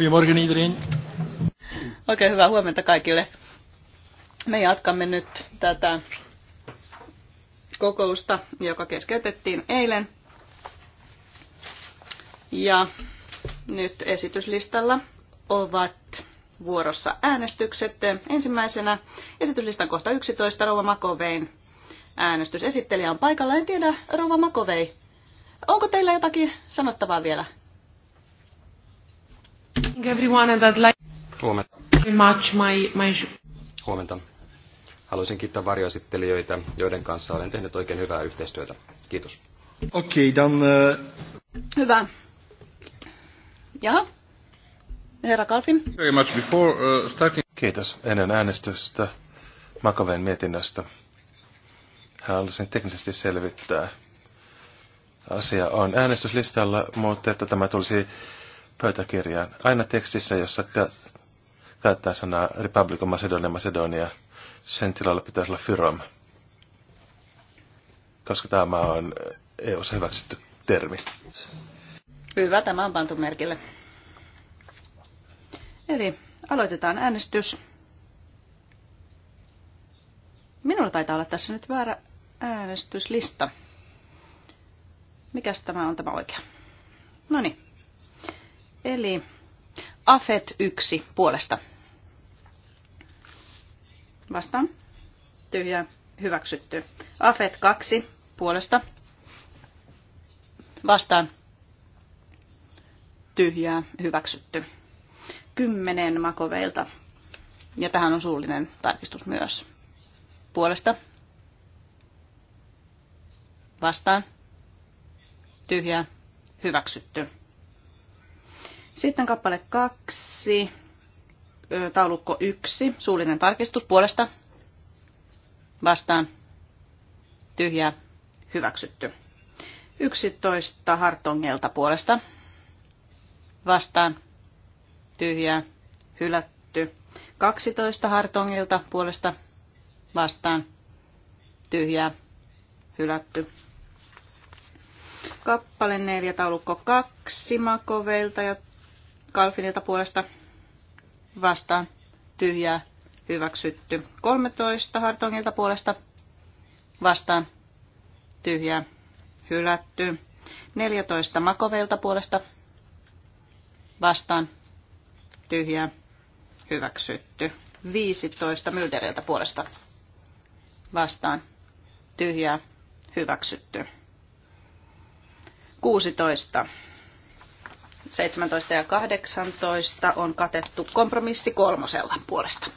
Goedemorgen iedereen. okay, hyvää huomenta kaikille. Me jatkamme nyt tätä kokousta, joka keskeytettiin eilen. Ja nyt esityslistalla ovat vuorossa äänestykset. Ensimmäisenä esityslistan kohta 11 Rouva Makovein äänestysesittelijä on paikalla. En tiedä, Rouva Makovei, onko teillä jotakin sanottavaa vielä? Everyone and I'd like... Huomenta. Very much my, my... Huomenta. Haluaisin kiittää varjoesittelijöitä, joiden kanssa olen tehnyt oikein hyvää yhteistyötä. Kiitos. Okei, okay, dan... Uh... Hyvä. Jaha. Herra Kalfin. Very much before, uh, starting... Kiitos ennen äänestystä Makoven mietinnöstä. Haluaisin teknisesti selvittää. Asia on äänestyslistalla, mutta että tämä tulisi pöytäkirjaan. Aina tekstissä, jossa käyttää sanaa Republic of Macedonia, Macedonia, sen tilalla pitäisi olla Fyrom, koska tämä on eu hyväksytty termi. Hyvä, tämä on pantu merkille. Eli aloitetaan äänestys. Minulla taitaa olla tässä nyt väärä äänestyslista. Mikäs tämä on tämä oikea? No niin. Eli AFET 1 puolesta. Vastaan. tyhjä Hyväksytty. AFET 2 puolesta. Vastaan. Tyhjää. Hyväksytty. Kymmenen makoveilta. Ja tähän on suullinen tarkistus myös. Puolesta. Vastaan. Tyhjää. Hyväksytty. Sitten kappale kaksi taulukko yksi suullinen tarkistus puolesta. Vastaan. tyhjä Hyväksytty. 11 Hartongelta puolesta. Vastaan. tyhjä Hylätty. 12 Hartongilta puolesta. Vastaan. Tyhjää. Hylätty kappale 4, taulukko 2 Makovelta ja Kalfinilta puolesta vastaan tyhjää hyväksytty. 13 Hartongilta puolesta vastaan tyhjää hylätty. 14 Makoveilta puolesta vastaan tyhjää hyväksytty. 15 Mylderiltä puolesta vastaan tyhjää hyväksytty. 16 17 ja 18 on katettu kompromissi kolmosella puolesta.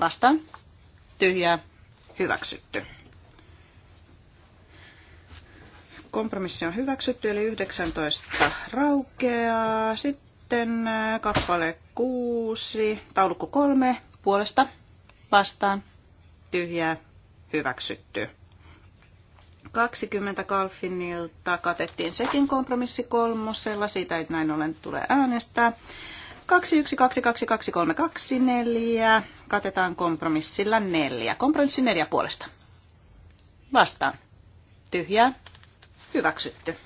Vastaan. Tyhjää. Hyväksytty. Kompromissi on hyväksytty, eli 19 raukeaa. Sitten äh, kappale 6, taulukko 3 puolesta. Vastaan. Tyhjää. Hyväksytty. 20 Kalfinilta katettiin sekin kompromissi kolmosella, siitä ei näin ollen tule äänestää. 21222234 katetaan kompromissilla 4. Kompromissi neljä puolesta. Vastaan. Tyhjää. Hyväksytty.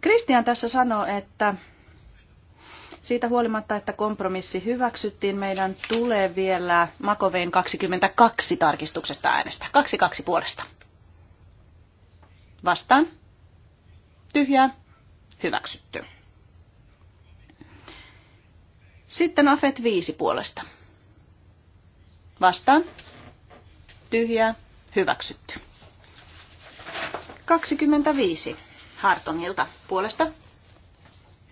Kristian tässä sanoo, että siitä huolimatta, että kompromissi hyväksyttiin, meidän tulee vielä Makoveen 22 tarkistuksesta äänestä. 22 puolesta. Vastaan. Tyhjää. Hyväksytty. Sitten Afet 5 puolesta. Vastaan. Tyhjää. Hyväksytty. 25. Hartongilta puolesta.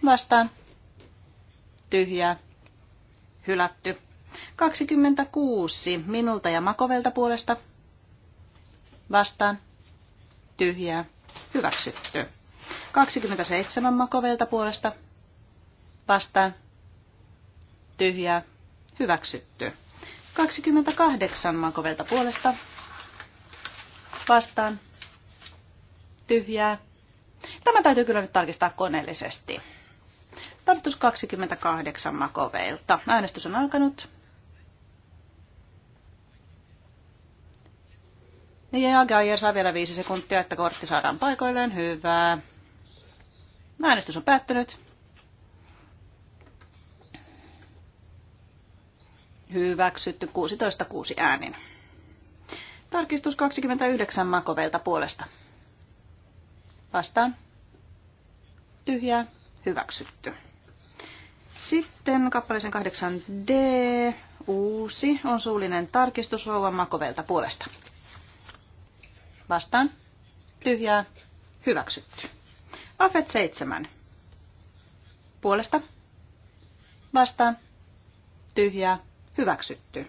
Vastaan tyhjää, hylätty. 26 minulta ja makovelta puolesta vastaan, tyhjää, hyväksytty. 27 makovelta puolesta vastaan, tyhjää, hyväksytty. 28 makovelta puolesta vastaan, tyhjää. Tämä täytyy kyllä nyt tarkistaa koneellisesti. Tarkistus 28 makoveilta. Äänestys on alkanut. Niin, ja Gaier saa vielä viisi sekuntia, että kortti saadaan paikoilleen. Hyvä. Äänestys on päättynyt. Hyväksytty 16.6 äänin. Tarkistus 29 makovelta puolesta. Vastaan. Tyhjää. Hyväksytty. Sitten kappaleeseen 8D, uusi, on suullinen tarkistus rouvan makovelta puolesta. Vastaan. Tyhjää. Hyväksytty. Afet 7. Puolesta. Vastaan. Tyhjää. Hyväksytty.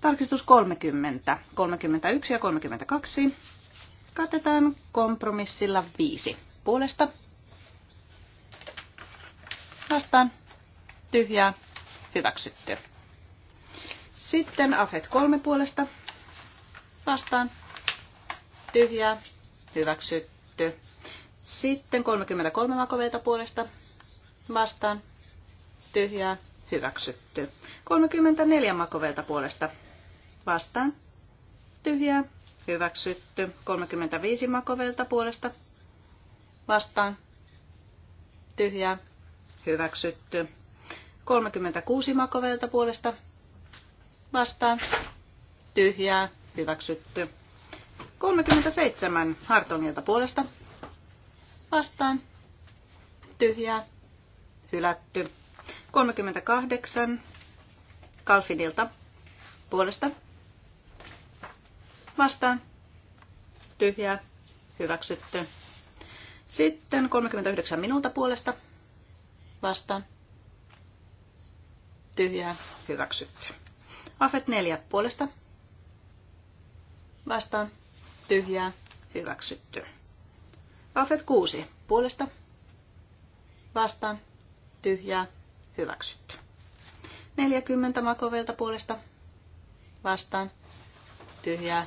Tarkistus 30, 31 ja 32. Katetaan kompromissilla 5. Puolesta. Vastaan tyhjää, hyväksytty. Sitten AFET kolme puolesta vastaan, tyhjää, hyväksytty. Sitten 33 makoveita puolesta vastaan, tyhjää, hyväksytty. 34 makoveita puolesta vastaan, tyhjää, hyväksytty. 35 makoveita puolesta vastaan, tyhjää, hyväksytty. 36 makovelta puolesta vastaan. Tyhjää. Hyväksytty. 37 Hartongilta puolesta vastaan. Tyhjää. Hylätty. 38 Kalfinilta puolesta vastaan. Tyhjää. Hyväksytty. Sitten 39 minulta puolesta vastaan tyhjää, hyväksytty. Afet 4 puolesta vastaan, tyhjää, hyväksytty. Afet 6 puolesta vastaan, tyhjää, hyväksytty. 40 makovelta puolesta vastaan, tyhjää,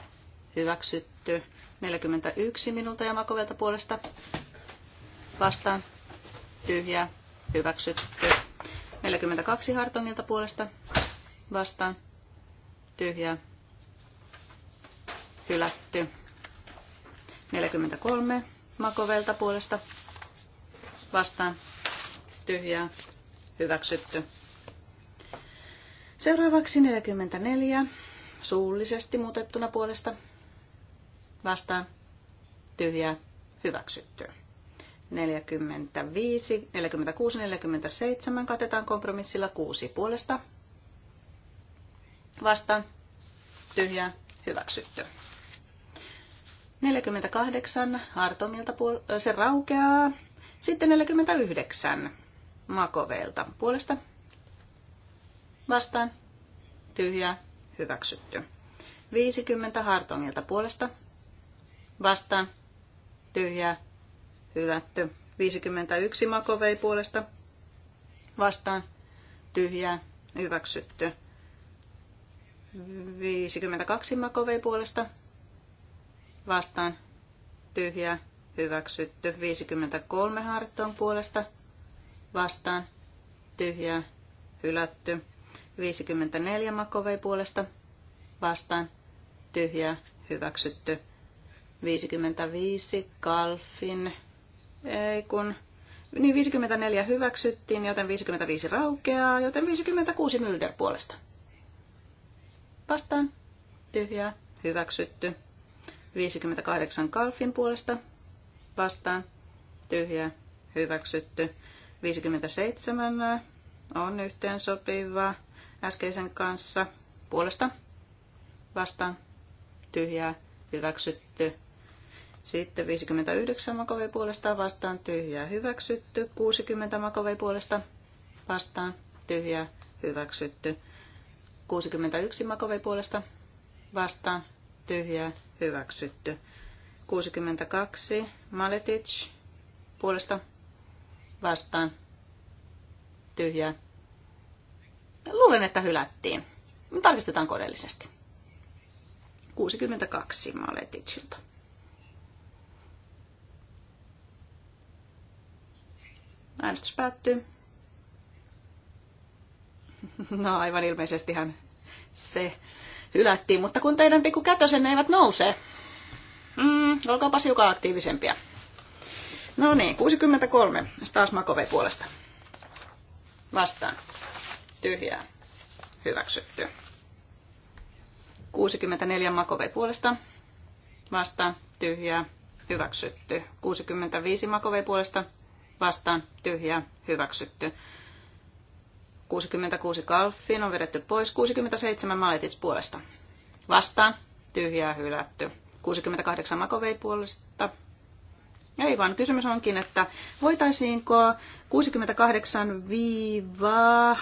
hyväksytty. 41 minulta ja makovelta puolesta vastaan, tyhjää, hyväksytty. 42 Hartongilta puolesta vastaan. Tyhjää. Hylätty. 43 Makovelta puolesta vastaan. Tyhjää. Hyväksytty. Seuraavaksi 44 suullisesti muutettuna puolesta vastaan. Tyhjää. Hyväksytty. 45, 46, 47 katetaan kompromissilla 6 puolesta. Vasta. Tyhjää. Hyväksytty. 48 Hartongilta puol- äh, se raukeaa. Sitten 49 Makoveilta puolesta. Vastaan. tyhjä Hyväksytty. 50 Hartongilta puolesta. Vastaan. tyhjä hylätty. 51 makovei puolesta vastaan tyhjää hyväksytty. 52 makovei puolesta vastaan tyhjää hyväksytty. 53 harton puolesta vastaan tyhjää hylätty. 54 makovei puolesta vastaan tyhjää hyväksytty. 55 kalfin ei kun, niin 54 hyväksyttiin, joten 55 raukeaa, joten 56 Mylder puolesta. Vastaan. Tyhjää. Hyväksytty. 58 Kalfin puolesta. Vastaan. Tyhjää. Hyväksytty. 57 on yhteensopiva äskeisen kanssa. Puolesta. Vastaan. Tyhjää. Hyväksytty. Sitten 59 makovei puolesta vastaan tyhjää hyväksytty. 60 makovei puolesta vastaan tyhjää hyväksytty. 61 makovei puolesta vastaan tyhjää hyväksytty. 62 Maletic puolesta vastaan tyhjää. Luulen, että hylättiin. Tarkistetaan kodellisesti. 62 Maleticilta. Äänestys päättyy. No aivan ilmeisestihän se hylättiin, mutta kun teidän pikku kätösen eivät nouse, mm, olkaapas hiukan aktiivisempia. No niin, 63. Stas Makove puolesta. Vastaan. Tyhjää. Hyväksytty. 64 Makove puolesta. Vastaan. Tyhjää. Hyväksytty. 65 Makove puolesta vastaan tyhjää hyväksytty. 66 Kalfin on vedetty pois. 67 maletits puolesta. Vastaan tyhjää hylätty. 68 Makovei puolesta. Ei vaan kysymys onkin, että voitaisiinko 68 viiva...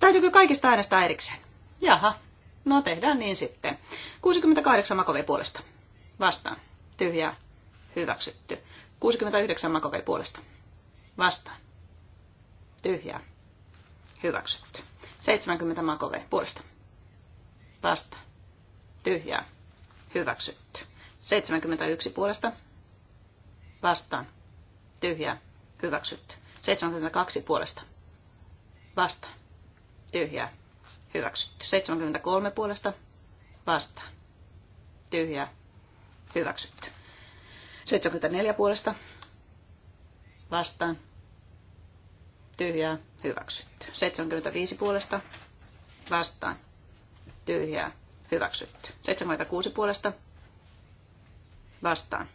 Täytyykö kaikista äänestää erikseen? Jaha, no tehdään niin sitten. 68 Makovei puolesta. Vastaan. Tyhjää. Hyväksytty. 69 makovei puolesta. Vastaan. Tyhjää. Hyväksytty. 70 makovei puolesta. Vastaan. Tyhjää. Hyväksytty. 71 puolesta. Vastaan. Tyhjää. Hyväksytty. 72 puolesta. Vastaan. Tyhjää. Hyväksytty. 73 puolesta. Vastaan. Tyhjää. Hyväksytty. 74 puolesta vastaan. Tyhjää hyväksytty. 75 puolesta vastaan. Tyhjää hyväksytty. 76 puolesta vastaan.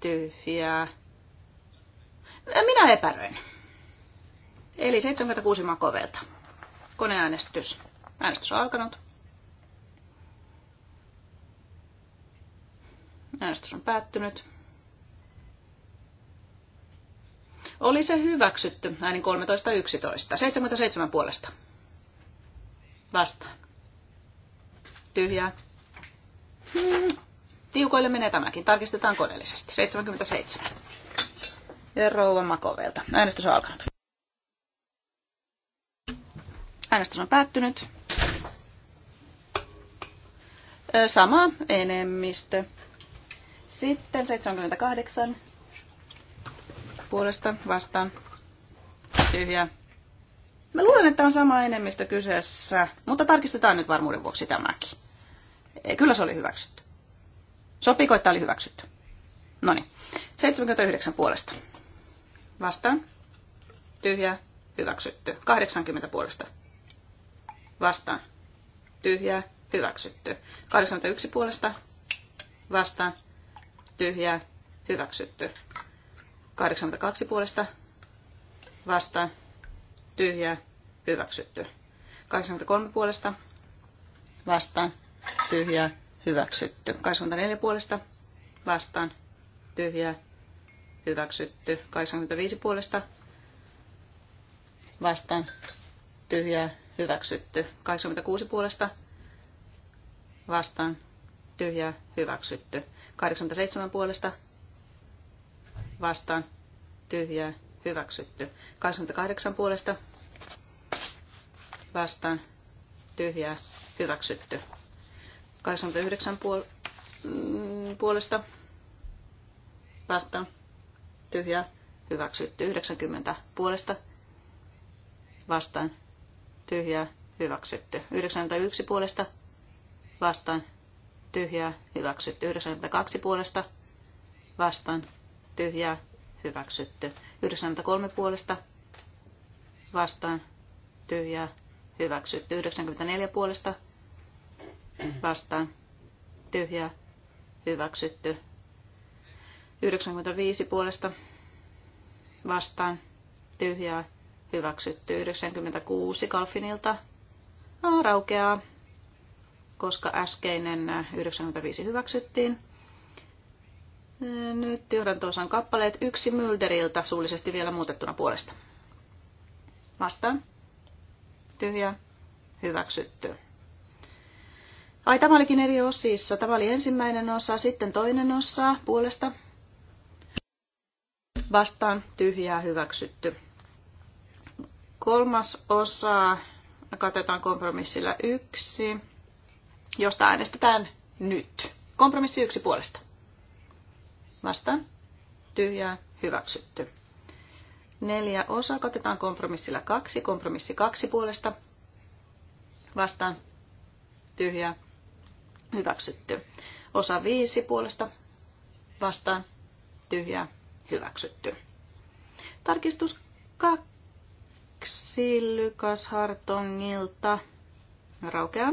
Tyhjää. Äh, minä epäröin. Eli 76 makovelta. Koneäänestys. Äänestys on alkanut. Äänestys on päättynyt. Oli se hyväksytty äänin 13.11. 77 puolesta. Vastaan. Tyhjää. Tiukoille menee tämäkin. Tarkistetaan koneellisesti. 77. Ja rouva Makovelta. Äänestys on alkanut. Äänestys on päättynyt. Sama enemmistö. Sitten 78 puolesta vastaan tyhjä. Mä luulen, että on sama enemmistö kyseessä, mutta tarkistetaan nyt varmuuden vuoksi tämäkin. Kyllä se oli hyväksytty. Sopiiko, että oli hyväksytty? No niin. 79 puolesta. Vastaan. tyhjä Hyväksytty. 80 puolesta. Vastaan. tyhjä Hyväksytty. 81 puolesta. Vastaan tyhjää, hyväksytty. 82 puolesta vastaan, tyhjää, hyväksytty. 83 puolesta vastaan, tyhjää, hyväksytty. 84 puolesta vastaan, tyhjää, hyväksytty. 85 puolesta vastaan, tyhjää, hyväksytty. 86 puolesta vastaan, tyhjää, hyväksytty. 87 puolesta vastaan, tyhjää, hyväksytty. 88 puolesta vastaan, tyhjää, hyväksytty. 89 puol- mm, puolesta vastaan, tyhjää, hyväksytty. 90 puolesta vastaan, tyhjää, hyväksytty. 91 puolesta vastaan, tyhjää, hyväksytty. 92 puolesta vastaan, tyhjää, hyväksytty. 93 puolesta vastaan, tyhjää, hyväksytty. 94 puolesta vastaan, tyhjää, hyväksytty. 95 puolesta vastaan, tyhjää, hyväksytty. 96 Kalfinilta, raukeaa koska äskeinen 95 hyväksyttiin. Nyt johdantoosan kappaleet yksi Mylderiltä suullisesti vielä muutettuna puolesta. Vastaan. Tyhjä. Hyväksytty. Ai, tämä olikin eri osissa. Tämä oli ensimmäinen osa, sitten toinen osa puolesta. Vastaan tyhjää hyväksytty. Kolmas osa katetaan kompromissilla yksi josta äänestetään nyt. Kompromissi yksi puolesta. Vastaan. Tyhjää. Hyväksytty. Neljä osaa katetaan kompromissilla kaksi. Kompromissi kaksi puolesta. Vastaan. Tyhjää. Hyväksytty. Osa viisi puolesta. Vastaan. Tyhjää. Hyväksytty. Tarkistus kaksi Lykas Hartongilta. Raukeaa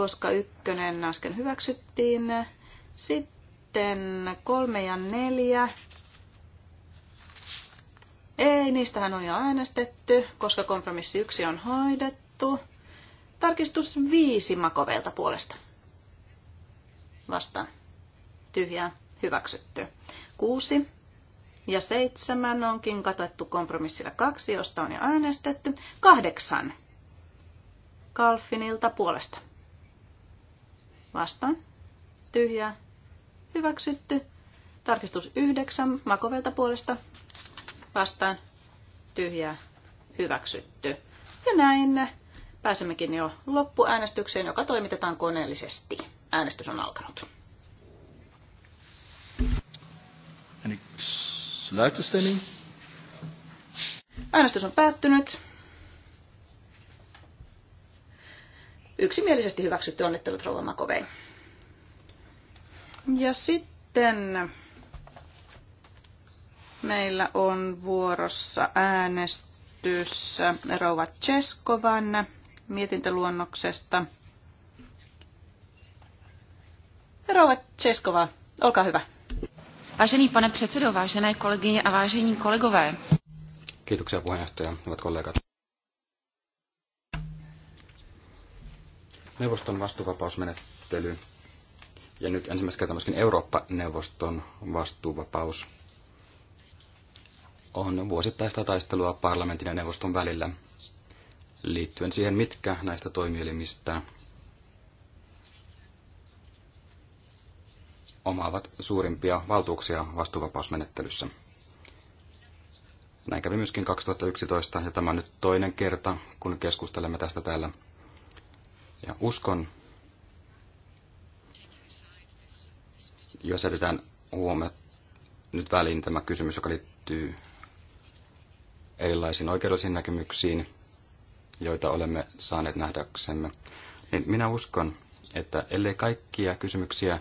koska ykkönen äsken hyväksyttiin. Sitten kolme ja neljä. Ei, niistähän on jo äänestetty, koska kompromissi yksi on hoidettu. Tarkistus viisi makovelta puolesta. Vastaan. Tyhjää. Hyväksytty. Kuusi ja seitsemän onkin katettu kompromissilla kaksi, josta on jo äänestetty. Kahdeksan. Kalfinilta puolesta. Vastaan. Tyhjää. Hyväksytty. Tarkistus 9. Makovelta puolesta. Vastaan. Tyhjää. Hyväksytty. Ja näin pääsemmekin jo loppuäänestykseen, joka toimitetaan koneellisesti. Äänestys on alkanut. Äänestys on päättynyt. yksimielisesti hyväksytty. Onnittelut Rova Makovei. Ja sitten meillä on vuorossa äänestys Rova Cheskovan mietintöluonnoksesta. Rova Česková, olkaa hyvä. Vážený pane předsedo, vážené kolegyně a vážení kolegové. Kiitoksia puheenjohtaja, hyvät kollegat. neuvoston vastuuvapausmenettely ja nyt ensimmäistä kertaa myöskin Eurooppa-neuvoston vastuuvapaus on vuosittaista taistelua parlamentin ja neuvoston välillä liittyen siihen, mitkä näistä toimielimistä omaavat suurimpia valtuuksia vastuuvapausmenettelyssä. Näin kävi myöskin 2011, ja tämä on nyt toinen kerta, kun keskustelemme tästä täällä ja uskon, jos jätetään huomio nyt väliin tämä kysymys, joka liittyy erilaisiin oikeudellisiin näkemyksiin, joita olemme saaneet nähdäksemme, niin minä uskon, että ellei kaikkia kysymyksiä,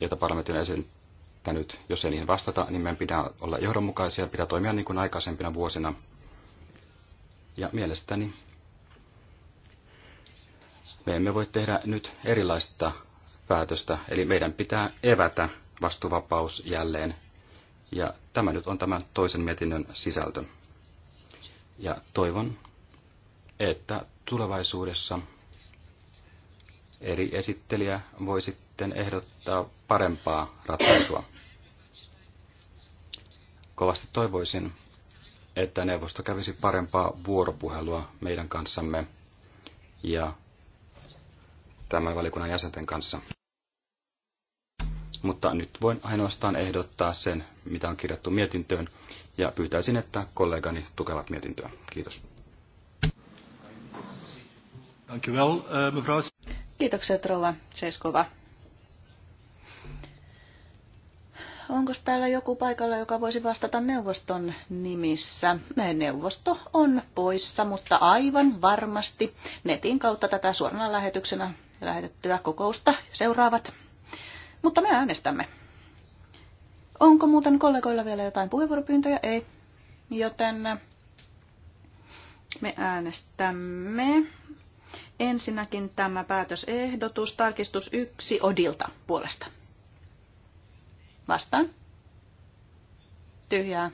joita parlamentti on esittänyt, jos ei niihin vastata, niin meidän pitää olla johdonmukaisia, pitää toimia niin kuin aikaisempina vuosina. Ja mielestäni me emme voi tehdä nyt erilaista päätöstä, eli meidän pitää evätä vastuvapaus jälleen. Ja tämä nyt on tämän toisen mietinnön sisältö. Ja toivon, että tulevaisuudessa eri esittelijä voi sitten ehdottaa parempaa ratkaisua. Kovasti toivoisin, että neuvosto kävisi parempaa vuoropuhelua meidän kanssamme ja tämän valikunnan jäsenten kanssa. Mutta nyt voin ainoastaan ehdottaa sen, mitä on kirjattu mietintöön, ja pyytäisin, että kollegani tukevat mietintöä. Kiitos. Uh, Kiitokset, Rova Seiskova. Onko täällä joku paikalla, joka voisi vastata neuvoston nimissä? Neuvosto on poissa, mutta aivan varmasti netin kautta tätä suorana lähetyksenä lähetettyä kokousta seuraavat. Mutta me äänestämme. Onko muuten kollegoilla vielä jotain puheenvuoropyyntöjä? Ei. Joten äh, me äänestämme. Ensinnäkin tämä päätösehdotus, tarkistus yksi Odilta puolesta. Vastaan. Tyhjää.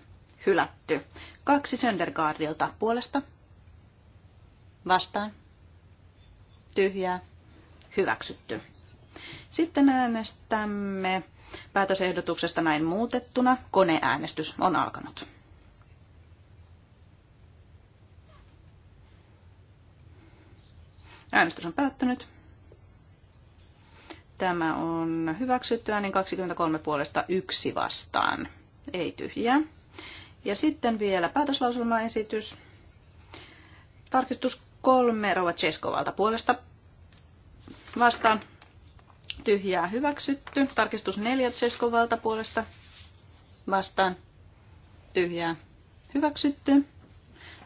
Hylätty. Kaksi Söndergaardilta puolesta. Vastaan. Tyhjää hyväksytty. Sitten äänestämme päätösehdotuksesta näin muutettuna. Koneäänestys on alkanut. Äänestys on päättynyt. Tämä on hyväksytty äänin 23 puolesta yksi vastaan. Ei tyhjää. Ja sitten vielä päätöslauselmaesitys. Tarkistus kolme Rova Cheskovalta puolesta vastaan tyhjää hyväksytty. Tarkistus 4 Tseskovalta puolesta vastaan tyhjää hyväksytty.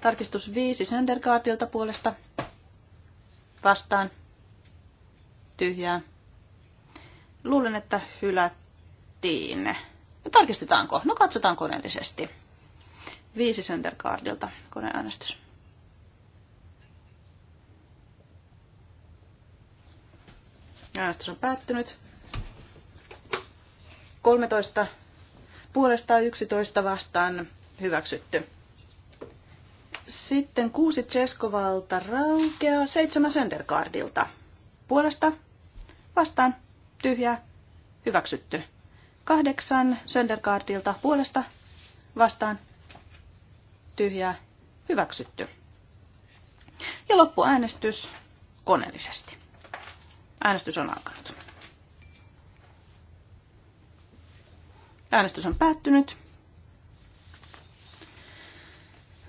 Tarkistus 5 Söndergaardilta puolesta vastaan tyhjää. Luulen, että hylättiin. No, tarkistetaanko? No katsotaan koneellisesti. Viisi Söndergaardilta koneäänestys. Äänestys on päättynyt. 13 puolesta 11 vastaan hyväksytty. Sitten kuusi Cheskovalta raukeaa seitsemän Söndergaardilta. Puolesta vastaan tyhjä hyväksytty. Kahdeksan Söndergaardilta puolesta vastaan tyhjä hyväksytty. Ja loppuäänestys koneellisesti. Äänestys on alkanut. Äänestys on päättynyt.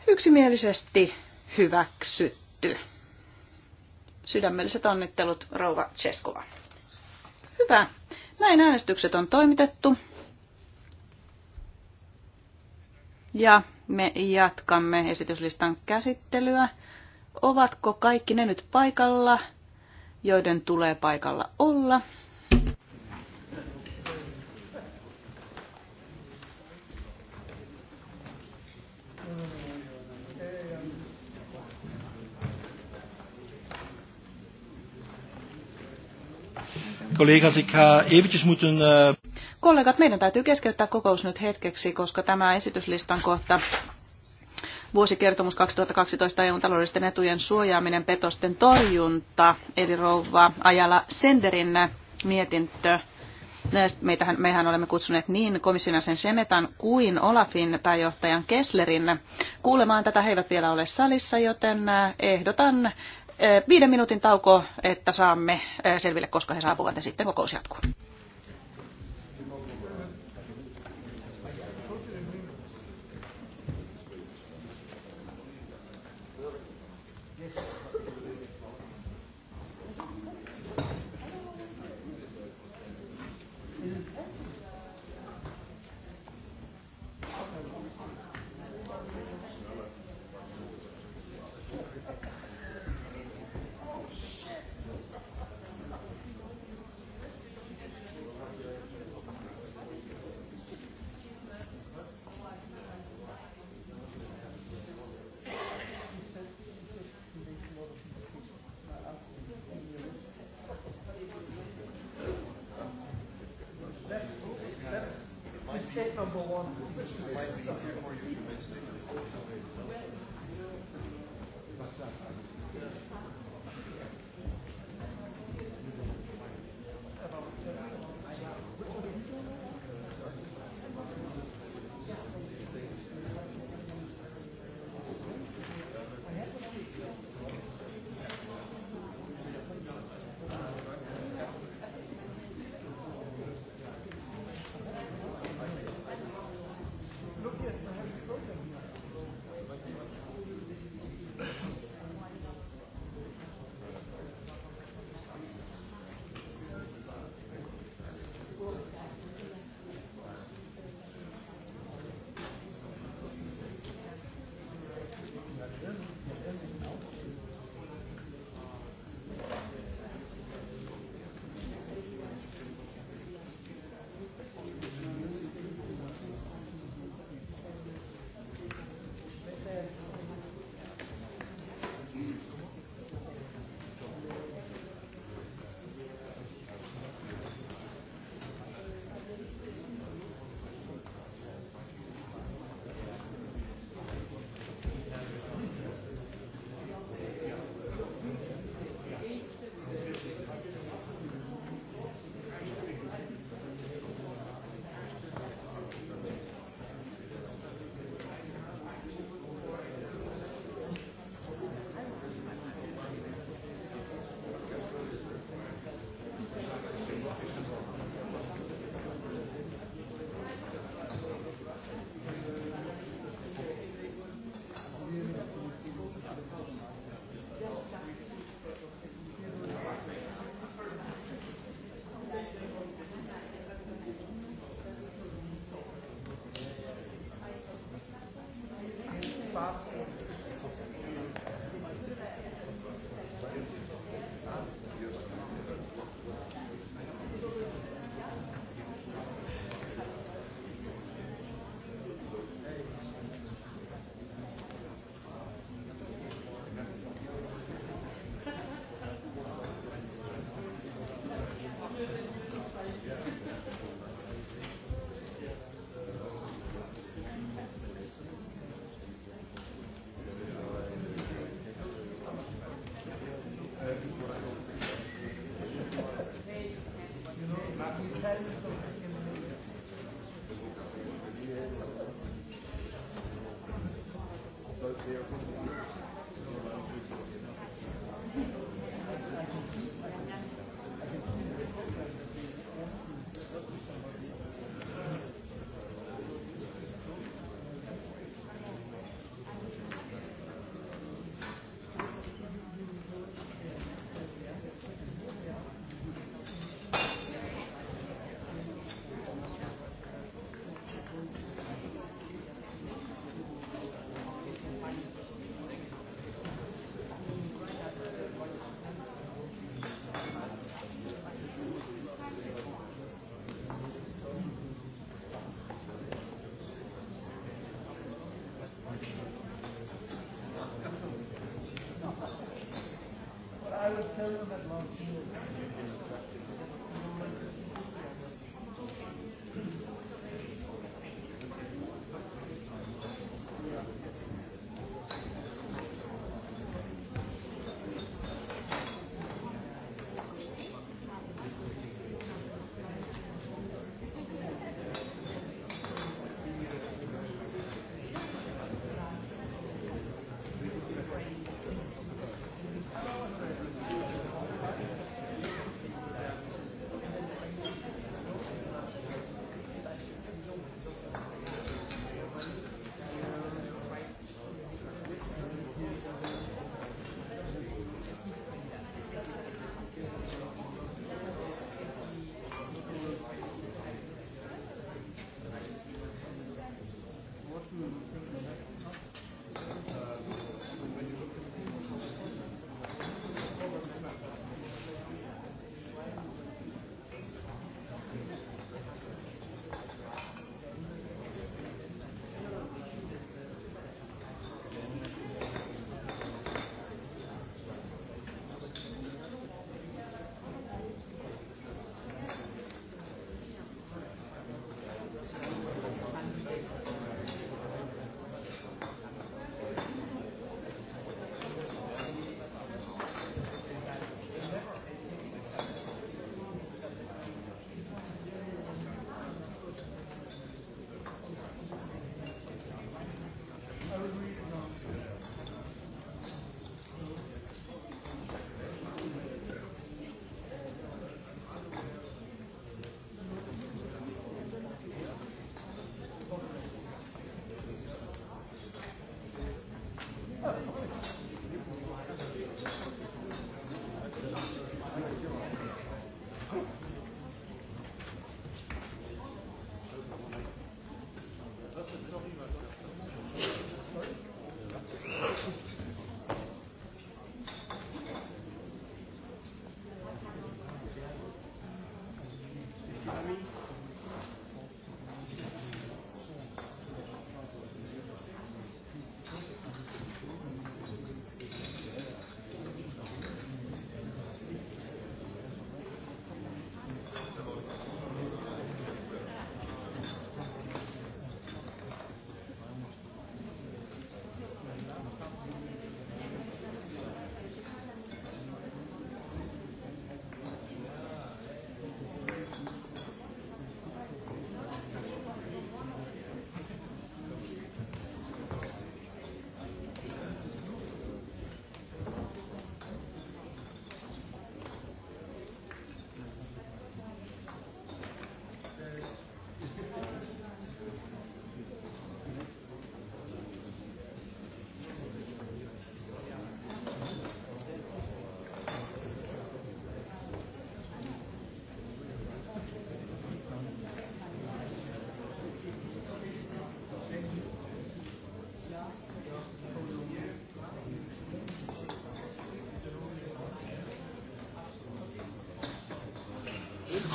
Yksimielisesti hyväksytty. Sydämelliset onnittelut, rouva Cheskova. Hyvä. Näin äänestykset on toimitettu. Ja me jatkamme esityslistan käsittelyä. Ovatko kaikki ne nyt paikalla? joiden tulee paikalla olla. Siis äh, Kollegat, meidän täytyy keskeyttää kokous nyt hetkeksi, koska tämä esityslistan kohta vuosikertomus 2012 EUn taloudellisten etujen suojaaminen petosten torjunta, eli rouva Ajala Senderin mietintö. Meitähän, meihän olemme kutsuneet niin komission sen Semetan kuin Olafin pääjohtajan Kesslerin kuulemaan tätä. He eivät vielä ole salissa, joten äh, ehdotan äh, viiden minuutin tauko, että saamme äh, selville, koska he saapuvat ja sitten kokous jatkuu. reasonable on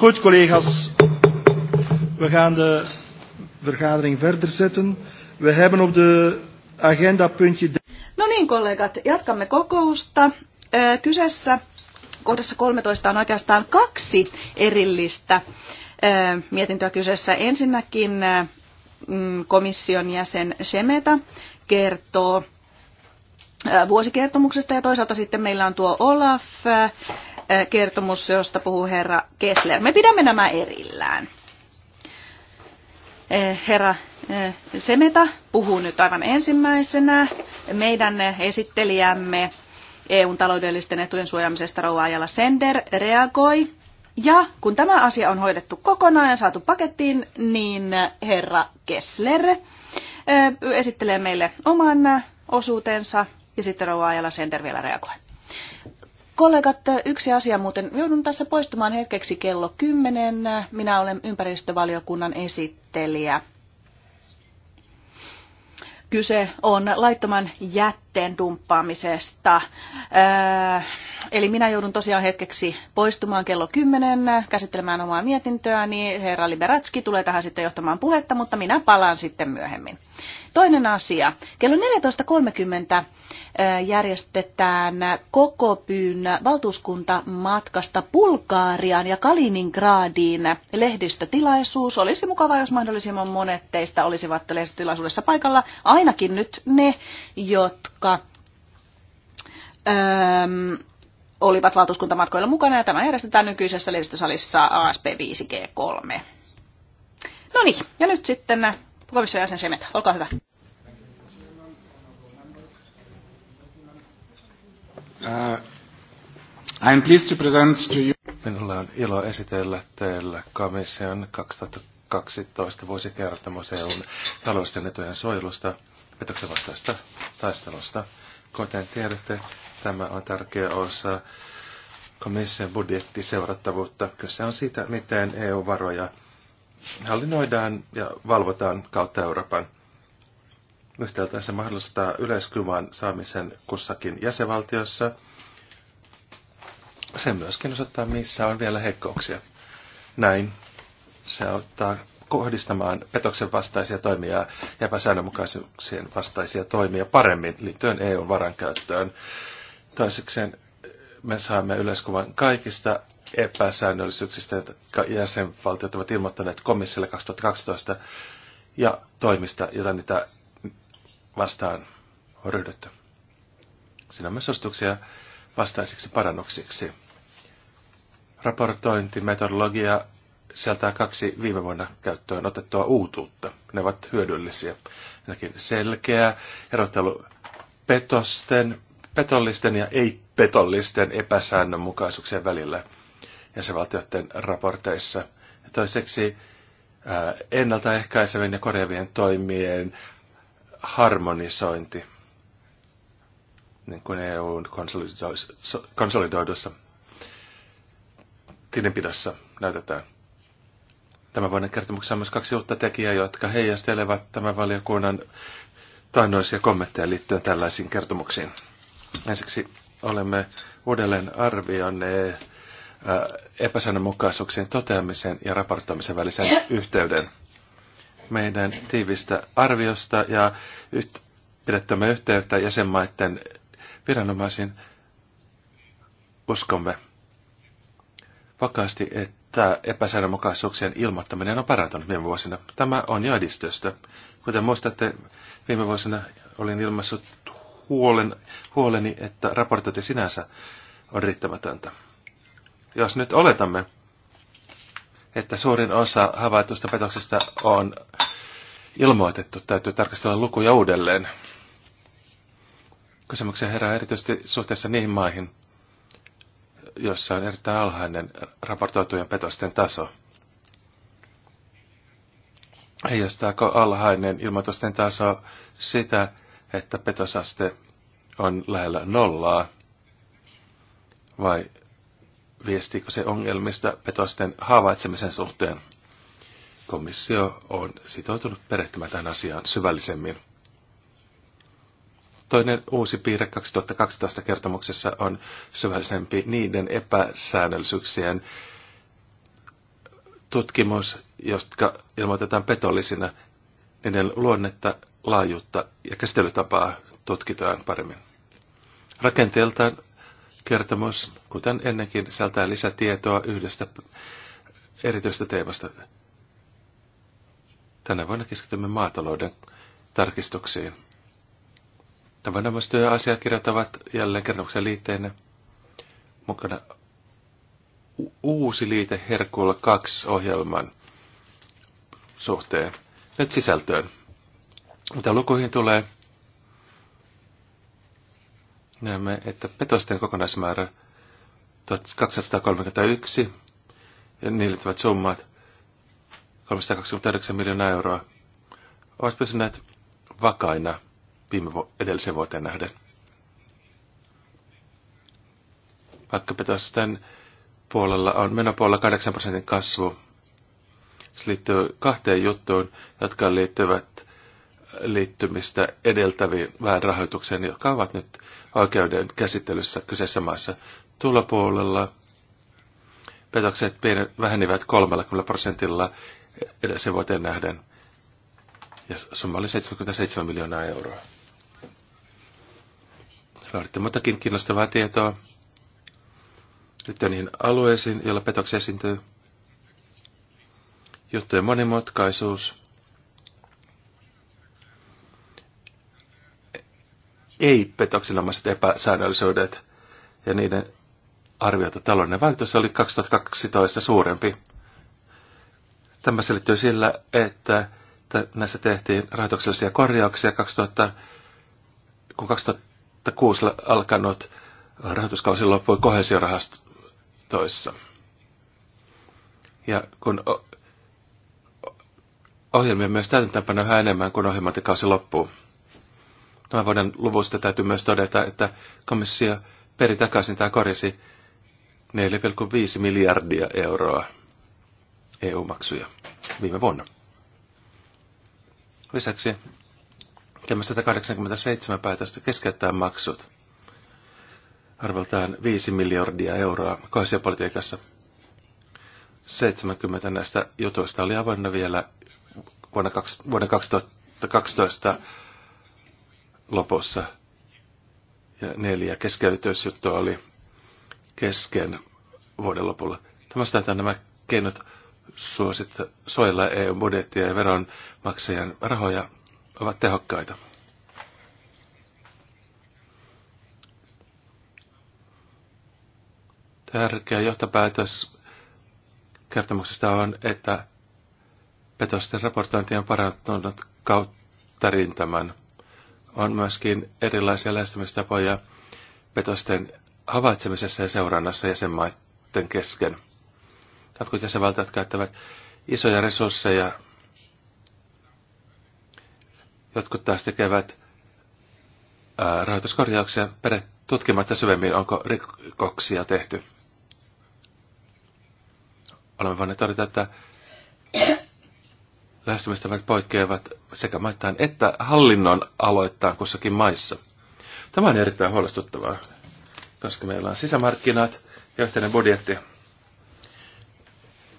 Goed, collega's. We gaan de vergadering verder zetten. We hebben op de agenda puntje... No niin, kollegat, jatkamme kokousta. Kyseessä kohdassa 13 on oikeastaan kaksi erillistä mietintöä kyseessä. Ensinnäkin mm, komission jäsen Semeta kertoo vuosikertomuksesta ja toisaalta sitten meillä on tuo Olaf kertomus, josta puhuu herra Kessler. Me pidämme nämä erillään. Herra Semeta puhuu nyt aivan ensimmäisenä. Meidän esittelijämme EUn taloudellisten etujen suojaamisesta Rouva Sender reagoi. Ja kun tämä asia on hoidettu kokonaan ja saatu pakettiin, niin herra Kessler esittelee meille oman osuutensa ja sitten Rouva Sender vielä reagoi. Kollegat, yksi asia muuten. Joudun tässä poistumaan hetkeksi kello 10. Minä olen ympäristövaliokunnan esittelijä. Kyse on laittoman jätteen dumppaamisesta. Öö, eli minä joudun tosiaan hetkeksi poistumaan kello 10 käsittelemään omaa mietintöäni. Herra Liberatski tulee tähän sitten johtamaan puhetta, mutta minä palaan sitten myöhemmin. Toinen asia. Kello 14.30 järjestetään koko pyyn valtuuskuntamatkasta Bulgaariaan ja Kaliningradiin lehdistötilaisuus. Olisi mukavaa, jos mahdollisimman monet teistä olisivat lehdistötilaisuudessa paikalla, ainakin nyt ne, jotka öö, olivat valtuuskuntamatkoilla mukana ja tämä järjestetään nykyisessä lehdistösalissa ASP 5G3. No niin, ja nyt sitten Komissio jäsen Semeta, olkaa hyvä. Uh, I'm pleased to present to you. Minulla on ilo esitellä teille komission 2012 vuosikertomuseon taloudellisten etujen suojelusta, petoksen vastaista taistelusta. Kuten tiedätte, tämä on tärkeä osa komission budjettiseurattavuutta. Kyse on siitä, miten EU-varoja hallinnoidaan ja valvotaan kautta Euroopan. Yhtäältä se mahdollistaa yleiskuvan saamisen kussakin jäsenvaltiossa. Se myöskin osoittaa, missä on vielä heikkouksia. Näin se auttaa kohdistamaan petoksen vastaisia toimia ja epäsäännönmukaisuuksien vastaisia toimia paremmin liittyen EUn varankäyttöön. Toisekseen me saamme yleiskuvan kaikista epäsäännöllisyyksistä, jotka jäsenvaltiot ovat ilmoittaneet komissiolle 2012 ja toimista, joita niitä vastaan on ryhdytty. Siinä on myös suosituksia vastaisiksi parannuksiksi. Raportointimetodologia sieltä kaksi viime vuonna käyttöön otettua uutuutta. Ne ovat hyödyllisiä. näkin selkeä erottelu petosten, petollisten ja ei-petollisten epäsäännönmukaisuuksien välillä – jäsenvaltioiden raporteissa. Ja toiseksi ennaltaehkäisevien ja korjaavien toimien harmonisointi niin kuin EUn konsolidoidussa tilinpidossa näytetään. Tämän vuoden kertomuksessa on myös kaksi uutta tekijää, jotka heijastelevat tämän valiokunnan tainnoisia kommentteja liittyen tällaisiin kertomuksiin. Ensiksi olemme uudelleen arvioineet epäsäännönmukaisuuksien toteamisen ja raportoimisen välisen yhteyden. Meidän tiivistä arviosta ja yht- pidettämme yhteyttä jäsenmaiden viranomaisiin uskomme vakaasti, että epäsäännönmukaisuuksien ilmoittaminen on parantunut viime vuosina. Tämä on jo edistystä. Kuten muistatte, viime vuosina olin ilmaissut huolen, huoleni, että raportointi sinänsä on riittämätöntä. Jos nyt oletamme, että suurin osa havaitusta petoksista on ilmoitettu, täytyy tarkastella lukuja uudelleen. Kysymyksiä herää erityisesti suhteessa niihin maihin, jossa on erittäin alhainen raportoitujen petosten taso. Heijastaako alhainen ilmoitusten taso sitä, että petosaste on lähellä nollaa, vai viestiikö se ongelmista petosten havaitsemisen suhteen. Komissio on sitoutunut perehtymään tähän asiaan syvällisemmin. Toinen uusi piirre 2012 kertomuksessa on syvällisempi niiden epäsäännöllisyyksien tutkimus, jotka ilmoitetaan petollisina, niiden luonnetta, laajuutta ja käsittelytapaa tutkitaan paremmin. Rakenteeltaan Kertomus, kuten ennenkin, sisältää lisätietoa yhdestä erityistä teemasta. Tänä vuonna keskitymme maatalouden tarkistuksiin. Tämän nämä työasiakirjat ovat jälleen kertomuksen liitteenä mukana U uusi liite Herkulla 2 ohjelman suhteen. Nyt sisältöön. Mitä lukuihin tulee, näemme, että petosten kokonaismäärä 1231 ja niille tulevat summat 329 miljoonaa euroa ovat pysyneet vakaina viime vu- edellisen vuoteen nähden. Vaikka petosten puolella on menopuolella 8 prosentin kasvu, se liittyy kahteen juttuun, jotka liittyvät liittymistä edeltäviin vähän rahoitukseen, jotka ovat nyt oikeuden käsittelyssä kyseessä maassa. Tulopuolella petokset vähenivät 30 prosentilla edellisen vuoteen nähden. Ja summa oli 77 miljoonaa euroa. Laaditte muutakin kiinnostavaa tietoa liittyen niihin alueisiin, joilla petoksia esiintyy. Juttujen monimutkaisuus, ei petoksenomaiset epäsäännöllisyydet ja niiden arvioitu taloudellinen vaikutus oli 2012 suurempi. Tämä selittyy sillä, että näissä tehtiin rahoituksellisia korjauksia 2000, kun 2006 alkanut rahoituskausi loppui kohesiorahastoissa. Ja kun ohjelmia myös yhä enemmän, kun ohjelmointikausi loppuu tämän vuoden luvusta täytyy myös todeta, että komissio peri takaisin tai korjasi 4,5 miljardia euroa EU-maksuja viime vuonna. Lisäksi tämä 187 päätöstä keskeyttää maksut arvoltaan 5 miljardia euroa kohesiopolitiikassa. 70 näistä jutuista oli avoinna vielä vuonna, vuoden 2012 lopussa. Ja neljä keskeytysjuttua oli kesken vuoden lopulla. Tämä että nämä keinot suosit suojella EU-budjettia ja veronmaksajan rahoja ovat tehokkaita. Tärkeä johtopäätös kertomuksesta on, että petosten raportointi on parantunut kautta rintaman on myöskin erilaisia lähestymistapoja petosten havaitsemisessa ja seurannassa jäsenmaiden kesken. Jotkut jäsenvaltiot käyttävät isoja resursseja, jotkut taas tekevät rahoituskorjauksia tutkimatta syvemmin, onko rikoksia tehty. Olemme voineet todeta, että lähestymistavat poikkeavat sekä maittain että hallinnon aloittaa kussakin maissa. Tämä on erittäin huolestuttavaa, koska meillä on sisämarkkinat ja yhteinen budjetti.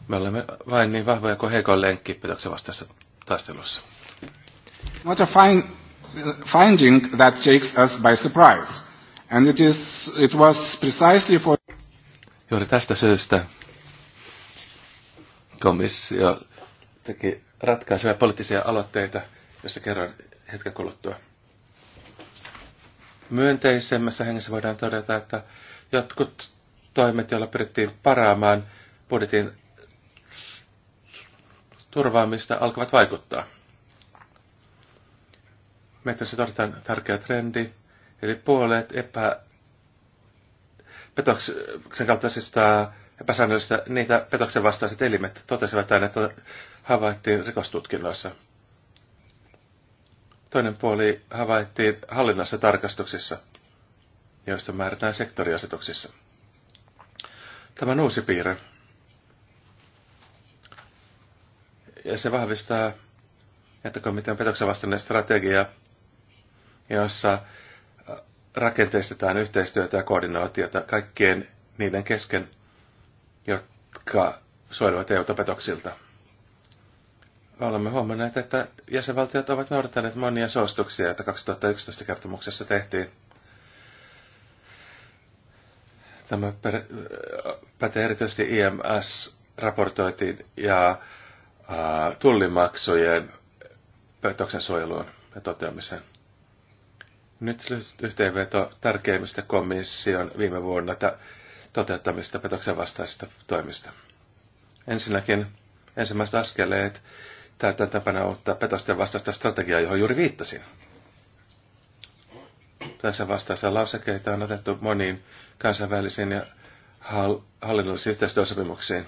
Me olemme vain niin vahvoja kuin heikoin lenkki petoksen vastaisessa taistelussa. What a fine, finding that takes us by surprise. And it, is, it was precisely for... Juuri tästä syystä komissio teki ratkaisevia poliittisia aloitteita, joissa kerran hetken kuluttua. Myönteisemmässä hengessä voidaan todeta, että jotkut toimet, joilla pyrittiin paraamaan budjetin turvaamista, alkavat vaikuttaa. Metrissä todetaan tärkeä trendi, eli puolet epä... petoksen kaltaisista epäsäännöllistä, niitä petoksen vastaiset elimet totesivat aina, että havaittiin rikostutkinnoissa. Toinen puoli havaittiin hallinnassa tarkastuksissa, joista määrätään sektoriasetuksissa. Tämä on uusi piirre. Ja se vahvistaa, että komitean petoksen vastainen strategia, jossa rakenteistetaan yhteistyötä ja koordinaatiota kaikkien niiden kesken – jotka suojelevat eu petoksilta. Olemme huomanneet, että jäsenvaltiot ovat noudattaneet monia suostuksia, joita 2011 kertomuksessa tehtiin. Tämä per, pätee erityisesti ims raportoitiin ja ää, tullimaksujen petoksen suojeluun ja toteamiseen. Nyt yhteenveto tärkeimmistä komission viime vuonna ta- toteuttamista petoksen vastaisista toimista. Ensinnäkin ensimmäiset askeleet täytän tapana ottaa petosten vastaista strategiaa, johon juuri viittasin. Tässä vastaisia lausekkeita on otettu moniin kansainvälisiin ja hallinnollisiin yhteistyösopimuksiin.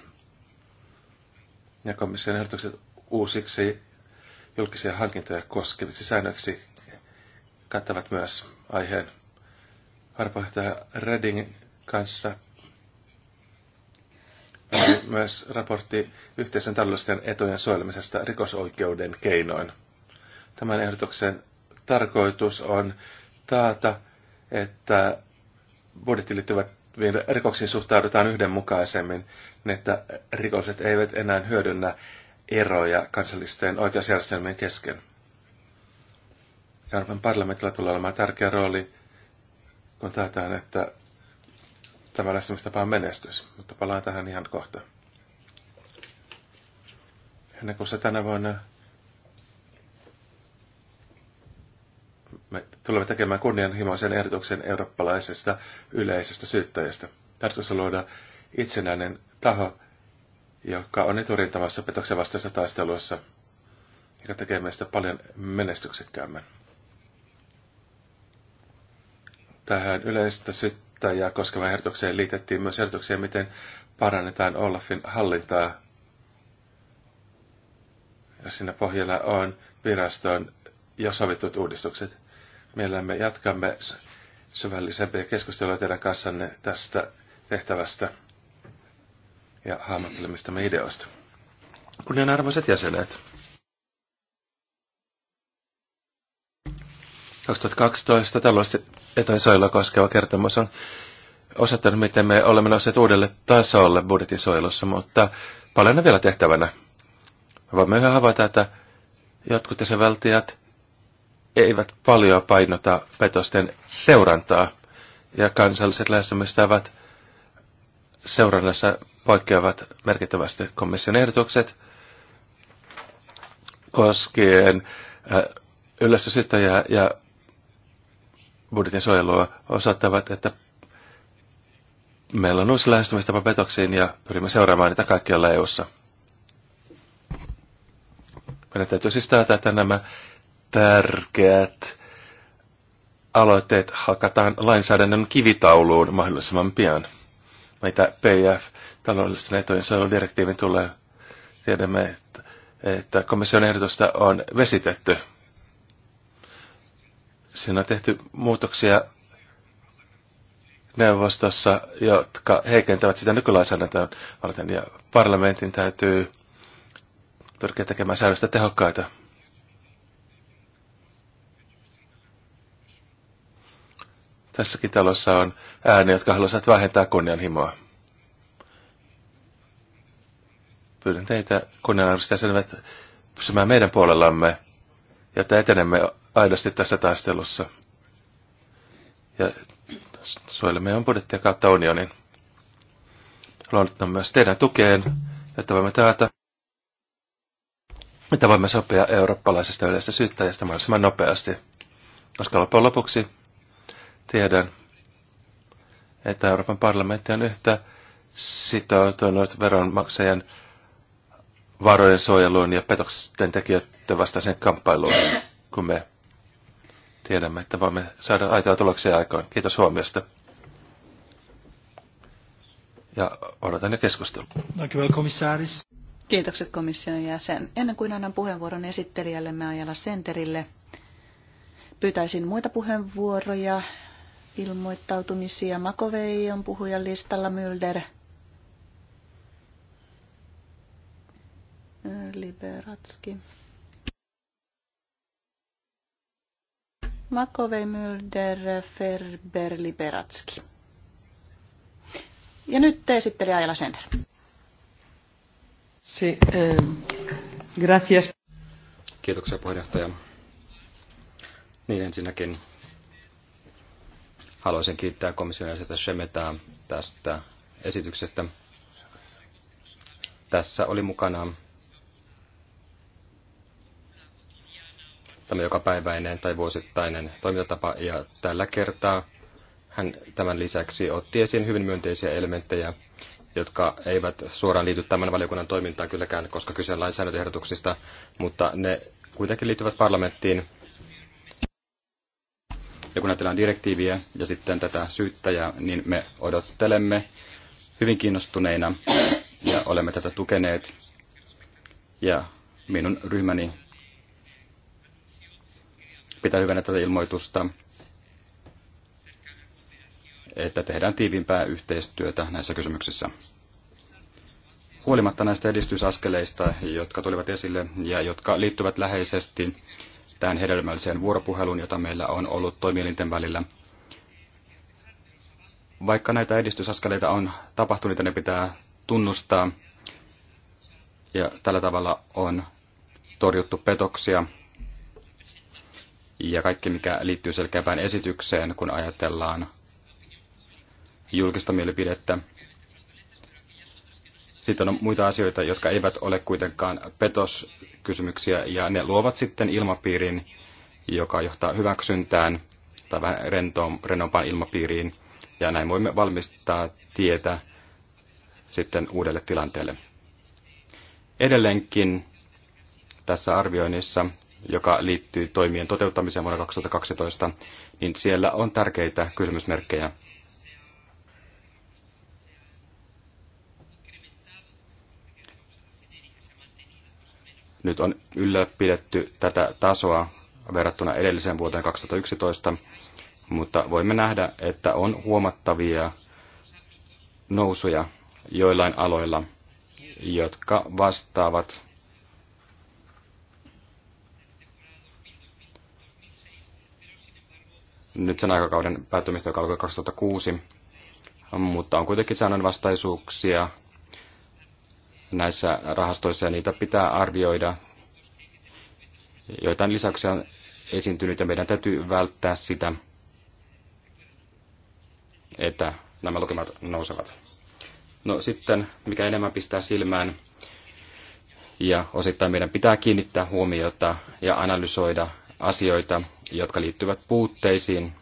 Ja komission ehdotukset uusiksi julkisia hankintoja koskeviksi säännöksi kattavat myös aiheen. Varapuheenjohtaja Redding kanssa oli myös raportti yhteisön taloudellisten etujen suojelemisesta rikosoikeuden keinoin. Tämän ehdotuksen tarkoitus on taata, että budjettiin liittyvät rikoksiin suhtaudutaan yhdenmukaisemmin, niin että rikolliset eivät enää hyödynnä eroja kansallisten oikeusjärjestelmien kesken. Euroopan parlamentilla tulee olemaan tärkeä rooli, kun taataan, että tämä lähestymistapa on menestys, mutta palaan tähän ihan kohta. se tänä vuonna me tulemme tekemään kunnianhimoisen ehdotuksen eurooppalaisesta yleisestä syyttäjästä. Tarkoitus on luoda itsenäinen taho, joka on eturintamassa petoksen vastaisessa taistelussa, joka tekee meistä paljon menestyksekkäämmän. Tähän yleistä syyttäjästä koska koskevaan ehdotukseen liitettiin myös ehdotuksia, miten parannetaan Olafin hallintaa. Ja siinä pohjalla on viraston jo sovitut uudistukset. Mielellämme jatkamme syvällisempiä keskusteluja teidän kanssanne tästä tehtävästä ja hahmottelemistamme ideoista. Kunnianarvoiset jäsenet. 2012 taloudellisten suojelua koskeva kertomus on osoittanut, miten me olemme nousseet uudelle tasolle budjetin mutta paljon on vielä tehtävänä. Me voimme yhä havaita, että jotkut jäsenvaltiot eivät paljon painota petosten seurantaa, ja kansalliset lähestymistavat seurannassa poikkeavat merkittävästi komission ehdotukset koskien äh, yleistä syyttäjää ja budjetin suojelua osoittavat, että meillä on uusi lähestymistapa petoksiin ja pyrimme seuraamaan niitä kaikkialla EU-ssa. Meidän täytyy siis taata, että nämä tärkeät aloitteet hakataan lainsäädännön kivitauluun mahdollisimman pian. Meitä PF, taloudellisten etujen suojeludirektiivin tulee. Tiedämme, että komission ehdotusta on vesitetty Siinä on tehty muutoksia neuvostossa, jotka heikentävät sitä nykylainsäädäntöä varten, ja parlamentin täytyy pyrkiä tekemään säädöstä tehokkaita. Tässäkin talossa on ääni, jotka haluaisivat vähentää kunnianhimoa. Pyydän teitä kunnianarvoista jäsenet pysymään meidän puolellamme että etenemme aidosti tässä taistelussa. Ja suojelemme on budjettia kautta unionin. Haluan ottaa myös teidän tukeen, että voimme taata, että voimme sopia eurooppalaisesta yleisestä syyttäjästä mahdollisimman nopeasti. Koska loppujen lopuksi tiedän, että Euroopan parlamentti on yhtä sitoutunut veronmaksajien varojen suojeluun ja petoksen tekijöiden vastaiseen kamppailuun, kun me tiedämme, että voimme saada aitoa tuloksia aikaan. Kiitos huomiosta. Ja odotan ne keskustelua. Kiitokset komission jäsen. Ennen kuin annan puheenvuoron me ajalla Senterille, pyytäisin muita puheenvuoroja, ilmoittautumisia. Makovei on puhujan listalla, Mylder – Liberatski. Makovei Mylder Ferber Liberatski. Ja nyt esitteli Ajala Sender. Si, eh, gracias. Kiitoksia puheenjohtaja. Niin ensinnäkin haluaisin kiittää komission jäsentä Shemetää tästä esityksestä. Tässä oli mukana tämä jokapäiväinen tai vuosittainen toimintatapa. Ja tällä kertaa hän tämän lisäksi otti esiin hyvin myönteisiä elementtejä, jotka eivät suoraan liity tämän valiokunnan toimintaan kylläkään, koska kyse on lainsäädäntöehdotuksista, mutta ne kuitenkin liittyvät parlamenttiin. Ja kun ajatellaan direktiiviä ja sitten tätä syyttäjää, niin me odottelemme hyvin kiinnostuneina ja olemme tätä tukeneet. Ja minun ryhmäni pitää hyvänä tätä ilmoitusta, että tehdään tiivimpää yhteistyötä näissä kysymyksissä. Huolimatta näistä edistysaskeleista, jotka tulivat esille ja jotka liittyvät läheisesti tähän hedelmälliseen vuoropuheluun, jota meillä on ollut toimielinten välillä, vaikka näitä edistysaskeleita on tapahtunut, ne pitää tunnustaa. Ja tällä tavalla on torjuttu petoksia ja kaikki, mikä liittyy selkeämpään esitykseen, kun ajatellaan julkista mielipidettä. Sitten on muita asioita, jotka eivät ole kuitenkaan petoskysymyksiä, ja ne luovat sitten ilmapiirin, joka johtaa hyväksyntään tai vähän rentoon, rennompaan ilmapiiriin, ja näin voimme valmistaa tietä sitten uudelle tilanteelle. Edelleenkin tässä arvioinnissa joka liittyy toimien toteuttamiseen vuonna 2012, niin siellä on tärkeitä kysymysmerkkejä. Nyt on ylläpidetty tätä tasoa verrattuna edelliseen vuoteen 2011, mutta voimme nähdä, että on huomattavia nousuja joillain aloilla, jotka vastaavat nyt sen aikakauden päättymistä, joka alkoi 2006, mutta on kuitenkin vastaisuuksia näissä rahastoissa ja niitä pitää arvioida. Joitain lisäyksiä on esiintynyt ja meidän täytyy välttää sitä, että nämä lukemat nousevat. No sitten, mikä enemmän pistää silmään, ja osittain meidän pitää kiinnittää huomiota ja analysoida asioita, jotka liittyvät puutteisiin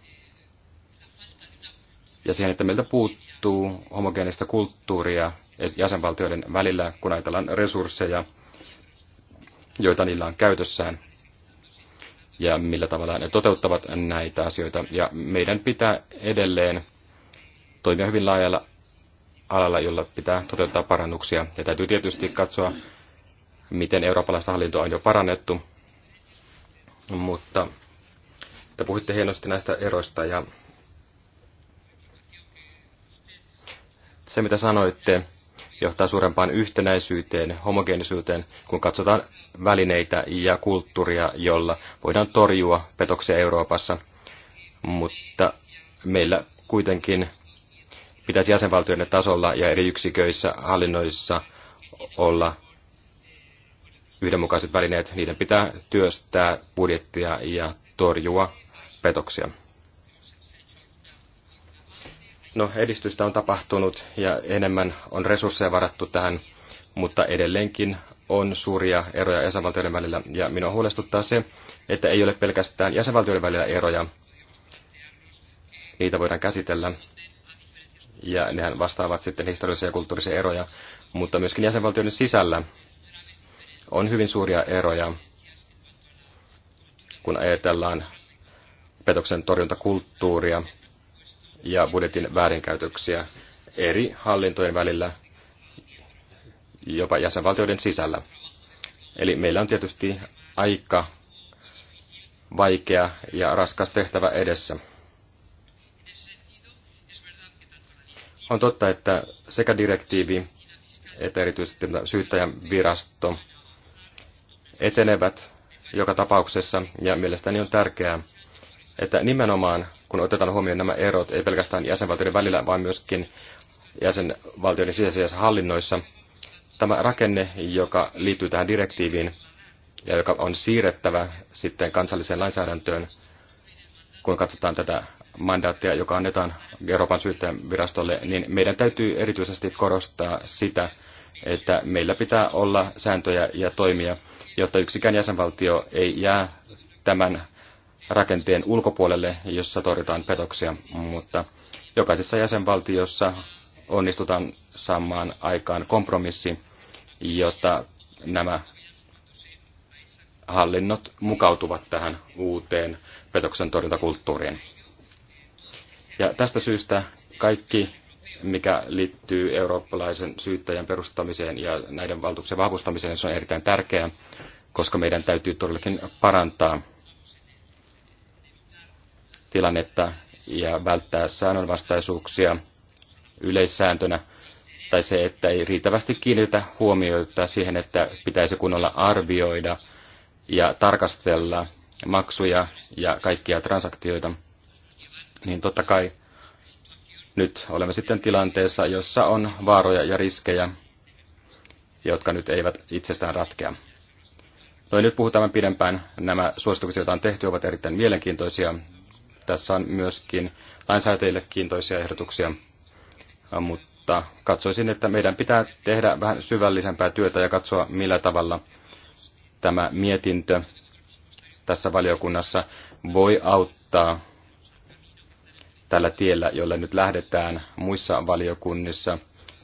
ja siihen, että meiltä puuttuu homogeenista kulttuuria jäsenvaltioiden välillä, kun ajatellaan resursseja, joita niillä on käytössään ja millä tavalla ne toteuttavat näitä asioita. Ja meidän pitää edelleen toimia hyvin laajalla alalla, jolla pitää toteuttaa parannuksia. Ja täytyy tietysti katsoa, miten eurooppalaista hallintoa on jo parannettu, mutta te puhuitte hienosti näistä eroista ja se, mitä sanoitte, johtaa suurempaan yhtenäisyyteen, homogeenisyyteen, kun katsotaan välineitä ja kulttuuria, jolla voidaan torjua petoksia Euroopassa. Mutta meillä kuitenkin pitäisi jäsenvaltioiden tasolla ja eri yksiköissä, hallinnoissa olla yhdenmukaiset välineet. Niiden pitää työstää budjettia ja torjua petoksia. No, edistystä on tapahtunut ja enemmän on resursseja varattu tähän, mutta edelleenkin on suuria eroja jäsenvaltioiden välillä. Ja minua huolestuttaa se, että ei ole pelkästään jäsenvaltioiden välillä eroja. Niitä voidaan käsitellä. Ja nehän vastaavat sitten historiallisia ja kulttuurisia eroja. Mutta myöskin jäsenvaltioiden sisällä on hyvin suuria eroja, kun ajatellaan petoksen torjuntakulttuuria ja budjetin väärinkäytöksiä eri hallintojen välillä, jopa jäsenvaltioiden sisällä. Eli meillä on tietysti aika vaikea ja raskas tehtävä edessä. On totta, että sekä direktiivi että erityisesti syyttäjän virasto etenevät joka tapauksessa, ja mielestäni on tärkeää, että nimenomaan kun otetaan huomioon nämä erot, ei pelkästään jäsenvaltioiden välillä, vaan myöskin jäsenvaltioiden sisäisissä hallinnoissa, tämä rakenne, joka liittyy tähän direktiiviin ja joka on siirrettävä sitten kansalliseen lainsäädäntöön, kun katsotaan tätä mandaattia, joka annetaan Euroopan syyttäjän virastolle, niin meidän täytyy erityisesti korostaa sitä, että meillä pitää olla sääntöjä ja toimia, jotta yksikään jäsenvaltio ei jää tämän rakenteen ulkopuolelle, jossa torjutaan petoksia, mutta jokaisessa jäsenvaltiossa onnistutaan saamaan aikaan kompromissi, jotta nämä hallinnot mukautuvat tähän uuteen petoksen torjuntakulttuuriin. Ja tästä syystä kaikki, mikä liittyy eurooppalaisen syyttäjän perustamiseen ja näiden valtuuksien vahvistamiseen, se on erittäin tärkeää, koska meidän täytyy todellakin parantaa tilannetta ja välttää säännönvastaisuuksia yleissääntönä, tai se, että ei riittävästi kiinnitä huomiota siihen, että pitäisi kunnolla arvioida ja tarkastella maksuja ja kaikkia transaktioita, niin totta kai nyt olemme sitten tilanteessa, jossa on vaaroja ja riskejä, jotka nyt eivät itsestään ratkea. No nyt puhutaan pidempään. Nämä suositukset, joita on tehty, ovat erittäin mielenkiintoisia tässä on myöskin lainsäätäjille kiintoisia ehdotuksia, mutta katsoisin, että meidän pitää tehdä vähän syvällisempää työtä ja katsoa, millä tavalla tämä mietintö tässä valiokunnassa voi auttaa tällä tiellä, jolle nyt lähdetään muissa valiokunnissa,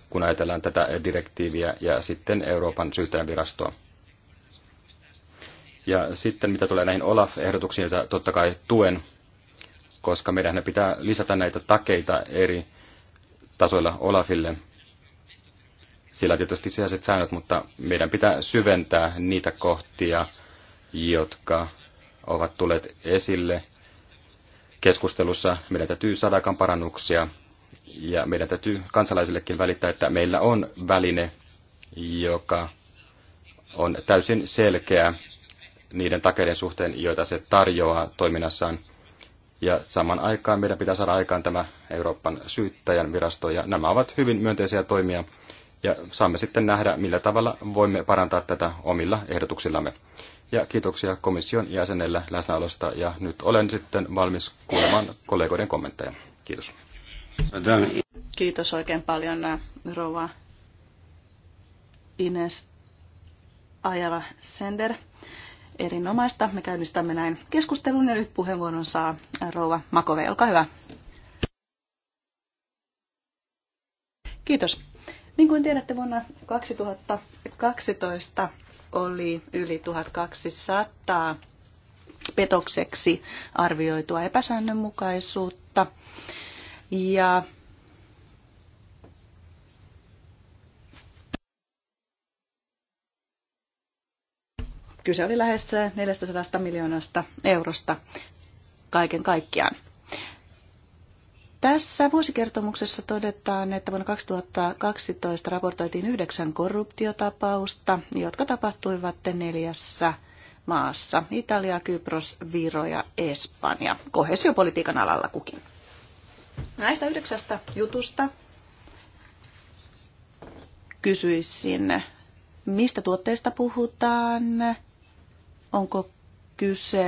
kun ajatellaan tätä direktiiviä ja sitten Euroopan syyttäjänvirastoa. Ja sitten mitä tulee näihin Olaf-ehdotuksiin, joita totta kai tuen, koska meidän pitää lisätä näitä takeita eri tasoilla Olafille. Sillä tietysti sisäiset säännöt, mutta meidän pitää syventää niitä kohtia, jotka ovat tulleet esille keskustelussa. Meidän täytyy saada parannuksia ja meidän täytyy kansalaisillekin välittää, että meillä on väline, joka on täysin selkeä niiden takeiden suhteen, joita se tarjoaa toiminnassaan. Ja saman aikaan meidän pitää saada aikaan tämä Euroopan syyttäjän virasto, ja nämä ovat hyvin myönteisiä toimia, ja saamme sitten nähdä, millä tavalla voimme parantaa tätä omilla ehdotuksillamme. Ja kiitoksia komission jäsenelle läsnäolosta, ja nyt olen sitten valmis kuulemaan kollegoiden kommentteja. Kiitos. Kiitos oikein paljon, Rova Ines Ajala Sender erinomaista. Me käynnistämme näin keskustelun ja nyt puheenvuoron saa rouva Makove. Olkaa hyvä. Kiitos. Niin kuin tiedätte, vuonna 2012 oli yli 1200 petokseksi arvioitua epäsäännönmukaisuutta. Ja Kyse oli lähes 400 miljoonasta eurosta kaiken kaikkiaan. Tässä vuosikertomuksessa todetaan, että vuonna 2012 raportoitiin yhdeksän korruptiotapausta, jotka tapahtuivat neljässä maassa. Italia, Kypros, Viro ja Espanja. Kohesiopolitiikan alalla kukin. Näistä yhdeksästä jutusta kysyisin, mistä tuotteista puhutaan, Onko kyse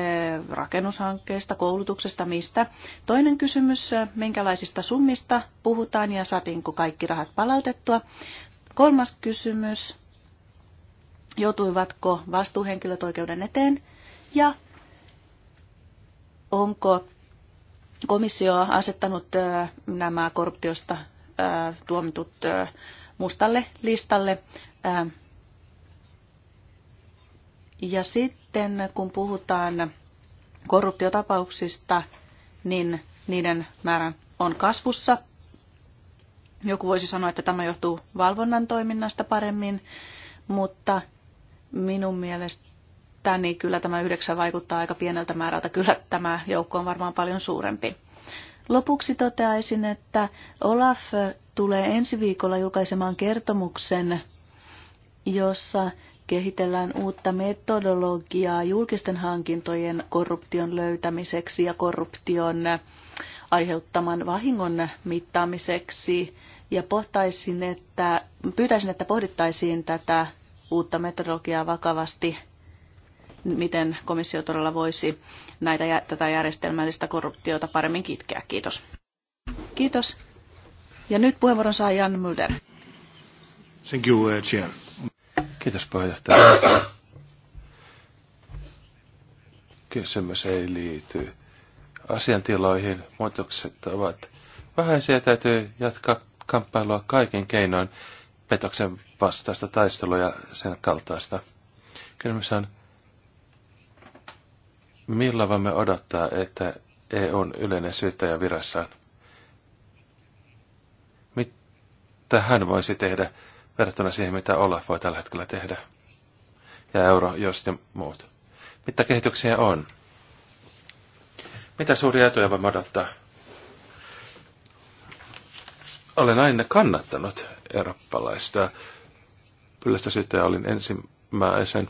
rakennushankkeesta, koulutuksesta, mistä? Toinen kysymys, minkälaisista summista puhutaan ja saatiinko kaikki rahat palautettua? Kolmas kysymys, joutuivatko vastuuhenkilöt oikeuden eteen? Ja onko komissio asettanut nämä korruptiosta tuomitut mustalle listalle ja sitten kun puhutaan korruptiotapauksista, niin niiden määrä on kasvussa. Joku voisi sanoa, että tämä johtuu valvonnan toiminnasta paremmin, mutta minun mielestäni kyllä tämä yhdeksän vaikuttaa aika pieneltä määrältä. Kyllä tämä joukko on varmaan paljon suurempi. Lopuksi toteaisin, että Olaf tulee ensi viikolla julkaisemaan kertomuksen, jossa kehitellään uutta metodologiaa julkisten hankintojen korruption löytämiseksi ja korruption aiheuttaman vahingon mittaamiseksi. Ja pohtaisin, että, pyytäisin, että pohdittaisiin tätä uutta metodologiaa vakavasti, miten komissio todella voisi näitä, tätä järjestelmällistä korruptiota paremmin kitkeä. Kiitos. Kiitos. Ja nyt puheenvuoron saa Jan Mulder. Thank you, uh, Chair. Kiitos puheenjohtaja. Kysymys ei liity asiantiloihin. Muutokset ovat vähäisiä. Täytyy jatkaa kamppailua kaiken keinoin petoksen vastaista taistelua ja sen kaltaista. Kysymys on, millä voimme odottaa, että EUn yleinen syyttäjä virassaan? Mitä hän voisi tehdä verrattuna siihen, mitä Olaf voi tällä hetkellä tehdä. Ja euro, jos ja muut. Mitä kehityksiä on? Mitä suuria etuja voi odottaa? Olen aina kannattanut eurooppalaista. Pyllästä syyttäjä olin ensimmäisen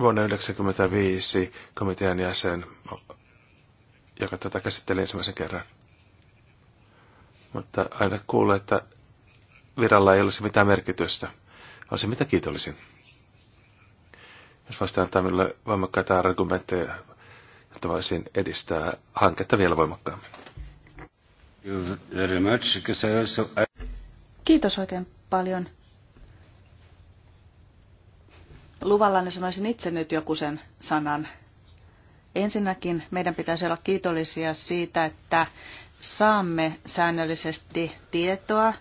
vuonna 1995 komitean jäsen, joka tätä käsitteli ensimmäisen kerran mutta aina kuulee, että viralla ei olisi mitään merkitystä. Olisi mitä kiitollisin. Jos vastaan antaa minulle voimakkaita argumentteja, että voisin edistää hanketta vielä voimakkaammin. Kiitos oikein paljon. Luvallanne niin sanoisin itse nyt joku sen sanan. Ensinnäkin meidän pitäisi olla kiitollisia siitä, että saamme säännöllisesti tietoa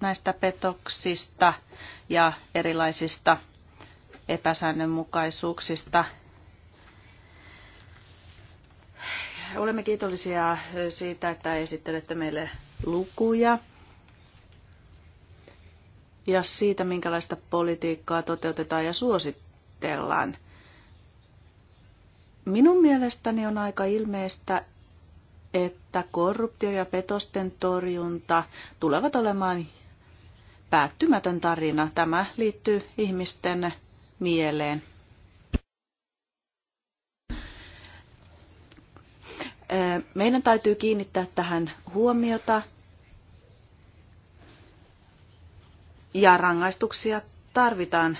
näistä petoksista ja erilaisista epäsäännönmukaisuuksista. Olemme kiitollisia siitä, että esittelette meille lukuja ja siitä, minkälaista politiikkaa toteutetaan ja suositellaan. Minun mielestäni on aika ilmeistä, että korruptio ja petosten torjunta tulevat olemaan päättymätön tarina. Tämä liittyy ihmisten mieleen. Meidän täytyy kiinnittää tähän huomiota ja rangaistuksia tarvitaan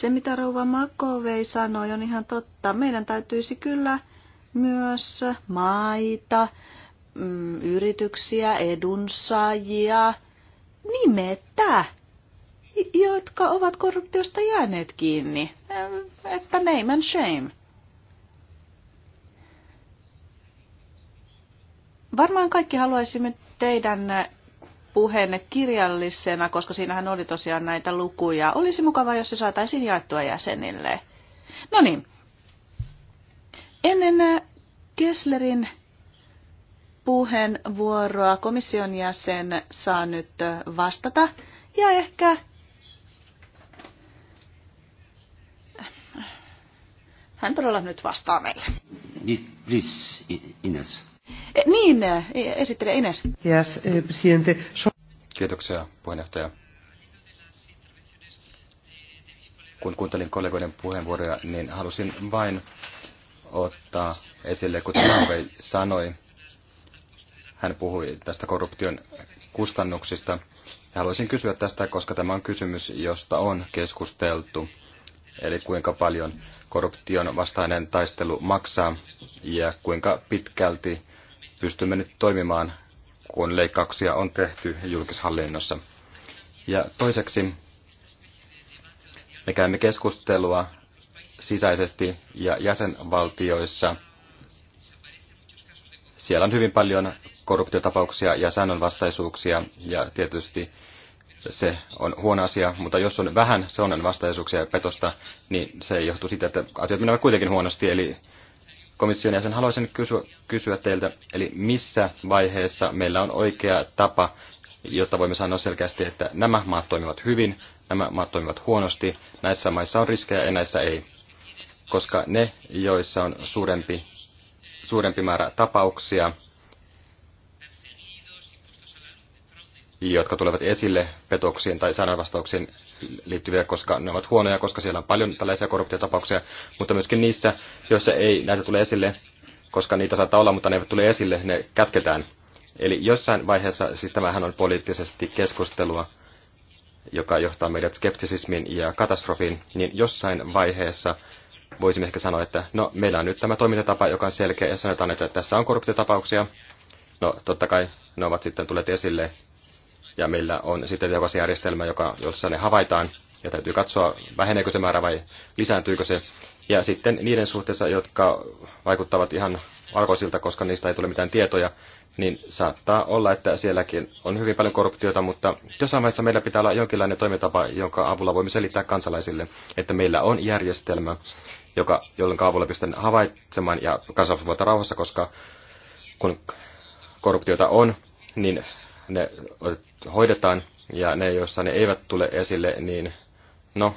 Se, mitä rouva Makovei sanoi, on ihan totta. Meidän täytyisi kyllä myös maita, mm, yrityksiä, edunsaajia, nimetä, jotka ovat korruptiosta jääneet kiinni. Että name and shame. Varmaan kaikki haluaisimme teidän puheenne kirjallisena, koska siinähän oli tosiaan näitä lukuja. Olisi mukava, jos se saataisiin jaettua jäsenille. No niin. Ennen Kesslerin puheenvuoroa komission jäsen saa nyt vastata. Ja ehkä hän todella nyt vastaa meille. Please, Ines. Eh, niin, eh, esittelee Ines. Yes, eh, presidente. Kiitoksia, puheenjohtaja. Kun kuuntelin kollegoiden puheenvuoroja, niin halusin vain ottaa esille, kuten Malvei sanoi, hän puhui tästä korruption kustannuksista. Haluaisin kysyä tästä, koska tämä on kysymys, josta on keskusteltu. Eli kuinka paljon korruption vastainen taistelu maksaa ja kuinka pitkälti pystymme nyt toimimaan, kun leikkauksia on tehty julkishallinnossa. Ja toiseksi me käymme keskustelua sisäisesti ja jäsenvaltioissa. Siellä on hyvin paljon korruptiotapauksia ja säännönvastaisuuksia ja tietysti se on huono asia, mutta jos on vähän säännönvastaisuuksia ja petosta, niin se johtuu siitä, että asiat menevät kuitenkin huonosti, eli komission jäsen, haluaisin kysyä, kysyä teiltä, eli missä vaiheessa meillä on oikea tapa, jotta voimme sanoa selkeästi, että nämä maat toimivat hyvin, nämä maat toimivat huonosti, näissä maissa on riskejä ja näissä ei. Koska ne, joissa on suurempi, suurempi määrä tapauksia, jotka tulevat esille petoksiin tai sananvastauksiin liittyviä, koska ne ovat huonoja, koska siellä on paljon tällaisia korruptiotapauksia, mutta myöskin niissä, joissa ei näitä tule esille, koska niitä saattaa olla, mutta ne eivät tule esille, ne kätketään. Eli jossain vaiheessa, siis tämähän on poliittisesti keskustelua, joka johtaa meidät skeptisismiin ja katastrofiin, niin jossain vaiheessa voisimme ehkä sanoa, että no meillä on nyt tämä toimintatapa, joka on selkeä, ja sanotaan, että tässä on korruptiotapauksia. No totta kai ne ovat sitten tulleet esille ja meillä on sitten tehokas järjestelmä, joka, jossa ne havaitaan, ja täytyy katsoa, väheneekö se määrä vai lisääntyykö se. Ja sitten niiden suhteessa, jotka vaikuttavat ihan valkoisilta, koska niistä ei tule mitään tietoja, niin saattaa olla, että sielläkin on hyvin paljon korruptiota, mutta jossain vaiheessa meillä pitää olla jonkinlainen toimintapa, jonka avulla voimme selittää kansalaisille, että meillä on järjestelmä, joka, jolloin avulla pystytään havaitsemaan ja kansalaiset rauhassa, koska kun korruptiota on, niin ne hoidetaan ja ne, joissa ne eivät tule esille, niin no,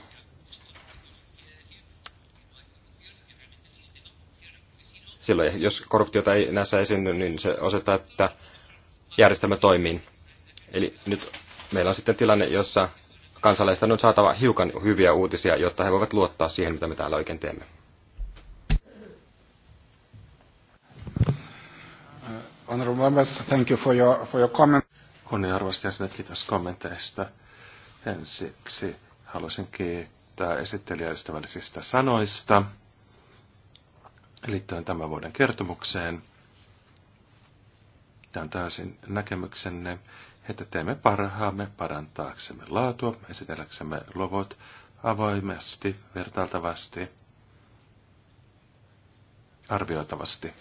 silloin jos korruptiota ei näissä esiinny, niin se osoittaa, että järjestelmä toimii. Eli nyt meillä on sitten tilanne, jossa kansalaisten on saatava hiukan hyviä uutisia, jotta he voivat luottaa siihen, mitä me täällä oikein teemme. Honorable members, thank you for your, for your comment kunnianarvoista jäsenet, kiitos kommenteista. Ensiksi haluaisin kiittää esittelijäystävällisistä sanoista liittyen tämän vuoden kertomukseen. Tämä on täysin näkemyksenne, että teemme parhaamme parantaaksemme laatua, esitelläksemme luvut avoimesti, vertailtavasti, arvioitavasti.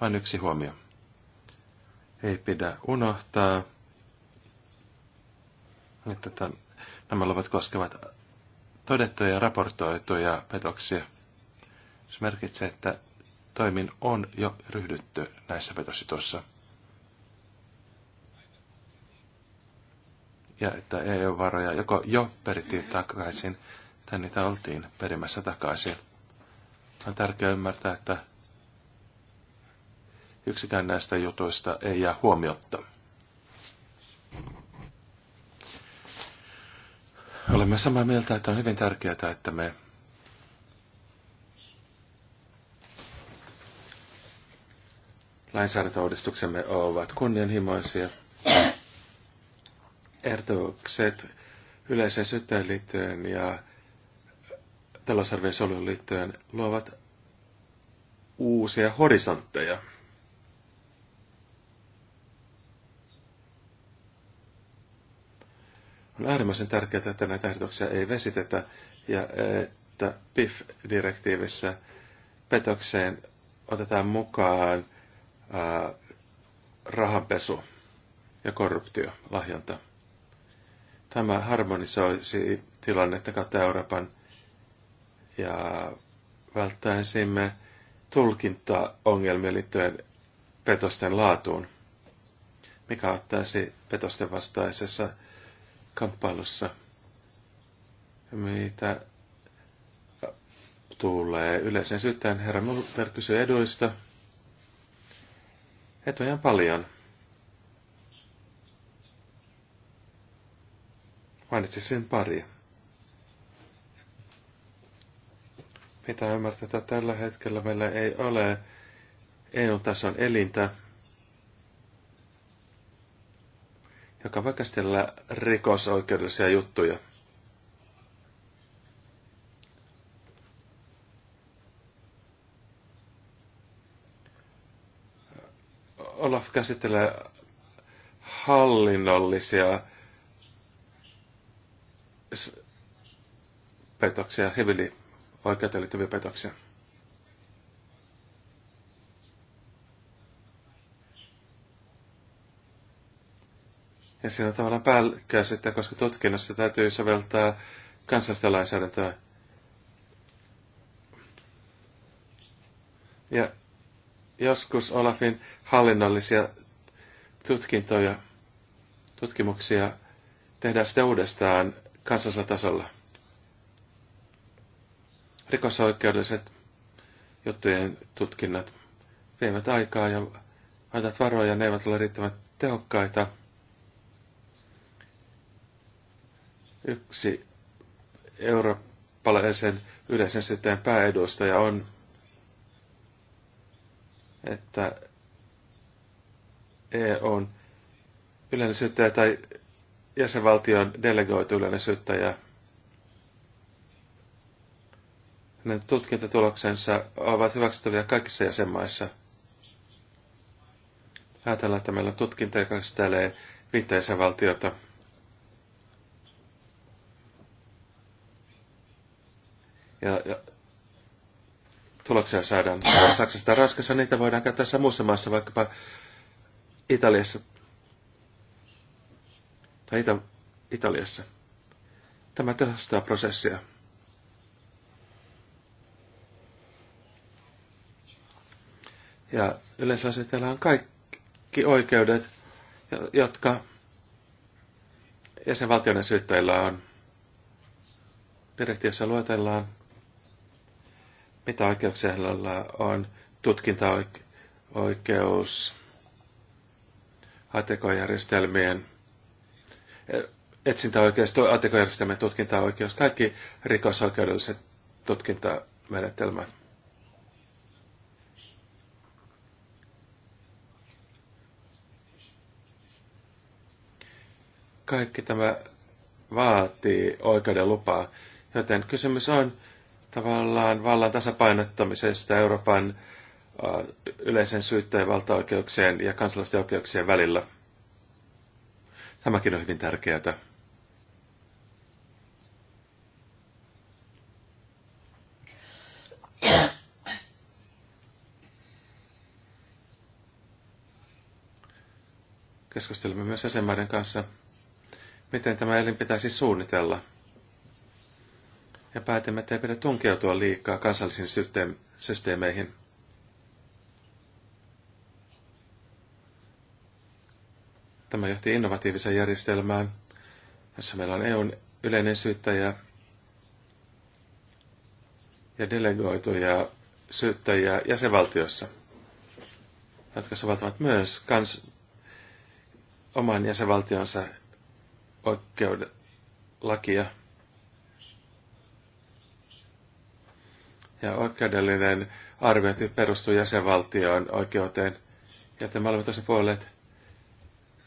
Vain yksi huomio. Ei pidä unohtaa, että nämä luvat koskevat todettuja ja raportoituja petoksia. Se merkitsee, että toimin on jo ryhdytty näissä petosituissa. Ja että EU-varoja joko jo perittiin takaisin, tai niitä oltiin perimässä takaisin. On tärkeää ymmärtää, että yksikään näistä jutuista ei jää huomiotta. Olemme samaa mieltä, että on hyvin tärkeää, että me lainsäädäntöuudistuksemme ovat kunnianhimoisia. Ehdotukset yleiseen syytteen liittyen ja talousarvion soluun liittyen luovat uusia horisontteja – On äärimmäisen tärkeää, että näitä ehdotuksia ei vesitetä ja että PIF-direktiivissä petokseen otetaan mukaan ää, rahanpesu ja korruptio, lahjonta. Tämä harmonisoisi tilannetta kautta Euroopan ja välttäisimme tulkintaongelmia liittyen petosten laatuun, mikä ottaisi petosten vastaisessa kamppailussa, mitä tulee yleisen syyttäen herra Mulberg eduista. Etuja on paljon. sen pari. Pitää ymmärtää, että tällä hetkellä meillä ei ole EU-tason elintä, joka voi käsitellä rikosoikeudellisia juttuja. Olaf käsittelee hallinnollisia petoksia, oikeuteen liittyviä petoksia. Ja siinä on tavallaan että koska tutkinnassa täytyy soveltaa kansallista lainsäädäntöä. Ja joskus Olafin hallinnollisia tutkintoja, tutkimuksia tehdään sitten uudestaan kansallisella tasolla. Rikosoikeudelliset juttujen tutkinnat vievät aikaa ja haitat varoja, ne eivät ole riittävän tehokkaita – Yksi eurooppalaisen yleisen syyttäjän pääedustaja on, että EU on yleinen syyttäjä tai jäsenvaltion delegoitu yleinen syyttäjä. Hänen tutkintatuloksensa ovat hyväksyttäviä kaikissa jäsenmaissa. Ajatellaan, että meillä on tutkinta, joka käsittelee viittä jäsenvaltiota. ja, ja tuloksia saadaan Saksasta ja Ranskassa, niitä voidaan käyttää tässä muussa maassa, vaikkapa Italiassa tai Ita- Italiassa. Tämä tehostaa prosessia. Ja yleensä on kaikki oikeudet, jotka jäsenvaltioiden syyttäjillä on. Direktiossa luetellaan mitä oikeuksia hänellä on, tutkintaoikeus, atekojärjestelmien, etsintäoikeus, atekojärjestelmien tutkintaoikeus, kaikki rikosoikeudelliset tutkintamenetelmät. Kaikki tämä vaatii oikeuden lupaa, joten kysymys on, tavallaan vallan tasapainottamisesta Euroopan yleisen syyttäjän valtaoikeuksien ja kansalaisten oikeuksien välillä. Tämäkin on hyvin tärkeää. Keskustelemme myös jäsenmaiden kanssa, miten tämä elin pitäisi suunnitella – ja päätimme, että ei pidä tunkeutua liikaa kansallisiin systeemeihin. Tämä johti innovatiiviseen järjestelmään, jossa meillä on EUn yleinen syyttäjä ja delegoituja syyttäjiä jäsenvaltiossa, jotka soveltavat myös kans oman jäsenvaltionsa oikeuden lakia. ja oikeudellinen arviointi perustuu jäsenvaltion oikeuteen. Ja että molemmat puolet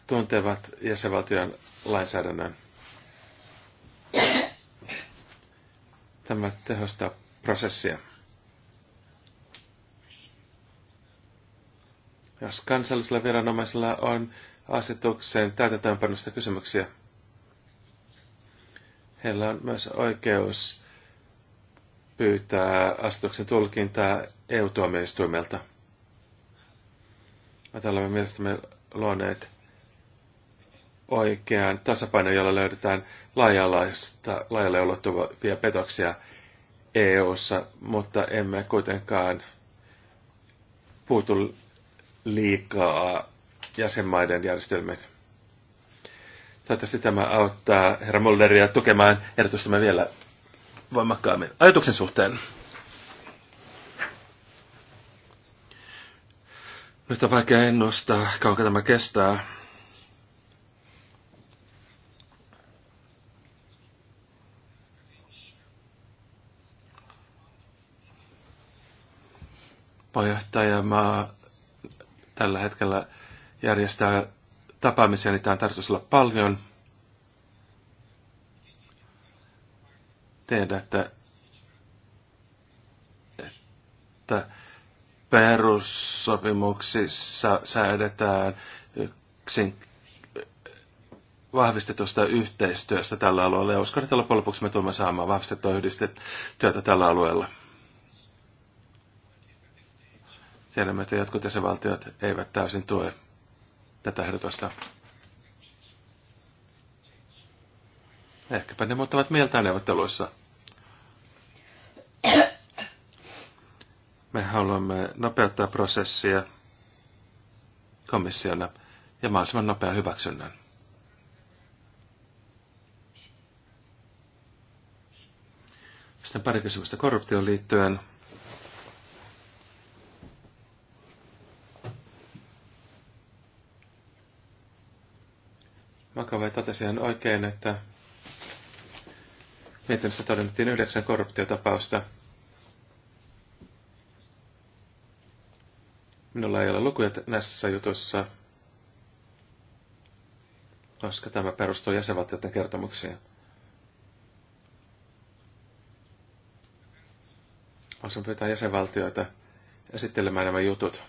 tuntevat jäsenvaltion lainsäädännön. Tämä tehostaa prosessia. Jos kansallisella viranomaisella on asetuksen täytäntöönpanosta kysymyksiä, heillä on myös oikeus pyytää asetuksen tulkintaa EU-tuomioistuimelta. Me mielestämme luoneet oikean tasapaino, jolla löydetään laajalaista, laajalle ulottuvia petoksia EU-ssa, mutta emme kuitenkaan puutu liikaa jäsenmaiden järjestelmiin. Toivottavasti tämä auttaa herra Mulderia tukemaan ehdotustamme vielä voimakkaammin. Ajatuksen suhteen. Nyt on vaikea ennustaa, kauanko tämä kestää. Puheenjohtajamaa tällä hetkellä järjestää tapaamisia, niitä on tarkoitus olla paljon – tehdä, että, että perussopimuksissa säädetään yksin vahvistetusta yhteistyöstä tällä alueella. Ja uskon, että loppujen lopuksi me tulemme saamaan vahvistettua yhdistetyötä tällä alueella. Tiedämme, että jotkut jäsenvaltiot eivät täysin tue tätä ehdotusta. Ehkäpä ne muuttavat mieltään neuvotteluissa. Me haluamme nopeuttaa prosessia komissiona ja mahdollisimman nopea hyväksynnän. Sitten pari kysymystä korruptioon liittyen. Makave totesi ihan oikein, että Mietinnössä todennettiin yhdeksän korruptiotapausta. Minulla ei ole lukuja näissä jutussa, koska tämä perustuu jäsenvaltioiden kertomuksiin. Voisin pyytää jäsenvaltioita esittelemään nämä jutut.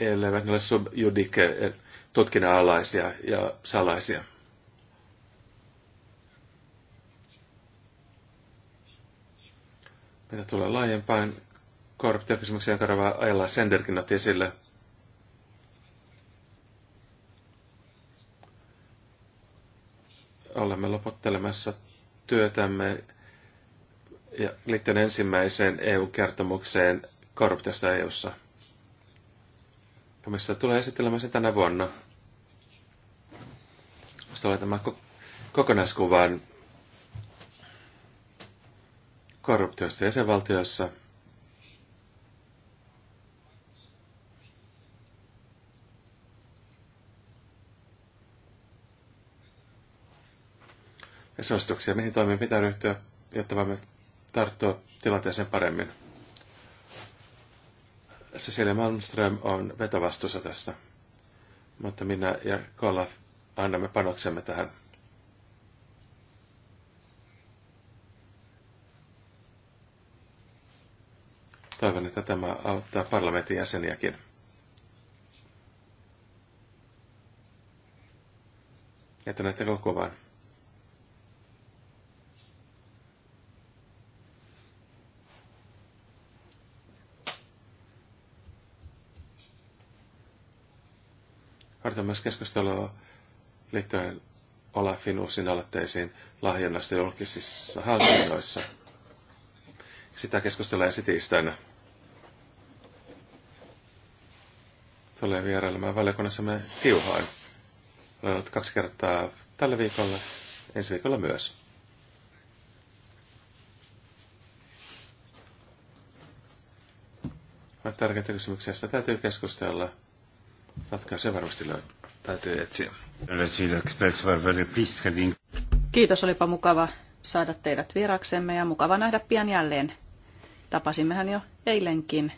elleivät ne ole subjudike tutkinnan alaisia ja salaisia. Mitä tulee laajempaan korruptiokysymykseen, jonka ravaa ajalla Senderkin otti esille, olemme lopottelemassa työtämme ja liittyen ensimmäiseen EU-kertomukseen korruptiosta EU:ssa. Komissio tulee esittelemään se tänä vuonna. Sitten tulee tämä kokonaiskuvan korruptiosta jäsenvaltiossa. Ja suosituksia, mihin toimiin pitää ryhtyä, jotta voimme tarttua tilanteeseen paremmin. Cecilia Malmström on vetovastuussa tästä, mutta minä ja Kolla annamme panoksemme tähän. Toivon, että tämä auttaa parlamentin jäseniäkin. koko vaan. Harjoitan myös keskustelua liittyen Olafin uusiin aloitteisiin lahjonnasta julkisissa hankinnoissa. Sitä keskustellaan sitten tiistaina. tulee vierailemaan valiokunnassamme Tiuhaan. Olen ollut kaksi kertaa tällä viikolla, ensi viikolla myös. Ovat tärkeitä kysymyksiä, joista täytyy keskustella. Ratkaisuja varmasti löytyy. Täytyy etsiä. Kiitos, olipa mukava saada teidät vieraksemme ja mukava nähdä pian jälleen. Tapasimmehan jo eilenkin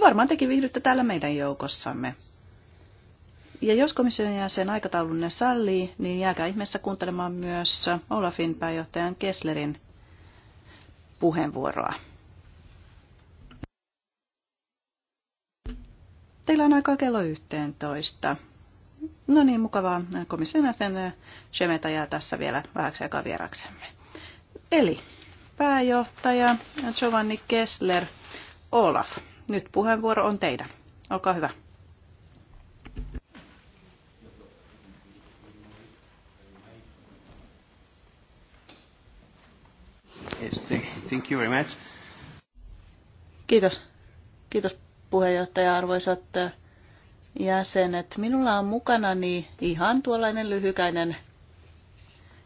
varmaan tekin viihdytte täällä meidän joukossamme. Ja jos komission jäsen aikataulunne sallii, niin jääkää ihmeessä kuuntelemaan myös Olafin pääjohtajan Kesslerin puheenvuoroa. Teillä on aikaa kello 11. No niin, mukavaa. Komission jäsen Shemeta jää tässä vielä vähäksi aikaa vieraksemme. Eli pääjohtaja Giovanni Kessler, Olaf. Nyt puheenvuoro on teidän. Olkaa hyvä. Yes, thank you very much. Kiitos. Kiitos puheenjohtaja, arvoisat jäsenet. Minulla on mukanani ihan tuollainen lyhykäinen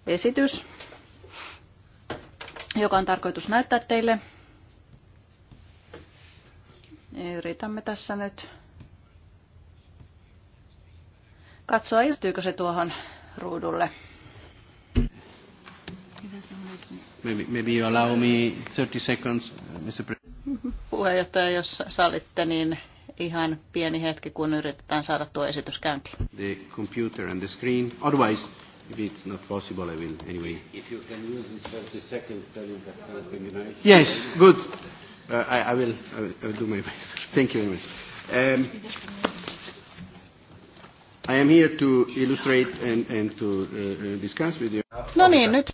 esitys, joka on tarkoitus näyttää teille Yritämme tässä nyt katsoa, istyykö se tuohon ruudulle. Maybe, maybe you allow me 30 seconds, uh, Mr. Puheenjohtaja, jos sallitte, niin ihan pieni hetki, kun yritetään saada tuo esitys käyntiin. The computer and the screen. Otherwise, if it's not possible, I will anyway. If you can use this 30 seconds, telling us something nice. Yes, good. Uh, I, I, will, I, will, I will do my best. Thank you very much. Um, I am here to illustrate and, and to uh, uh discuss with you. No niin, nyt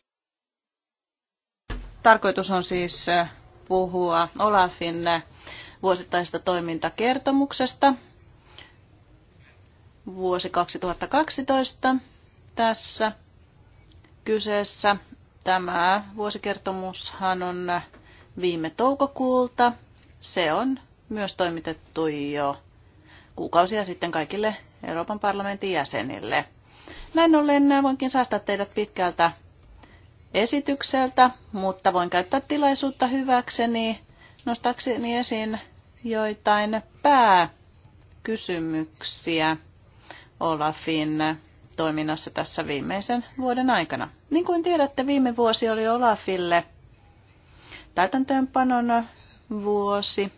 tarkoitus on siis uh, puhua Olafin vuosittaisesta toimintakertomuksesta vuosi 2012 tässä kyseessä. Tämä vuosikertomushan on viime toukokuulta. Se on myös toimitettu jo kuukausia sitten kaikille Euroopan parlamentin jäsenille. Näin ollen voinkin säästää teidät pitkältä esitykseltä, mutta voin käyttää tilaisuutta hyväkseni nostakseni esiin joitain pääkysymyksiä Olafin toiminnassa tässä viimeisen vuoden aikana. Niin kuin tiedätte, viime vuosi oli Olafille – täytäntöönpanon vuosi.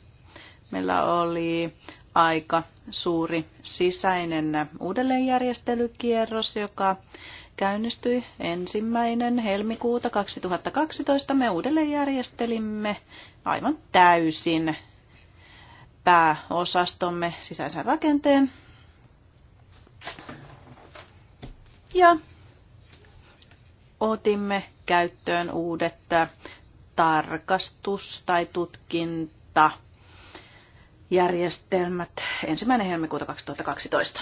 Meillä oli aika suuri sisäinen uudelleenjärjestelykierros, joka käynnistyi ensimmäinen helmikuuta 2012. Me uudelleenjärjestelimme aivan täysin pääosastomme sisäisen rakenteen. Ja otimme käyttöön uudet tarkastus tai tutkinta järjestelmät ensimmäinen helmikuuta 2012.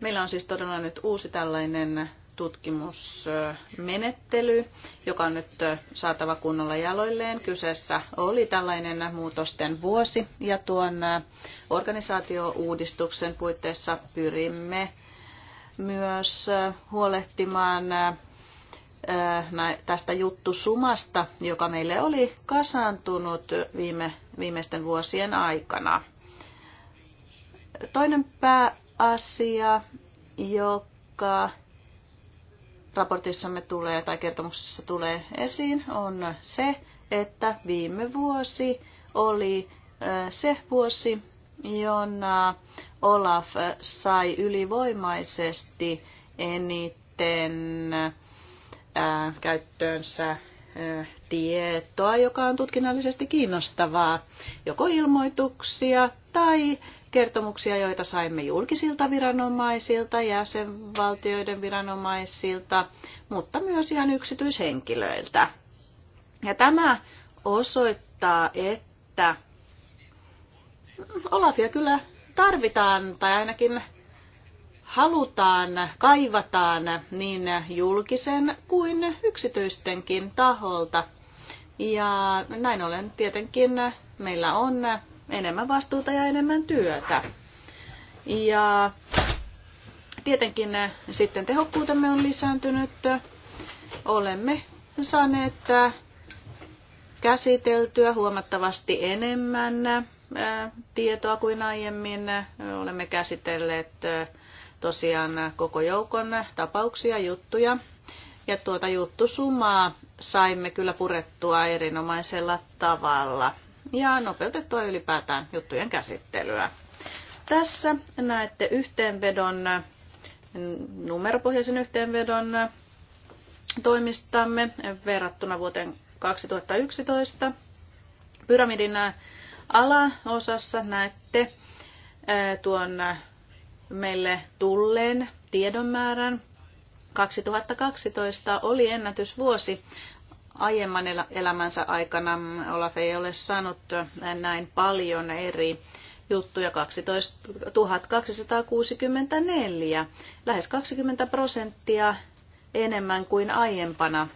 Meillä on siis todella nyt uusi tällainen tutkimusmenettely, joka on nyt saatava kunnolla jaloilleen. Kyseessä oli tällainen muutosten vuosi ja tuon organisaatiouudistuksen puitteissa pyrimme myös äh, huolehtimaan äh, äh, tästä juttusumasta, joka meille oli kasaantunut viime, viimeisten vuosien aikana. Toinen pääasia, joka raportissamme tulee tai kertomuksessa tulee esiin, on se, että viime vuosi oli se vuosi, jona Olaf sai ylivoimaisesti eniten äh, käyttöönsä äh, tietoa, joka on tutkinnallisesti kiinnostavaa, joko ilmoituksia tai kertomuksia, joita saimme julkisilta viranomaisilta, jäsenvaltioiden viranomaisilta, mutta myös ihan yksityishenkilöiltä. Ja tämä osoittaa, että Olafia kyllä tarvitaan tai ainakin halutaan, kaivataan niin julkisen kuin yksityistenkin taholta. Ja näin ollen tietenkin meillä on enemmän vastuuta ja enemmän työtä. Ja tietenkin sitten tehokkuutemme on lisääntynyt. Olemme saaneet käsiteltyä huomattavasti enemmän tietoa kuin aiemmin. Olemme käsitelleet tosiaan koko joukon tapauksia, juttuja. Ja tuota juttusumaa saimme kyllä purettua erinomaisella tavalla ja nopeutettua ylipäätään juttujen käsittelyä. Tässä näette yhteenvedon, numeropohjaisen yhteenvedon toimistamme verrattuna vuoteen 2011. Pyramidin alaosassa näette tuon meille tulleen tiedonmäärän. 2012 oli ennätysvuosi. Aiemman elämänsä aikana Olaf ei ole saanut näin paljon eri juttuja 12, 1264, lähes 20 prosenttia enemmän kuin aiempana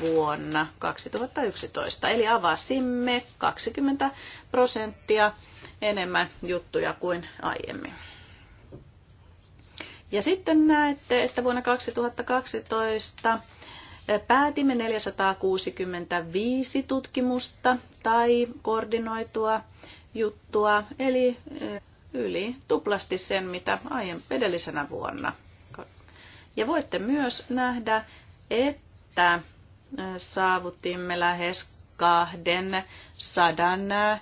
vuonna 2011. Eli avasimme 20 prosenttia enemmän juttuja kuin aiemmin. Ja sitten näette, että vuonna 2012 päätimme 465 tutkimusta tai koordinoitua juttua, eli eh, yli tuplasti sen, mitä aiemmin edellisenä vuonna. Ja voitte myös nähdä, että saavutimme lähes kahden sadan äh,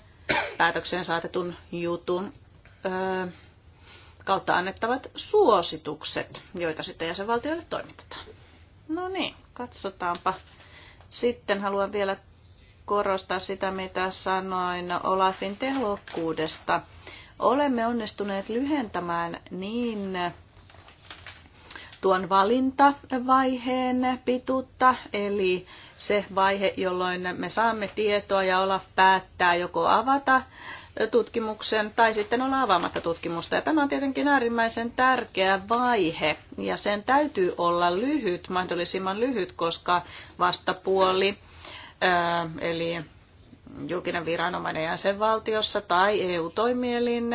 päätökseen saatetun jutun äh, kautta annettavat suositukset, joita sitten jäsenvaltioille toimitetaan. No niin, katsotaanpa. Sitten haluan vielä korostaa sitä, mitä sanoin Olafin tehokkuudesta. Olemme onnistuneet lyhentämään niin tuon valintavaiheen pituutta, eli se vaihe, jolloin me saamme tietoa ja olla päättää joko avata tutkimuksen tai sitten olla avaamatta tutkimusta. Ja tämä on tietenkin äärimmäisen tärkeä vaihe ja sen täytyy olla lyhyt, mahdollisimman lyhyt, koska vastapuoli, eli julkinen viranomainen jäsenvaltiossa tai EU-toimielin,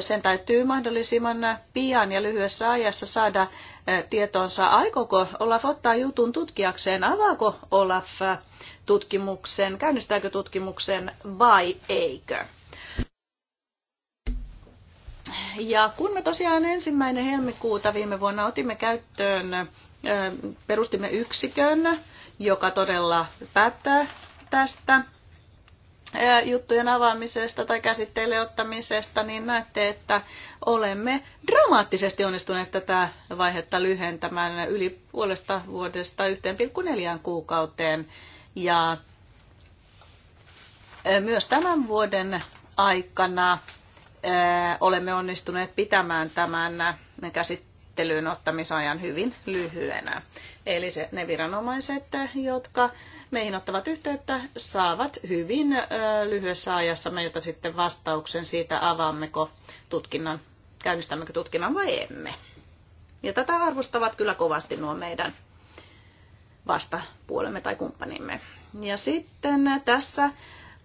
sen täytyy mahdollisimman pian ja lyhyessä ajassa saada eh, tietoonsa, aikooko Olaf ottaa jutun tutkijakseen, avaako Olaf eh, tutkimuksen, käynnistääkö tutkimuksen vai eikö. Ja kun me tosiaan ensimmäinen helmikuuta viime vuonna otimme käyttöön, eh, perustimme yksikön, joka todella päättää tästä juttujen avaamisesta tai käsitteille ottamisesta, niin näette, että olemme dramaattisesti onnistuneet tätä vaihetta lyhentämään yli puolesta vuodesta 1,4 kuukauteen. Ja myös tämän vuoden aikana olemme onnistuneet pitämään tämän käsitteen käsittelyyn ottamisajan hyvin lyhyenä. Eli se, ne viranomaiset, jotka meihin ottavat yhteyttä, saavat hyvin ö, lyhyessä ajassa meiltä sitten vastauksen siitä, avaammeko tutkinnan, käynnistämmekö tutkinnan vai emme. Ja tätä arvostavat kyllä kovasti nuo meidän vastapuolemme tai kumppanimme. Ja sitten tässä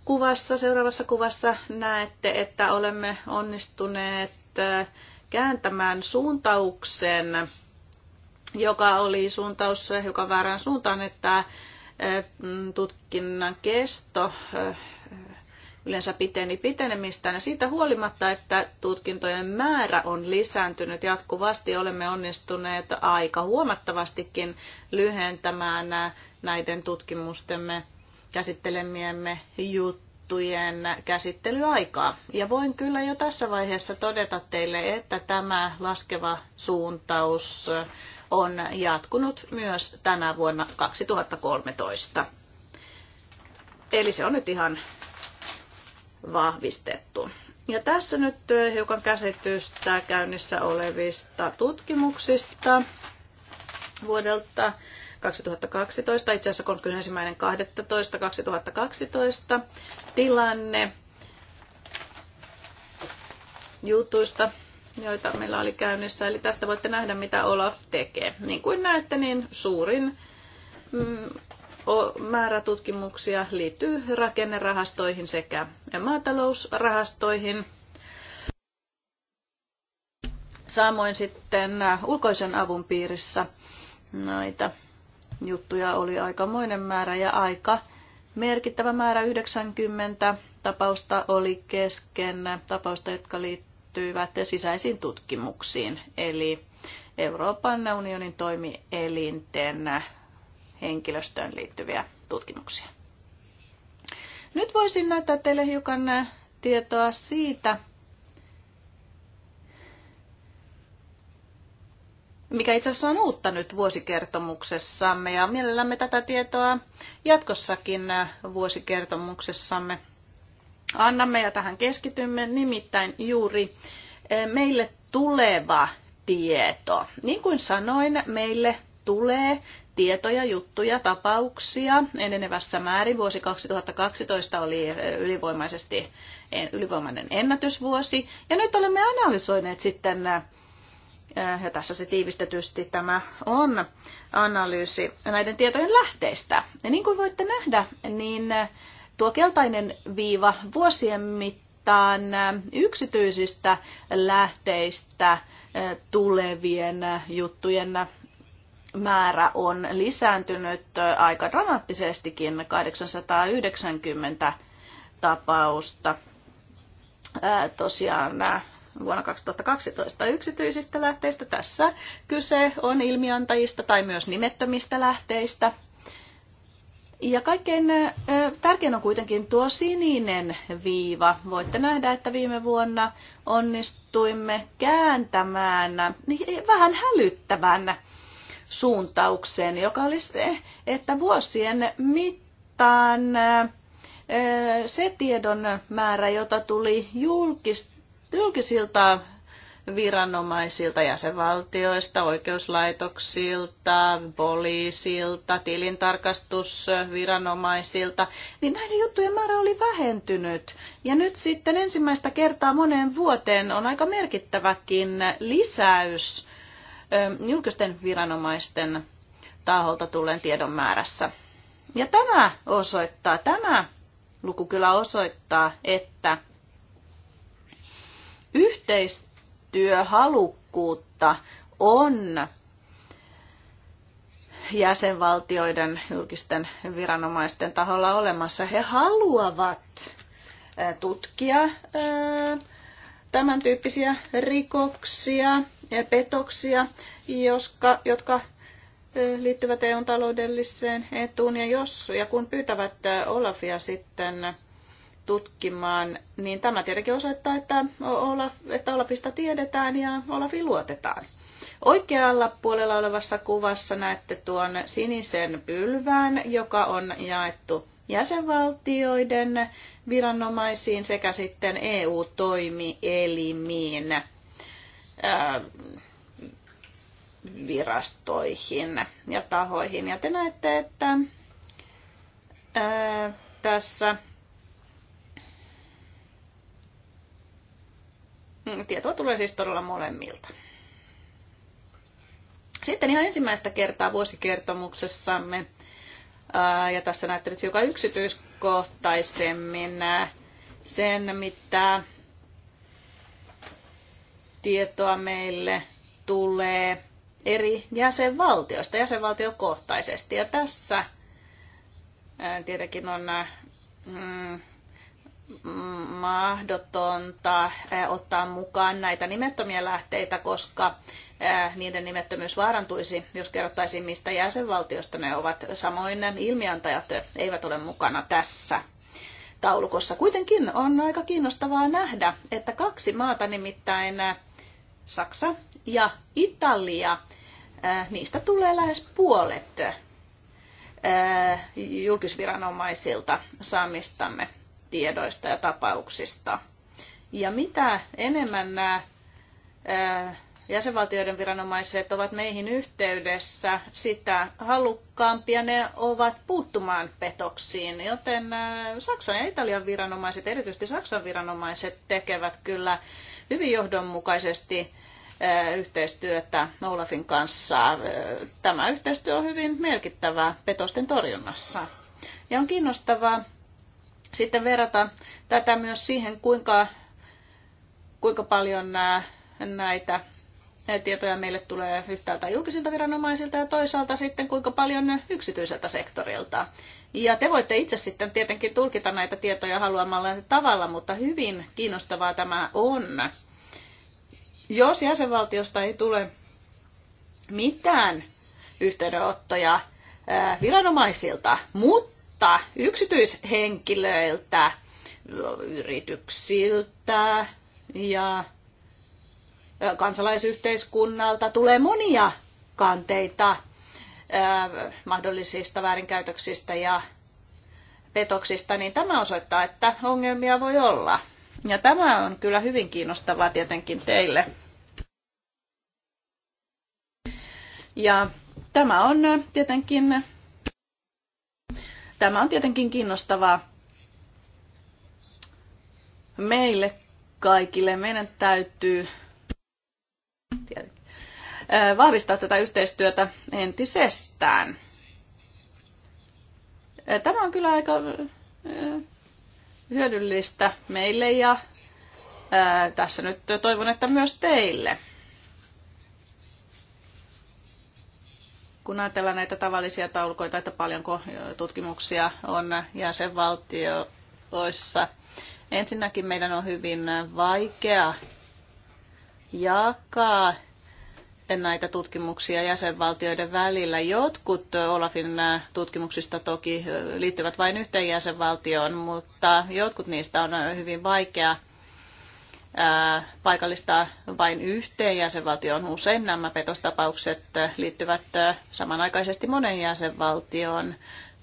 kuvassa, seuraavassa kuvassa näette, että olemme onnistuneet kääntämään suuntauksen, joka oli suuntaus joka väärään suuntaan, että mm, tutkinnan kesto yleensä piteni pitenemistään. Ja siitä huolimatta, että tutkintojen määrä on lisääntynyt jatkuvasti, olemme onnistuneet aika huomattavastikin lyhentämään näiden tutkimustemme käsittelemiemme juttuja juttujen käsittelyaikaa. Ja voin kyllä jo tässä vaiheessa todeta teille, että tämä laskeva suuntaus on jatkunut myös tänä vuonna 2013. Eli se on nyt ihan vahvistettu. Ja tässä nyt hiukan käsitystä käynnissä olevista tutkimuksista vuodelta 2012, itse asiassa 31.12.2012 tilanne jutuista, joita meillä oli käynnissä. Eli tästä voitte nähdä, mitä Olaf tekee. Niin kuin näette, niin suurin mm, määrä tutkimuksia liittyy rakennerahastoihin sekä maatalousrahastoihin. Samoin sitten äh, ulkoisen avun piirissä näitä juttuja oli aikamoinen määrä ja aika merkittävä määrä 90 tapausta oli kesken, tapausta, jotka liittyivät sisäisiin tutkimuksiin, eli Euroopan unionin toimielinten henkilöstöön liittyviä tutkimuksia. Nyt voisin näyttää teille hiukan tietoa siitä, mikä itse asiassa on uutta nyt vuosikertomuksessamme ja mielellämme tätä tietoa jatkossakin vuosikertomuksessamme annamme ja tähän keskitymme, nimittäin juuri e, meille tuleva tieto. Niin kuin sanoin, meille tulee tietoja, juttuja, tapauksia enenevässä määrin. Vuosi 2012 oli e, ylivoimaisesti ylivoimainen ennätysvuosi. Ja nyt olemme analysoineet sitten e, ja tässä se tiivistetysti tämä on analyysi näiden tietojen lähteistä. Ja niin kuin voitte nähdä, niin tuo keltainen viiva vuosien mittaan yksityisistä lähteistä tulevien juttujen määrä on lisääntynyt aika dramaattisestikin, 890 tapausta. Tosiaan vuonna 2012 yksityisistä lähteistä. Tässä kyse on ilmiantajista tai myös nimettömistä lähteistä. Ja kaikkein tärkein on kuitenkin tuo sininen viiva. Voitte nähdä, että viime vuonna onnistuimme kääntämään vähän hälyttävän suuntauksen, joka oli se, että vuosien mittaan se tiedon määrä, jota tuli julkista julkisilta viranomaisilta, jäsenvaltioista, oikeuslaitoksilta, poliisilta, tilintarkastusviranomaisilta, niin näiden juttujen määrä oli vähentynyt. Ja nyt sitten ensimmäistä kertaa moneen vuoteen on aika merkittäväkin lisäys julkisten viranomaisten taholta tulleen tiedon määrässä. Ja tämä osoittaa, tämä luku kyllä osoittaa, että yhteistyöhalukkuutta on jäsenvaltioiden julkisten viranomaisten taholla olemassa. He haluavat tutkia tämän tyyppisiä rikoksia ja petoksia, jotka, jotka liittyvät eu taloudelliseen etuun. Ja jos ja kun pyytävät Olafia sitten tutkimaan, niin tämä tietenkin osoittaa, että, Olaf, että Olafista tiedetään ja Olafi luotetaan. Oikealla puolella olevassa kuvassa näette tuon sinisen pylvään, joka on jaettu jäsenvaltioiden viranomaisiin sekä sitten EU-toimielimiin äh, virastoihin ja tahoihin. Ja te näette, että äh, tässä Mm, tietoa tulee siis todella molemmilta. Sitten ihan ensimmäistä kertaa vuosikertomuksessamme, ja tässä näette nyt hiukan yksityiskohtaisemmin sen, mitä tietoa meille tulee eri jäsenvaltioista, jäsenvaltiokohtaisesti. Ja tässä tietenkin on mm, mahdotonta eh, ottaa mukaan näitä nimettömiä lähteitä, koska eh, niiden nimettömyys vaarantuisi, jos kerrottaisiin, mistä jäsenvaltiosta ne ovat. Samoin ilmiantajat eivät ole mukana tässä taulukossa. Kuitenkin on aika kiinnostavaa nähdä, että kaksi maata, nimittäin eh, Saksa ja Italia, niistä tulee lähes puolet julkisviranomaisilta saamistamme tiedoista ja tapauksista. Ja mitä enemmän nämä jäsenvaltioiden viranomaiset ovat meihin yhteydessä, sitä halukkaampia ne ovat puuttumaan petoksiin. Joten Saksan ja Italian viranomaiset, erityisesti Saksan viranomaiset, tekevät kyllä hyvin johdonmukaisesti yhteistyötä Olafin kanssa. Tämä yhteistyö on hyvin merkittävää petosten torjunnassa. Ja on kiinnostavaa sitten verrata tätä myös siihen, kuinka, kuinka paljon nämä, näitä tietoja meille tulee yhtäältä julkisilta viranomaisilta ja toisaalta sitten kuinka paljon yksityiseltä sektorilta. Ja te voitte itse sitten tietenkin tulkita näitä tietoja haluamalla tavalla, mutta hyvin kiinnostavaa tämä on. Jos jäsenvaltiosta ei tule mitään yhteydenottoja viranomaisilta, mutta ottaa yksityishenkilöiltä, yrityksiltä ja kansalaisyhteiskunnalta tulee monia kanteita mahdollisista väärinkäytöksistä ja petoksista, niin tämä osoittaa, että ongelmia voi olla. Ja tämä on kyllä hyvin kiinnostavaa tietenkin teille. Ja tämä on tietenkin Tämä on tietenkin kiinnostavaa meille kaikille. Meidän täytyy vahvistaa tätä yhteistyötä entisestään. Tämä on kyllä aika hyödyllistä meille ja tässä nyt toivon, että myös teille. kun ajatellaan näitä tavallisia taulukoita, että paljonko tutkimuksia on jäsenvaltioissa, ensinnäkin meidän on hyvin vaikea jakaa näitä tutkimuksia jäsenvaltioiden välillä. Jotkut Olafin tutkimuksista toki liittyvät vain yhteen jäsenvaltioon, mutta jotkut niistä on hyvin vaikea paikallista vain yhteen jäsenvaltioon. Usein nämä petostapaukset liittyvät samanaikaisesti monen jäsenvaltioon.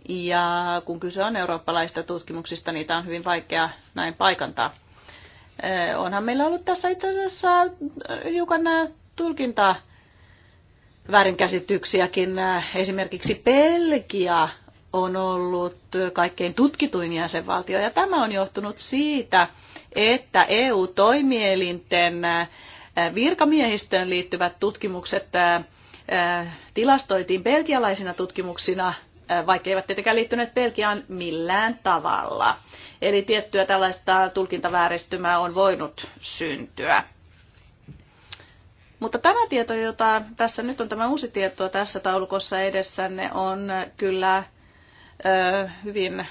Ja kun kyse on eurooppalaisista tutkimuksista, niitä on hyvin vaikea näin paikantaa. Onhan meillä ollut tässä itse asiassa hiukan tulkinta väärinkäsityksiäkin. Esimerkiksi Belgia on ollut kaikkein tutkituin jäsenvaltio, ja tämä on johtunut siitä, että EU-toimielinten äh, virkamiehistöön liittyvät tutkimukset äh, äh, tilastoitiin belgialaisina tutkimuksina, vaikka eivät tietenkään liittyneet Belgiaan millään tavalla. Eli tiettyä tällaista tulkintavääristymää on voinut syntyä. Mutta tämä tieto, jota tässä nyt on tämä uusi tieto tässä taulukossa edessänne, on kyllä ö, hyvin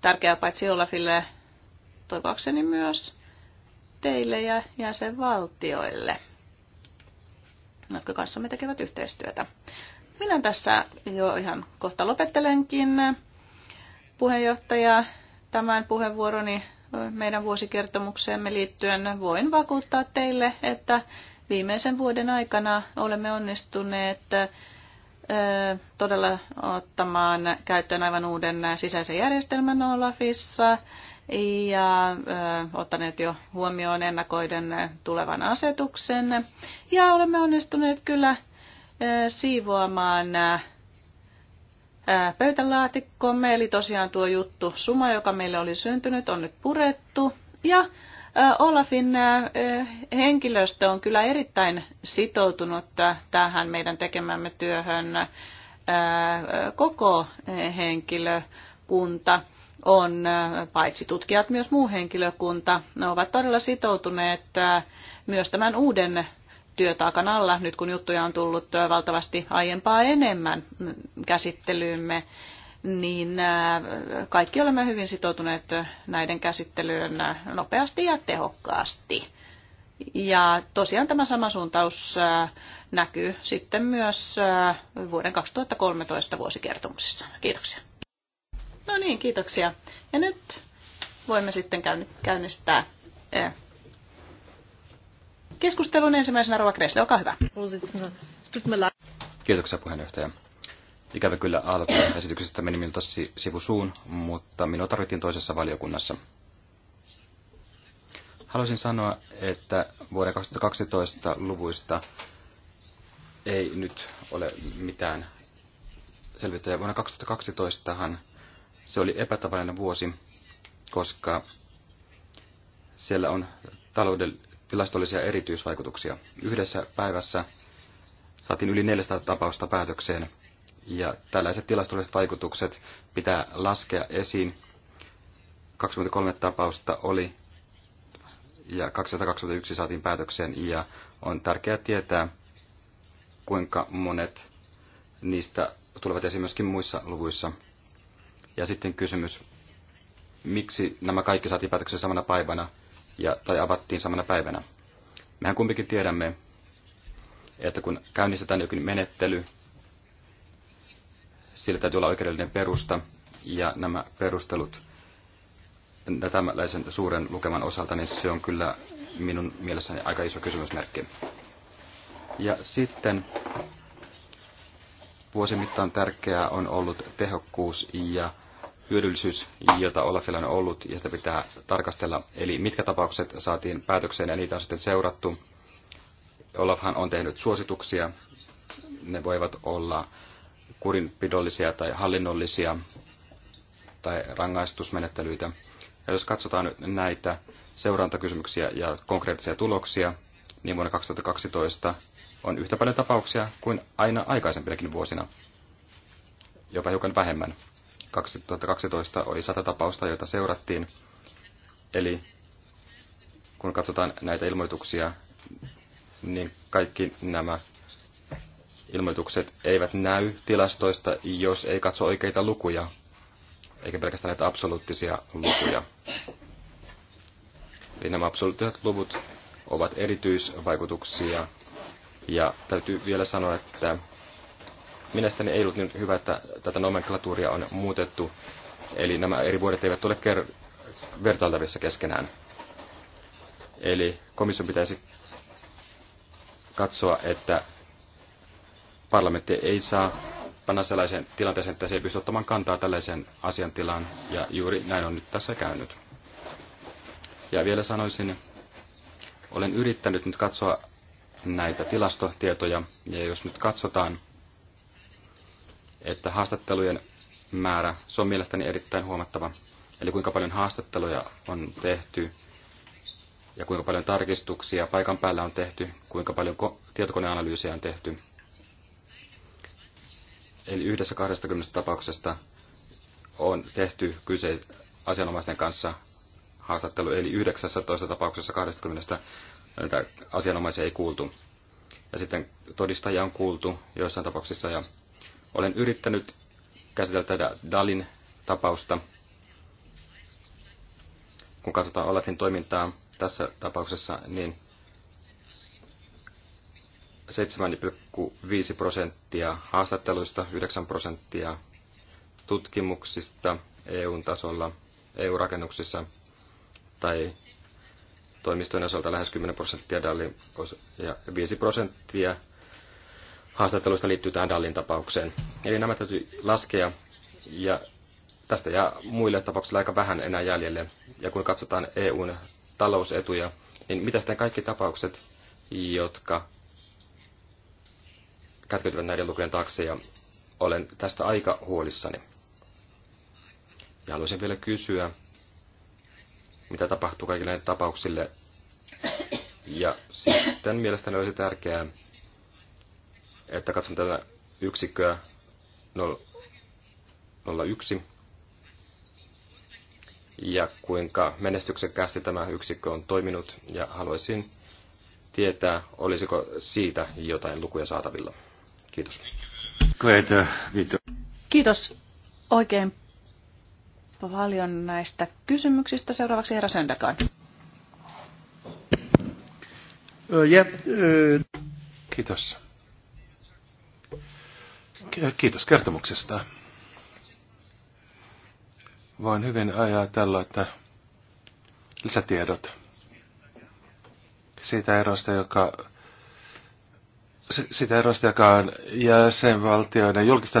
tärkeä paitsi Olafille toivoakseni myös teille ja jäsenvaltioille, jotka kanssamme tekevät yhteistyötä. Minä tässä jo ihan kohta lopettelenkin puheenjohtaja tämän puheenvuoroni meidän vuosikertomukseemme liittyen. Voin vakuuttaa teille, että viimeisen vuoden aikana olemme onnistuneet todella ottamaan käyttöön aivan uuden sisäisen järjestelmän Olafissa – ja ottaneet jo huomioon ennakoiden tulevan asetuksen. Ja olemme onnistuneet kyllä siivoamaan pöytälaatikkomme, eli tosiaan tuo juttu suma, joka meille oli syntynyt, on nyt purettu. Ja Olafin henkilöstö on kyllä erittäin sitoutunut tähän meidän tekemämme työhön koko henkilökunta on äh, paitsi tutkijat, myös muu henkilökunta. Ne ovat todella sitoutuneet äh, myös tämän uuden työtaakan alla, nyt kun juttuja on tullut äh, valtavasti aiempaa enemmän mm, käsittelyymme, niin kaikki olemme hyvin sitoutuneet näiden käsittelyyn nopeasti ja tehokkaasti. Ja tosiaan tämä sama suuntaus näkyy sitten myös vuoden 2013 vuosikertomuksissa. Kiitoksia. No niin, kiitoksia. Ja nyt voimme sitten käynnistää eh, keskustelun ensimmäisenä Rova Kresle, olkaa hyvä. Kiitoksia puheenjohtaja. Ikävä kyllä esityksestä meni minulta sivusuun, mutta minua tarvittiin toisessa valiokunnassa. Haluaisin sanoa, että vuoden 2012 luvuista ei nyt ole mitään selvittäjä. vuonna 2012 se oli epätavallinen vuosi, koska siellä on talouden tilastollisia erityisvaikutuksia. Yhdessä päivässä saatiin yli 400 tapausta päätökseen, ja tällaiset tilastolliset vaikutukset pitää laskea esiin. 23 tapausta oli, ja 221 saatiin päätökseen, ja on tärkeää tietää, kuinka monet niistä tulevat esiin myöskin muissa luvuissa. Ja sitten kysymys, miksi nämä kaikki saatiin päätöksen samana päivänä ja, tai avattiin samana päivänä? Mehän kumpikin tiedämme, että kun käynnistetään jokin menettely, sillä täytyy olla oikeudellinen perusta, ja nämä perustelut tämänlaisen suuren lukeman osalta, niin se on kyllä minun mielessäni aika iso kysymysmerkki. Ja sitten vuosimittaan tärkeää on ollut tehokkuus ja hyödyllisyys, jota Olafilla on ollut, ja sitä pitää tarkastella. Eli mitkä tapaukset saatiin päätökseen, ja niitä on sitten seurattu. Olafhan on tehnyt suosituksia. Ne voivat olla kurinpidollisia tai hallinnollisia tai rangaistusmenettelyitä. Ja jos katsotaan nyt näitä seurantakysymyksiä ja konkreettisia tuloksia, niin vuonna 2012 on yhtä paljon tapauksia kuin aina aikaisempinakin vuosina, jopa hiukan vähemmän. 2012 oli 100 tapausta, joita seurattiin. Eli kun katsotaan näitä ilmoituksia, niin kaikki nämä ilmoitukset eivät näy tilastoista, jos ei katso oikeita lukuja, eikä pelkästään näitä absoluuttisia lukuja. Eli nämä absoluuttiset luvut ovat erityisvaikutuksia, ja täytyy vielä sanoa, että Mielestäni ei ollut niin hyvä, että tätä nomenklatuuria on muutettu, eli nämä eri vuodet eivät ole ker- vertailtavissa keskenään. Eli komission pitäisi katsoa, että parlamentti ei saa panna sellaiseen tilanteeseen, että se ei pysty ottamaan kantaa tällaiseen asiantilaan, ja juuri näin on nyt tässä käynyt. Ja vielä sanoisin, olen yrittänyt nyt katsoa näitä tilastotietoja, ja jos nyt katsotaan että haastattelujen määrä, se on mielestäni erittäin huomattava. Eli kuinka paljon haastatteluja on tehty ja kuinka paljon tarkistuksia paikan päällä on tehty, kuinka paljon tietokoneanalyysiä on tehty. Eli yhdessä 20 tapauksesta on tehty kyse asianomaisten kanssa haastattelu, eli 19 tapauksessa 20 näitä asianomaisia ei kuultu. Ja sitten todistajia on kuultu joissain tapauksissa ja olen yrittänyt käsitellä tätä Dalin tapausta. Kun katsotaan Olafin toimintaa tässä tapauksessa, niin 7,5 prosenttia haastatteluista, 9 prosenttia tutkimuksista EU-tasolla, EU-rakennuksissa tai toimistojen osalta lähes 10 prosenttia Dallin ja 5 prosenttia haastatteluista liittyy tähän Dallin tapaukseen. Eli nämä täytyy laskea ja tästä jää muille tapauksille aika vähän enää jäljelle. Ja kun katsotaan EUn talousetuja, niin mitä sitten kaikki tapaukset, jotka kätkeytyvät näiden lukujen taakse ja olen tästä aika huolissani. Ja haluaisin vielä kysyä, mitä tapahtuu kaikille näille tapauksille. Ja sitten mielestäni olisi tärkeää, että katson tätä yksikköä 01 ja kuinka menestyksekkäästi tämä yksikkö on toiminut ja haluaisin tietää, olisiko siitä jotain lukuja saatavilla. Kiitos. Kiitos oikein paljon näistä kysymyksistä. Seuraavaksi herra Söndergaard. Uh, uh, Kiitos. Kiitos kertomuksesta. Voin hyvin tällä, että lisätiedot siitä erosta, joka siitä erosta, joka on jäsenvaltioiden julkista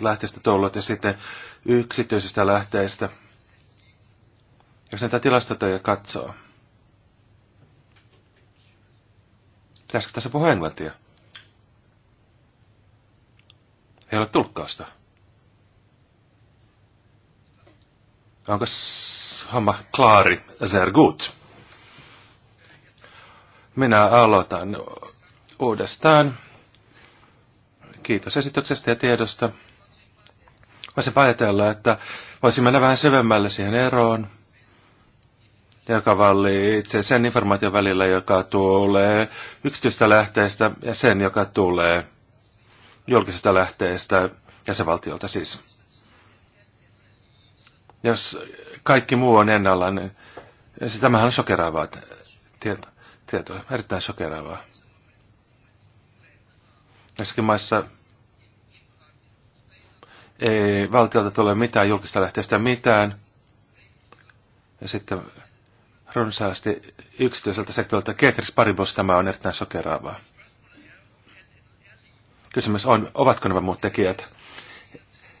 lähteestä tullut ja sitten yksityisistä lähteistä. Jos näitä tilastotoja katsoo. Pitäisikö tässä puhua englantia? Ei ole tulkkausta. Onko homma klaari? Sehr gut. Minä aloitan uudestaan. Kiitos esityksestä ja tiedosta. Voisin ajatella, että voisin mennä vähän syvemmälle siihen eroon, joka vallitsee sen informaation välillä, joka tulee yksityistä lähteestä ja sen, joka tulee julkisesta lähteestä jäsenvaltiolta siis. Jos kaikki muu on ennalla, niin se tämähän on sokeraavaa tietoa, tieto, erittäin sokeraavaa. Jossakin maissa ei valtiolta tule mitään julkista lähteestä mitään. Ja sitten runsaasti yksityiseltä sektorilta Ketris Paribos tämä on erittäin sokeraavaa. Kysymys on, ovatko nämä muut tekijät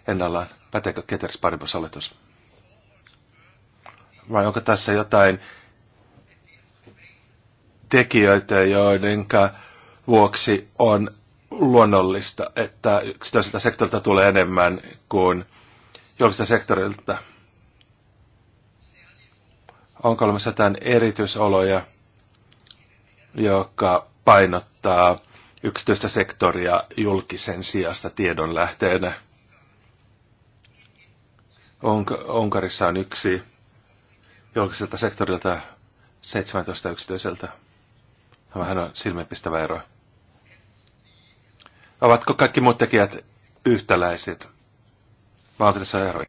ennallaan? Päteekö Keteris Paribus hallitus? Vai onko tässä jotain tekijöitä, joiden vuoksi on luonnollista, että yksityiseltä sektorilta tulee enemmän kuin julkiselta sektorilta? Onko olemassa jotain erityisoloja, joka painottaa yksityistä sektoria julkisen sijasta tiedonlähteenä. Onkarissa on yksi julkiselta sektorilta 17 yksityiseltä. Vähän on silmiinpistävä ero. Ovatko kaikki muut tekijät yhtäläiset? Vai onko tässä eroja?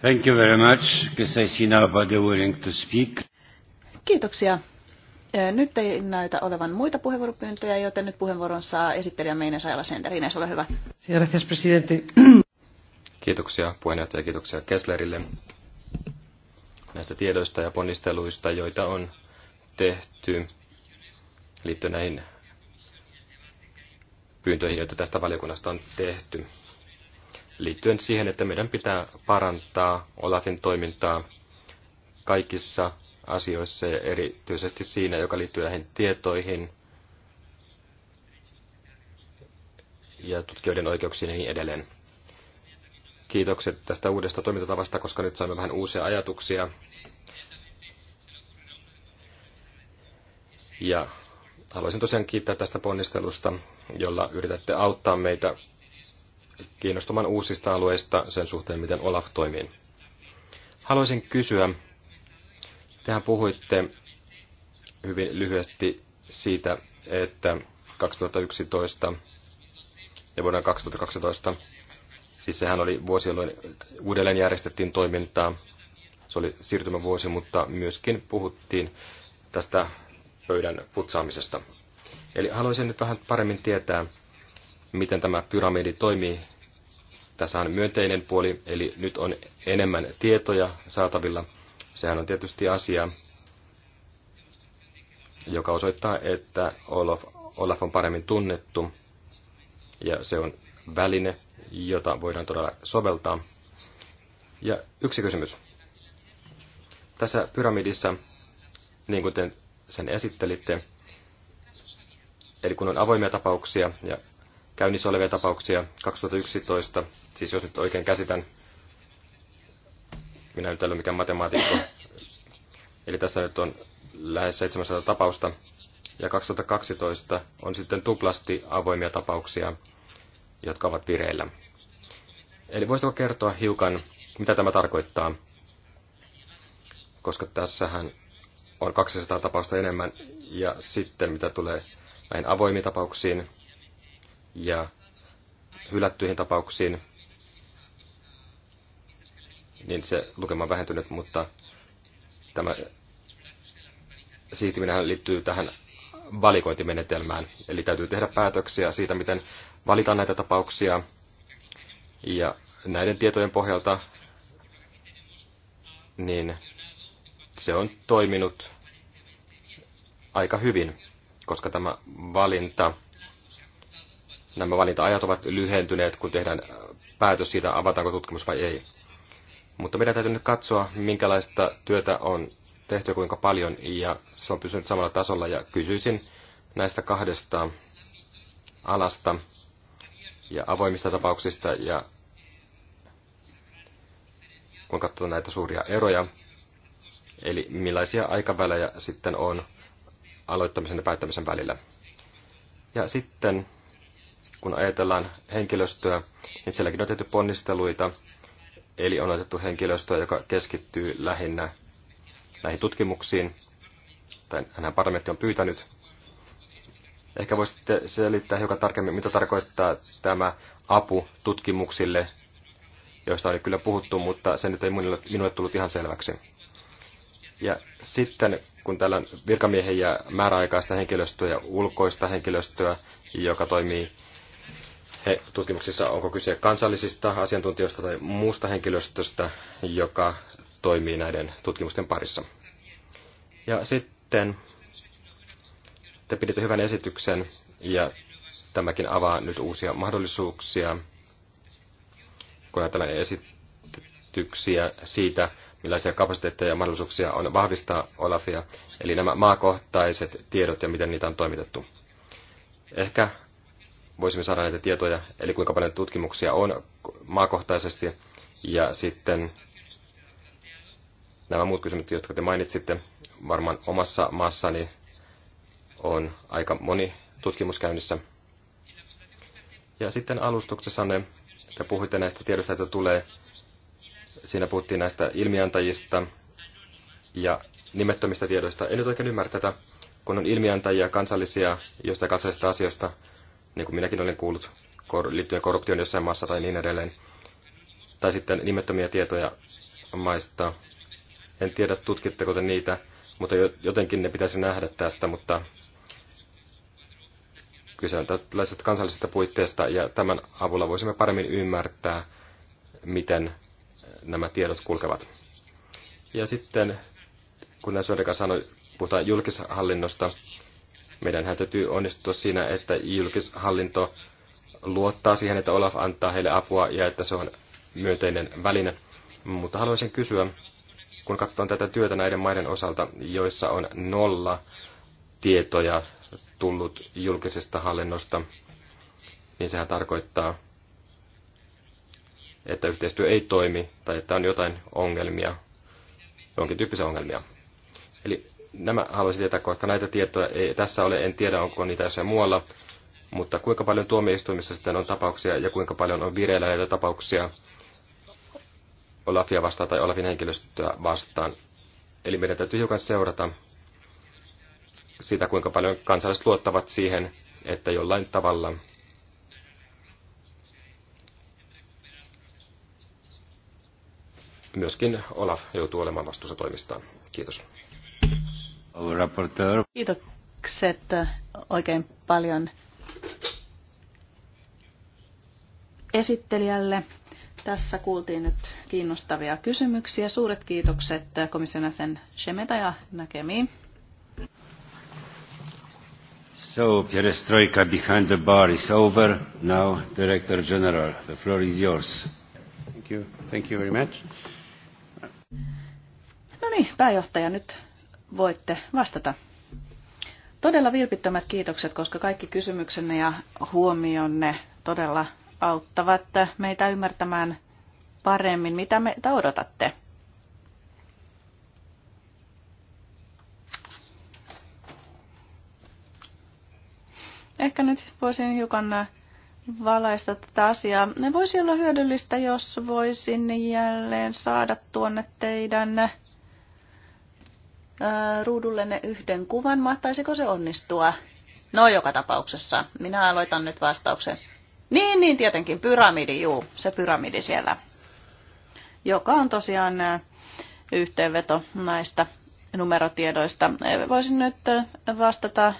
Thank you very much, because I see nobody willing to speak. Kiitoksia. Nyt ei näytä olevan muita puheenvuoropyyntöjä, joten nyt puheenvuoron saa esittelijä Meine Saila Sender. Ines, ole hyvä. Gracias, Kiitoksia puheenjohtaja ja kiitoksia Kesslerille näistä tiedoista ja ponnisteluista, joita on tehty liittyen näihin pyyntöihin, joita tästä valiokunnasta on tehty, liittyen siihen, että meidän pitää parantaa Olafin toimintaa kaikissa asioissa ja erityisesti siinä, joka liittyy näihin tietoihin ja tutkijoiden oikeuksiin ja niin edelleen. Kiitokset tästä uudesta toimintatavasta, koska nyt saimme vähän uusia ajatuksia. Ja haluaisin tosiaan kiittää tästä ponnistelusta, jolla yritätte auttaa meitä kiinnostumaan uusista alueista sen suhteen, miten Olaf toimii. Haluaisin kysyä, Tehän puhuitte hyvin lyhyesti siitä, että 2011 ja vuonna 2012, siis sehän oli vuosi, jolloin uudelleen järjestettiin toimintaa, se oli siirtymävuosi, mutta myöskin puhuttiin tästä pöydän putsaamisesta. Eli haluaisin nyt vähän paremmin tietää, miten tämä pyramidi toimii. Tässä on myönteinen puoli, eli nyt on enemmän tietoja saatavilla – Sehän on tietysti asia, joka osoittaa, että Olaf, Olaf on paremmin tunnettu ja se on väline, jota voidaan todella soveltaa. Ja yksi kysymys. Tässä pyramidissa, niin kuin te sen esittelitte, eli kun on avoimia tapauksia ja käynnissä olevia tapauksia 2011, siis jos nyt oikein käsitän, minä nyt ole mikään matemaatikko. Eli tässä nyt on lähes 700 tapausta. Ja 2012 on sitten tuplasti avoimia tapauksia, jotka ovat vireillä. Eli voisitko kertoa hiukan, mitä tämä tarkoittaa? Koska tässähän on 200 tapausta enemmän. Ja sitten mitä tulee näihin avoimiin tapauksiin ja hylättyihin tapauksiin, niin se lukema on vähentynyt, mutta tämä siistiminen liittyy tähän valikointimenetelmään. Eli täytyy tehdä päätöksiä siitä, miten valitaan näitä tapauksia. Ja näiden tietojen pohjalta niin se on toiminut aika hyvin, koska tämä valinta, nämä valinta-ajat ovat lyhentyneet, kun tehdään päätös siitä, avataanko tutkimus vai ei. Mutta meidän täytyy nyt katsoa, minkälaista työtä on tehty ja kuinka paljon, ja se on pysynyt samalla tasolla, ja kysyisin näistä kahdesta alasta ja avoimista tapauksista, ja kun katsotaan näitä suuria eroja, eli millaisia aikavälejä sitten on aloittamisen ja päättämisen välillä. Ja sitten, kun ajatellaan henkilöstöä, niin sielläkin on tehty ponnisteluita, Eli on otettu henkilöstöä, joka keskittyy lähinnä näihin tutkimuksiin, tai hän parlamentti on pyytänyt. Ehkä voisitte selittää hiukan tarkemmin, mitä tarkoittaa tämä apu tutkimuksille, joista oli kyllä puhuttu, mutta se nyt ei minulle, minulle tullut ihan selväksi. Ja sitten, kun täällä on virkamiehen ja määräaikaista henkilöstöä ja ulkoista henkilöstöä, joka toimii he, tutkimuksissa, onko kyse kansallisista asiantuntijoista tai muusta henkilöstöstä, joka toimii näiden tutkimusten parissa. Ja sitten te piditte hyvän esityksen ja tämäkin avaa nyt uusia mahdollisuuksia, kun ajatellaan esityksiä siitä, millaisia kapasiteetteja ja mahdollisuuksia on vahvistaa Olafia, eli nämä maakohtaiset tiedot ja miten niitä on toimitettu. Ehkä voisimme saada näitä tietoja, eli kuinka paljon tutkimuksia on maakohtaisesti, ja sitten nämä muut kysymykset, jotka te mainitsitte, varmaan omassa maassani on aika moni tutkimus käynnissä. Ja sitten alustuksessanne te puhuitte näistä tiedoista, joita tulee. Siinä puhuttiin näistä ilmiantajista ja nimettömistä tiedoista. En nyt oikein ymmärrä tätä, kun on ilmiantajia kansallisia joista kansallisista asioista, niin kuin minäkin olen kuullut, liittyen korruptioon jossain maassa tai niin edelleen, tai sitten nimettömiä tietoja maista. En tiedä, tutkitteko te niitä, mutta jotenkin ne pitäisi nähdä tästä, mutta kyse on tällaisesta kansallisesta puitteesta, ja tämän avulla voisimme paremmin ymmärtää, miten nämä tiedot kulkevat. Ja sitten, kun näin sanoi, puhutaan julkishallinnosta, Meidänhän täytyy onnistua siinä, että julkishallinto luottaa siihen, että Olaf antaa heille apua ja että se on myönteinen väline. Mutta haluaisin kysyä, kun katsotaan tätä työtä näiden maiden osalta, joissa on nolla tietoja tullut julkisesta hallinnosta, niin sehän tarkoittaa, että yhteistyö ei toimi tai että on jotain ongelmia, jonkin tyyppisiä ongelmia. Eli nämä haluaisin tietää, koska näitä tietoja ei tässä ole, en tiedä onko niitä jossain muualla, mutta kuinka paljon tuomioistuimissa sitten on tapauksia ja kuinka paljon on vireillä näitä tapauksia Olafia vastaan tai Olafin henkilöstöä vastaan. Eli meidän täytyy hiukan seurata sitä, kuinka paljon kansalaiset luottavat siihen, että jollain tavalla myöskin Olaf joutuu olemaan vastuussa toimistaan. Kiitos. Kiitokset oikein paljon esittelijälle. Tässä kuultiin nyt kiinnostavia kysymyksiä. Suuret kiitokset komission sen Shemeta ja näkemiin. So, perestroika behind the bar is over. Now, Director General, the floor is yours. Thank you. Thank you very much. No niin, pääjohtaja, nyt voitte vastata. Todella vilpittömät kiitokset, koska kaikki kysymyksenne ja huomionne todella auttavat meitä ymmärtämään paremmin, mitä me odotatte. Ehkä nyt voisin hiukan valaista tätä asiaa. Ne voisi olla hyödyllistä, jos voisin jälleen saada tuonne teidän Äh, ruudullenne yhden kuvan. Mahtaisiko se onnistua? No joka tapauksessa. Minä aloitan nyt vastauksen. Niin, niin tietenkin, pyramidi, juu, se pyramidi siellä, joka on tosiaan äh, yhteenveto näistä numerotiedoista. Äh, voisin nyt vastata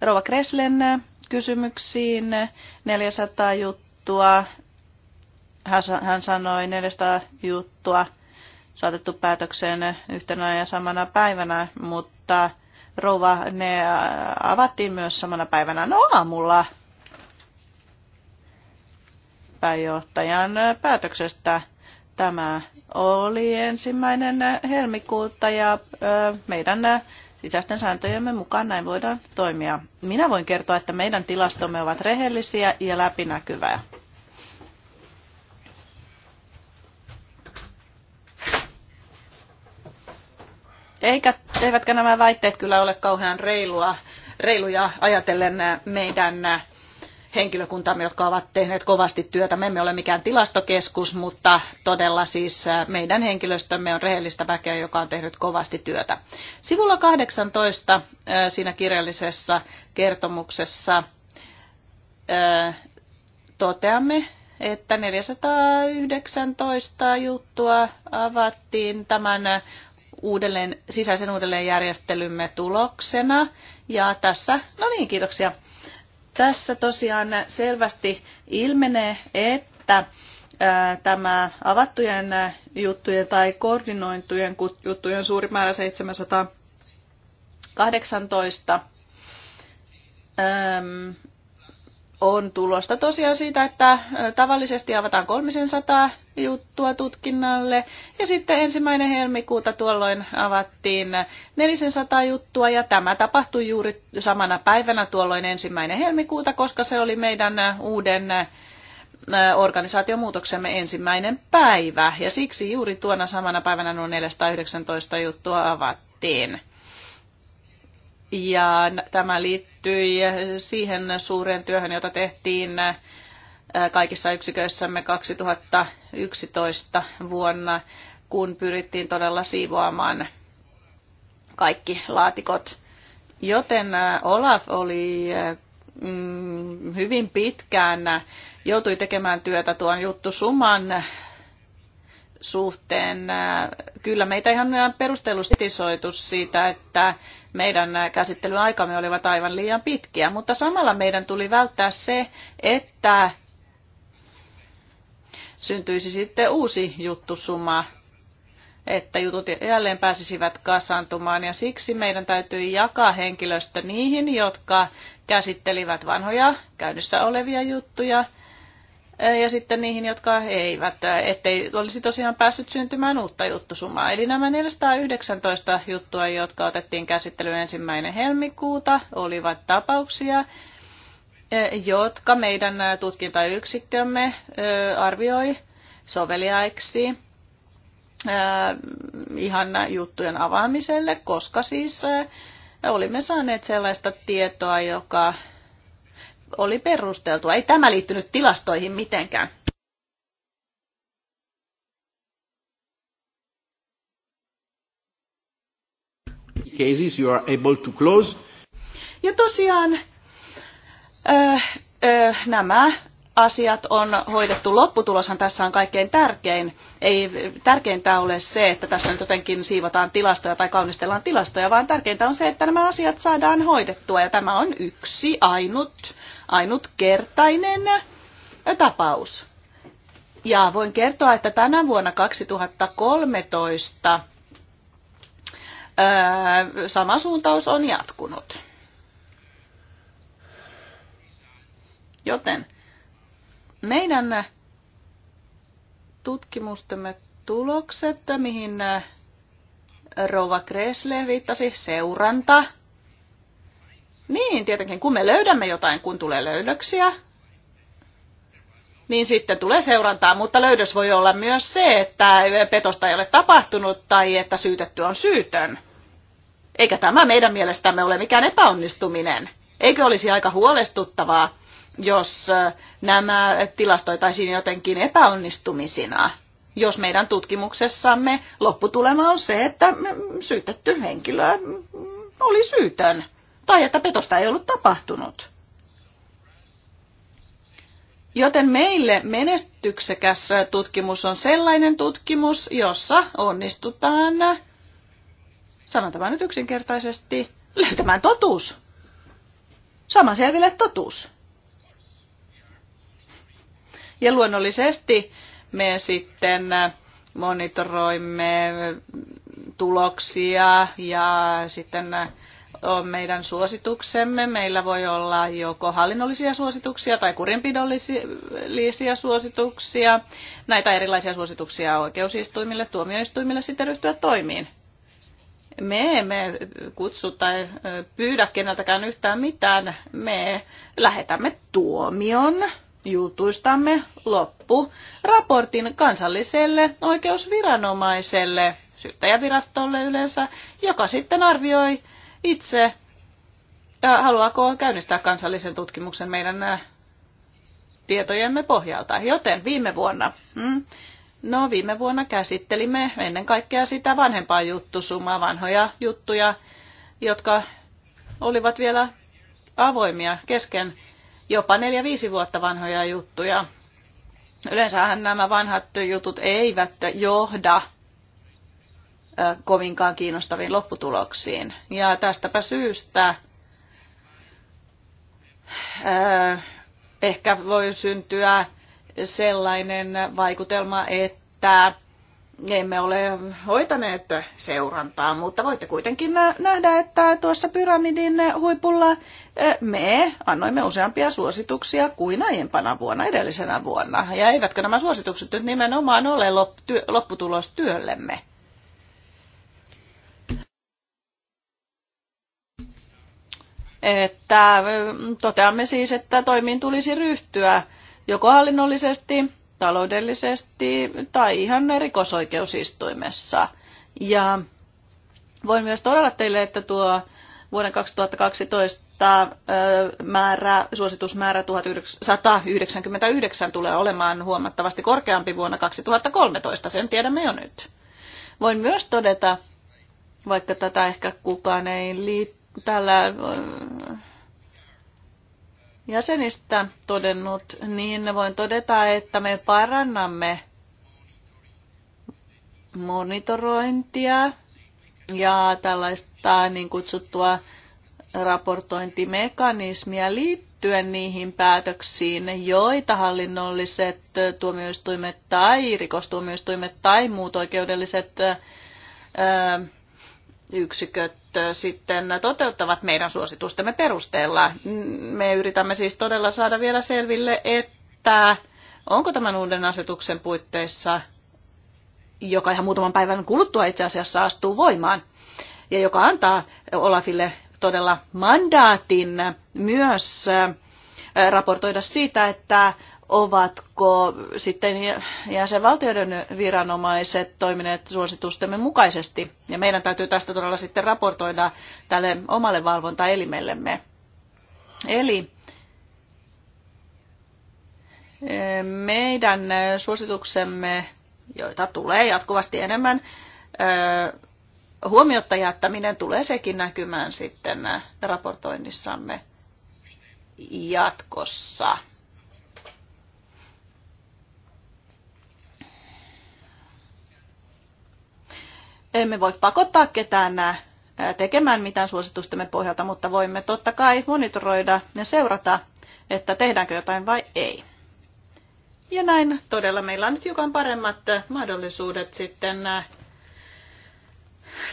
Rova Kreslen kysymyksiin. 400 juttua, hän sanoi 400 juttua saatettu päätökseen yhtenä ja samana päivänä, mutta rouva, ne avattiin myös samana päivänä. No aamulla pääjohtajan päätöksestä tämä oli ensimmäinen helmikuuta ja meidän sisäisten sääntöjemme mukaan näin voidaan toimia. Minä voin kertoa, että meidän tilastomme ovat rehellisiä ja läpinäkyvää. Eikä, eivätkä nämä väitteet kyllä ole kauhean reilua, reiluja ajatellen meidän henkilökuntamme, jotka ovat tehneet kovasti työtä. Me emme ole mikään tilastokeskus, mutta todella siis meidän henkilöstömme on rehellistä väkeä, joka on tehnyt kovasti työtä. Sivulla 18 siinä kirjallisessa kertomuksessa toteamme, että 419 juttua avattiin tämän uudelleen, sisäisen uudelleenjärjestelymme tuloksena. Ja tässä, no niin, kiitoksia. Tässä tosiaan selvästi ilmenee, että tämä avattujen juttujen tai koordinointujen juttujen suuri määrä 718 on tulosta tosiaan siitä, että äh, tavallisesti avataan 300 juttua tutkinnalle ja sitten ensimmäinen helmikuuta tuolloin avattiin 400 juttua ja tämä tapahtui juuri samana päivänä tuolloin ensimmäinen helmikuuta, koska se oli meidän äh, uuden äh, organisaatiomuutoksemme ensimmäinen päivä ja siksi juuri tuona samana päivänä nuo 419 juttua avattiin. Ja tämä liittyi siihen suureen työhön, jota tehtiin äh, kaikissa yksiköissämme 2011 vuonna, kun pyrittiin todella siivoamaan kaikki laatikot. Joten äh, Olaf oli äh, mm, hyvin pitkään joutui tekemään työtä tuon juttu suman suhteen. Äh, kyllä meitä ihan perustellusti kritisoitu siitä, että meidän käsittelyaikamme olivat aivan liian pitkiä, mutta samalla meidän tuli välttää se, että syntyisi sitten uusi juttusuma, että jutut jälleen pääsisivät kasantumaan ja siksi meidän täytyy jakaa henkilöstö niihin, jotka käsittelivät vanhoja käynnissä olevia juttuja – ja sitten niihin, jotka eivät, ettei olisi tosiaan päässyt syntymään uutta juttusumaa. Eli nämä 419 juttua, jotka otettiin käsittelyyn ensimmäinen helmikuuta, olivat tapauksia, jotka meidän tutkintayksikkömme arvioi soveliaiksi ihan juttujen avaamiselle, koska siis olimme saaneet sellaista tietoa, joka oli perusteltua. Ei tämä liittynyt tilastoihin mitenkään. cases you are able to close. Ja tosiaan äh, äh, nämä asiat on hoidettu. Lopputuloshan tässä on kaikkein tärkein. Ei tärkeintä ole se, että tässä nyt jotenkin siivotaan tilastoja tai kaunistellaan tilastoja, vaan tärkeintä on se, että nämä asiat saadaan hoidettua. Ja tämä on yksi ainut, ainutkertainen tapaus. Ja voin kertoa, että tänä vuonna 2013 öö, sama suuntaus on jatkunut. Joten meidän tutkimustemme tulokset, mihin Rova Kresle viittasi, seuranta. Niin, tietenkin, kun me löydämme jotain, kun tulee löydöksiä, niin sitten tulee seurantaa, mutta löydös voi olla myös se, että petosta ei ole tapahtunut tai että syytetty on syytön. Eikä tämä meidän mielestämme ole mikään epäonnistuminen. Eikö olisi aika huolestuttavaa, jos nämä tilastoitaisiin jotenkin epäonnistumisina, jos meidän tutkimuksessamme lopputulema on se, että syytetty henkilö oli syytön tai että petosta ei ollut tapahtunut. Joten meille menestyksekäs tutkimus on sellainen tutkimus, jossa onnistutaan, sanotaan tämä nyt yksinkertaisesti, löytämään totuus. Sama selville totuus. Ja luonnollisesti me sitten äh, monitoroimme äh, tuloksia ja sitten äh, on meidän suosituksemme. Meillä voi olla joko hallinnollisia suosituksia tai kurinpidollisia suosituksia. Näitä erilaisia suosituksia oikeusistuimille, tuomioistuimille sitten ryhtyä toimiin. Me emme kutsu tai pyydä keneltäkään yhtään mitään. Me lähetämme tuomion jutuistamme loppu raportin kansalliselle oikeusviranomaiselle, syyttäjävirastolle yleensä, joka sitten arvioi itse, haluaako käynnistää kansallisen tutkimuksen meidän äh, tietojemme pohjalta. Joten viime vuonna, mm, no viime vuonna käsittelimme ennen kaikkea sitä vanhempaa juttusumaa, vanhoja juttuja, jotka olivat vielä avoimia kesken jopa neljä viisi vuotta vanhoja juttuja. Yleensähän nämä vanhat jutut eivät johda kovinkaan kiinnostaviin lopputuloksiin. Ja tästäpä syystä ehkä voi syntyä sellainen vaikutelma, että emme ole hoitaneet seurantaa, mutta voitte kuitenkin nähdä, että tuossa pyramidin huipulla eh, me annoimme useampia suosituksia kuin aiempana vuonna, edellisenä vuonna. Ja eivätkö nämä suositukset nyt nimenomaan ole lopputulos työllemme? Että mm, toteamme siis, että toimiin tulisi ryhtyä joko hallinnollisesti taloudellisesti tai ihan rikosoikeusistuimessa. Ja voin myös todella teille, että tuo vuoden 2012 määrä, suositusmäärä 1999 tulee olemaan huomattavasti korkeampi vuonna 2013, sen tiedämme jo nyt. Voin myös todeta, vaikka tätä ehkä kukaan ei liittää, täällä jäsenistä todennut, niin voin todeta, että me parannamme monitorointia ja tällaista niin kutsuttua raportointimekanismia liittyen niihin päätöksiin, joita hallinnolliset tuomioistuimet tai rikostuomioistuimet tai muut oikeudelliset yksiköt sitten toteuttavat meidän suositustemme perusteella. Me yritämme siis todella saada vielä selville, että onko tämän uuden asetuksen puitteissa, joka ihan muutaman päivän kuluttua itse asiassa astuu voimaan, ja joka antaa Olafille todella mandaatin myös raportoida siitä, että ovatko sitten jäsenvaltioiden viranomaiset toimineet suositustemme mukaisesti. Ja meidän täytyy tästä todella sitten raportoida tälle omalle valvontaelimellemme. Eli eh, meidän suosituksemme, joita tulee jatkuvasti enemmän, eh, huomiotta jättäminen tulee sekin näkymään sitten eh, raportoinnissamme jatkossa. emme voi pakottaa ketään nämä tekemään mitään suositustemme pohjalta, mutta voimme totta kai monitoroida ja seurata, että tehdäänkö jotain vai ei. Ja näin todella meillä on nyt hiukan paremmat mahdollisuudet sitten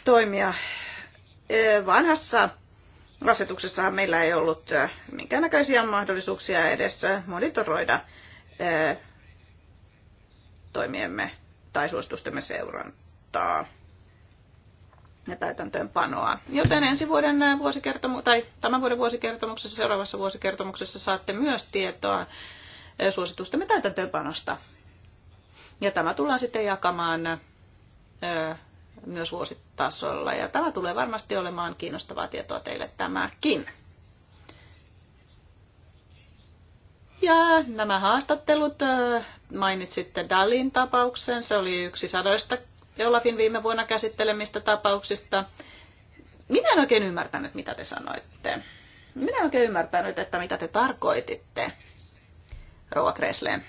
toimia. Vanhassa asetuksessa meillä ei ollut minkäännäköisiä mahdollisuuksia edes monitoroida toimiemme tai suositustemme seurantaa ja täytäntöönpanoa. Joten ensi vuoden äh, vuosikertomu- tai tämän vuoden vuosikertomuksessa, seuraavassa vuosikertomuksessa saatte myös tietoa äh, suositustemme täytäntöönpanosta. Ja tämä tullaan sitten jakamaan äh, myös vuositasolla. Ja tämä tulee varmasti olemaan kiinnostavaa tietoa teille tämäkin. Ja nämä haastattelut, mainitsitte Dalin tapauksen, se oli yksi sadoista Olafin viime vuonna käsittelemistä tapauksista. Minä en oikein ymmärtänyt, mitä te sanoitte. Minä en oikein ymmärtänyt, että mitä te tarkoititte, Rova Kresleen.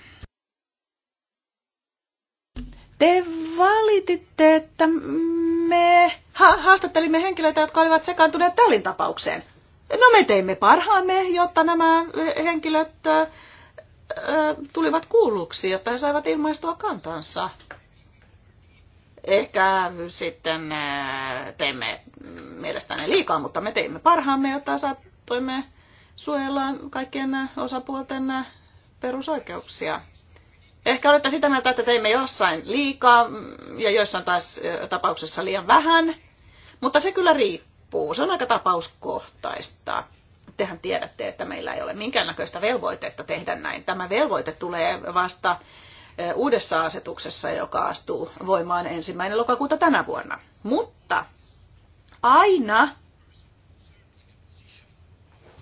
Te valititte, että me ha- haastattelimme henkilöitä, jotka olivat sekaantuneet tällin tapaukseen. No me teimme parhaamme, jotta nämä henkilöt ö, tulivat kuulluksi, jotta he saivat ilmaistua kantansa. Ehkä sitten äh, teimme mielestäni liikaa, mutta me teimme parhaamme, jotta saatoimme suojella kaikkien äh, osapuolten äh, perusoikeuksia. Ehkä olette sitä mieltä, että teimme jossain liikaa mm, ja joissain taas tapauksessa liian vähän, mutta se kyllä riippuu. Se on aika tapauskohtaista. Tehän tiedätte, että meillä ei ole minkäännäköistä velvoitetta tehdä näin. Tämä velvoite tulee vasta uudessa asetuksessa, joka astuu voimaan ensimmäinen lokakuuta tänä vuonna. Mutta aina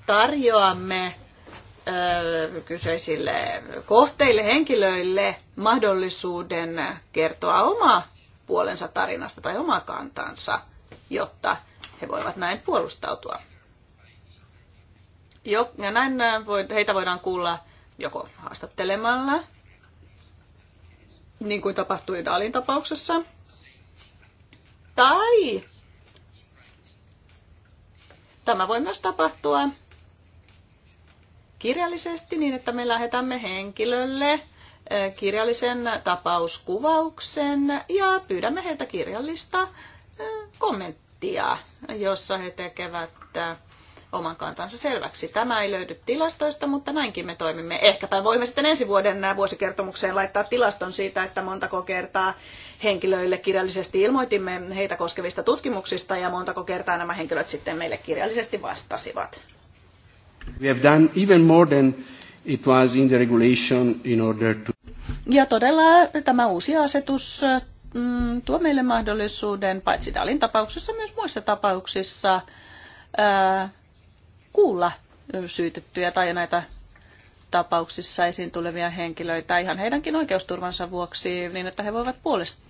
tarjoamme kyseisille kohteille, henkilöille mahdollisuuden kertoa oma puolensa tarinasta tai oma kantansa, jotta he voivat näin puolustautua. Jo, ja näin voi, heitä voidaan kuulla joko haastattelemalla niin kuin tapahtui Dalin tapauksessa. Tai tämä voi myös tapahtua kirjallisesti niin, että me lähetämme henkilölle kirjallisen tapauskuvauksen ja pyydämme heiltä kirjallista kommenttia, jossa he tekevät oman kantansa selväksi. Tämä ei löydy tilastoista, mutta näinkin me toimimme. Ehkäpä voimme sitten ensi vuoden vuosikertomukseen laittaa tilaston siitä, että montako kertaa henkilöille kirjallisesti ilmoitimme heitä koskevista tutkimuksista ja montako kertaa nämä henkilöt sitten meille kirjallisesti vastasivat. We have done even more than it was in the regulation in order to... Ja todella tämä uusi asetus mm, tuo meille mahdollisuuden paitsi Dalin tapauksessa myös muissa tapauksissa äh, kuulla syytettyjä tai näitä tapauksissa esiin tulevia henkilöitä ihan heidänkin oikeusturvansa vuoksi, niin että he voivat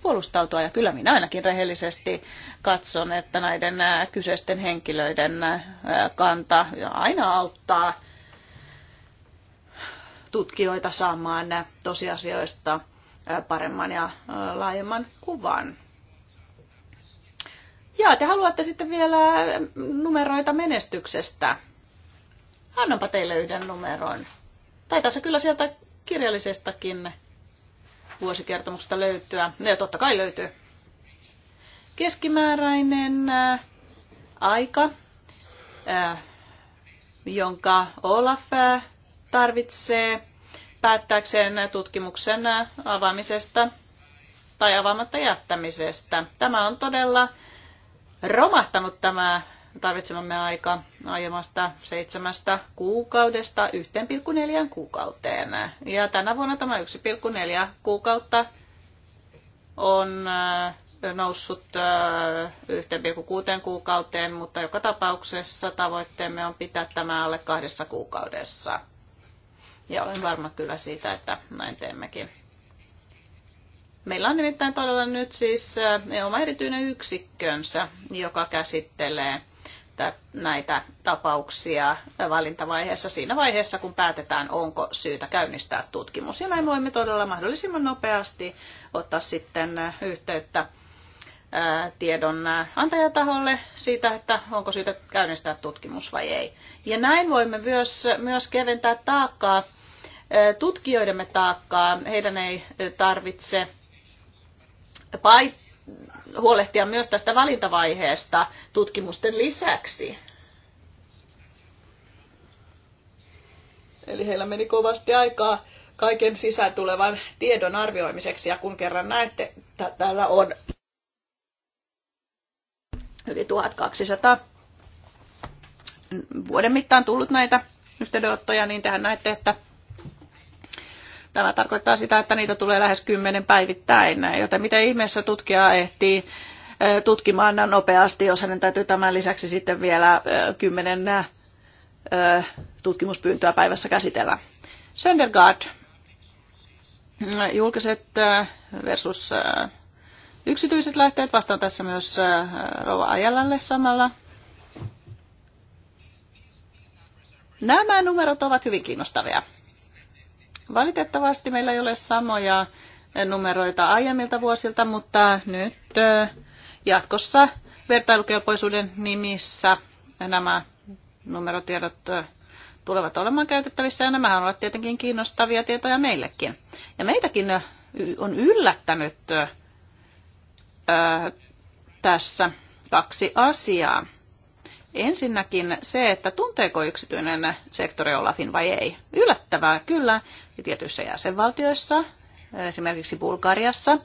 puolustautua. Ja kyllä minä ainakin rehellisesti katson, että näiden kyseisten henkilöiden kanta aina auttaa tutkijoita saamaan tosiasioista paremman ja laajemman kuvan. Ja te haluatte sitten vielä numeroita menestyksestä. Annanpa teille yhden numeron. Taitaa se kyllä sieltä kirjallisestakin vuosikertomuksesta löytyä. ne totta kai löytyy. Keskimääräinen äh, aika, äh, jonka Olaf äh, tarvitsee päättääkseen tutkimuksen avaamisesta tai avaamatta jättämisestä. Tämä on todella romahtanut tämä tarvitsemamme aika aiemmasta seitsemästä kuukaudesta 1,4 kuukauteen. Ja tänä vuonna tämä 1,4 kuukautta on äh, noussut 1,6 äh, kuukauteen, mutta joka tapauksessa tavoitteemme on pitää tämä alle kahdessa kuukaudessa. Ja olen varma kyllä siitä, että näin teemmekin. Meillä on nimittäin todella nyt siis äh, oma erityinen yksikkönsä, joka käsittelee näitä tapauksia valintavaiheessa siinä vaiheessa, kun päätetään, onko syytä käynnistää tutkimus. Ja näin voimme todella mahdollisimman nopeasti ottaa sitten äh, yhteyttä äh, tiedon äh, antajataholle siitä, että onko syytä käynnistää tutkimus vai ei. Ja näin voimme myös, myös keventää taakkaa, tutkijoidemme taakkaa. Heidän ei tarvitse huolehtia myös tästä valintavaiheesta tutkimusten lisäksi. Eli heillä meni kovasti aikaa kaiken sisään tulevan tiedon arvioimiseksi, ja kun kerran näette, että täällä on yli 1200 vuoden mittaan tullut näitä yhteydenottoja, niin tähän näette, että Tämä tarkoittaa sitä, että niitä tulee lähes kymmenen päivittäin, joten miten ihmeessä tutkija ehtii tutkimaan nopeasti, jos hänen täytyy tämän lisäksi sitten vielä kymmenen tutkimuspyyntöä päivässä käsitellä. Söndergaard, julkiset versus yksityiset lähteet. Vastaan tässä myös Rova Ajalalle samalla. Nämä numerot ovat hyvin kiinnostavia. Valitettavasti meillä ei ole samoja numeroita aiemmilta vuosilta, mutta nyt jatkossa vertailukelpoisuuden nimissä nämä numerotiedot tulevat olemaan käytettävissä ja nämä ovat tietenkin kiinnostavia tietoja meillekin. Ja meitäkin on yllättänyt tässä kaksi asiaa. Ensinnäkin se, että tunteeko yksityinen sektori Olafin vai ei. Yllättävää kyllä, ja tietyissä jäsenvaltioissa, esimerkiksi Bulgariassa,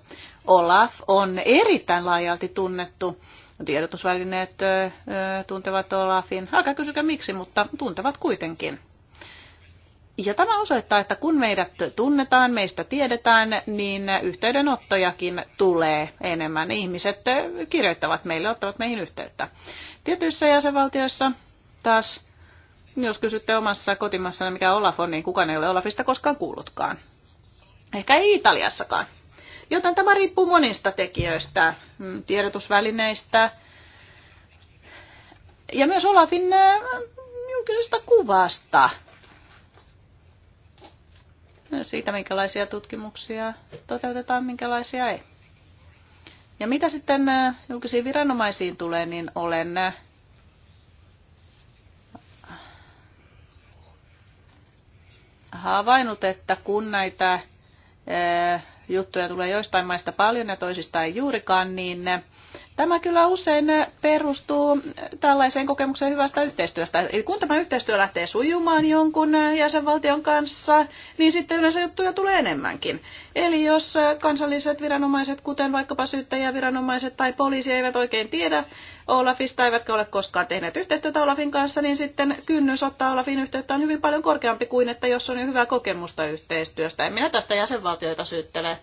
Olaf on erittäin laajalti tunnettu. Tiedotusvälineet tuntevat Olafin, älkää kysykää miksi, mutta tuntevat kuitenkin. Ja tämä osoittaa, että kun meidät tunnetaan, meistä tiedetään, niin yhteydenottojakin tulee enemmän. Ihmiset kirjoittavat meille, ottavat meihin yhteyttä. Tietyissä jäsenvaltioissa taas, jos kysytte omassa kotimassa, mikä Olaf on, niin kukaan ei ole Olafista koskaan kuullutkaan. Ehkä ei Italiassakaan. Joten tämä riippuu monista tekijöistä, mm, tiedotusvälineistä ja myös Olafin äh, julkisesta kuvasta. Siitä, minkälaisia tutkimuksia toteutetaan, minkälaisia ei. Ja mitä sitten äh, julkisiin viranomaisiin tulee, niin olen äh, havainnut, että kun näitä äh, juttuja tulee joistain maista paljon ja toisista ei juurikaan, niin Tämä kyllä usein perustuu tällaiseen kokemukseen hyvästä yhteistyöstä. Eli kun tämä yhteistyö lähtee sujumaan jonkun jäsenvaltion kanssa, niin sitten yleensä juttuja tulee enemmänkin. Eli jos kansalliset viranomaiset, kuten vaikkapa syyttäjäviranomaiset tai poliisi, eivät oikein tiedä Olafista, eivätkä ole koskaan tehneet yhteistyötä Olafin kanssa, niin sitten kynnys ottaa Olafin yhteyttä on hyvin paljon korkeampi kuin, että jos on jo hyvää kokemusta yhteistyöstä. En minä tästä jäsenvaltioita syyttele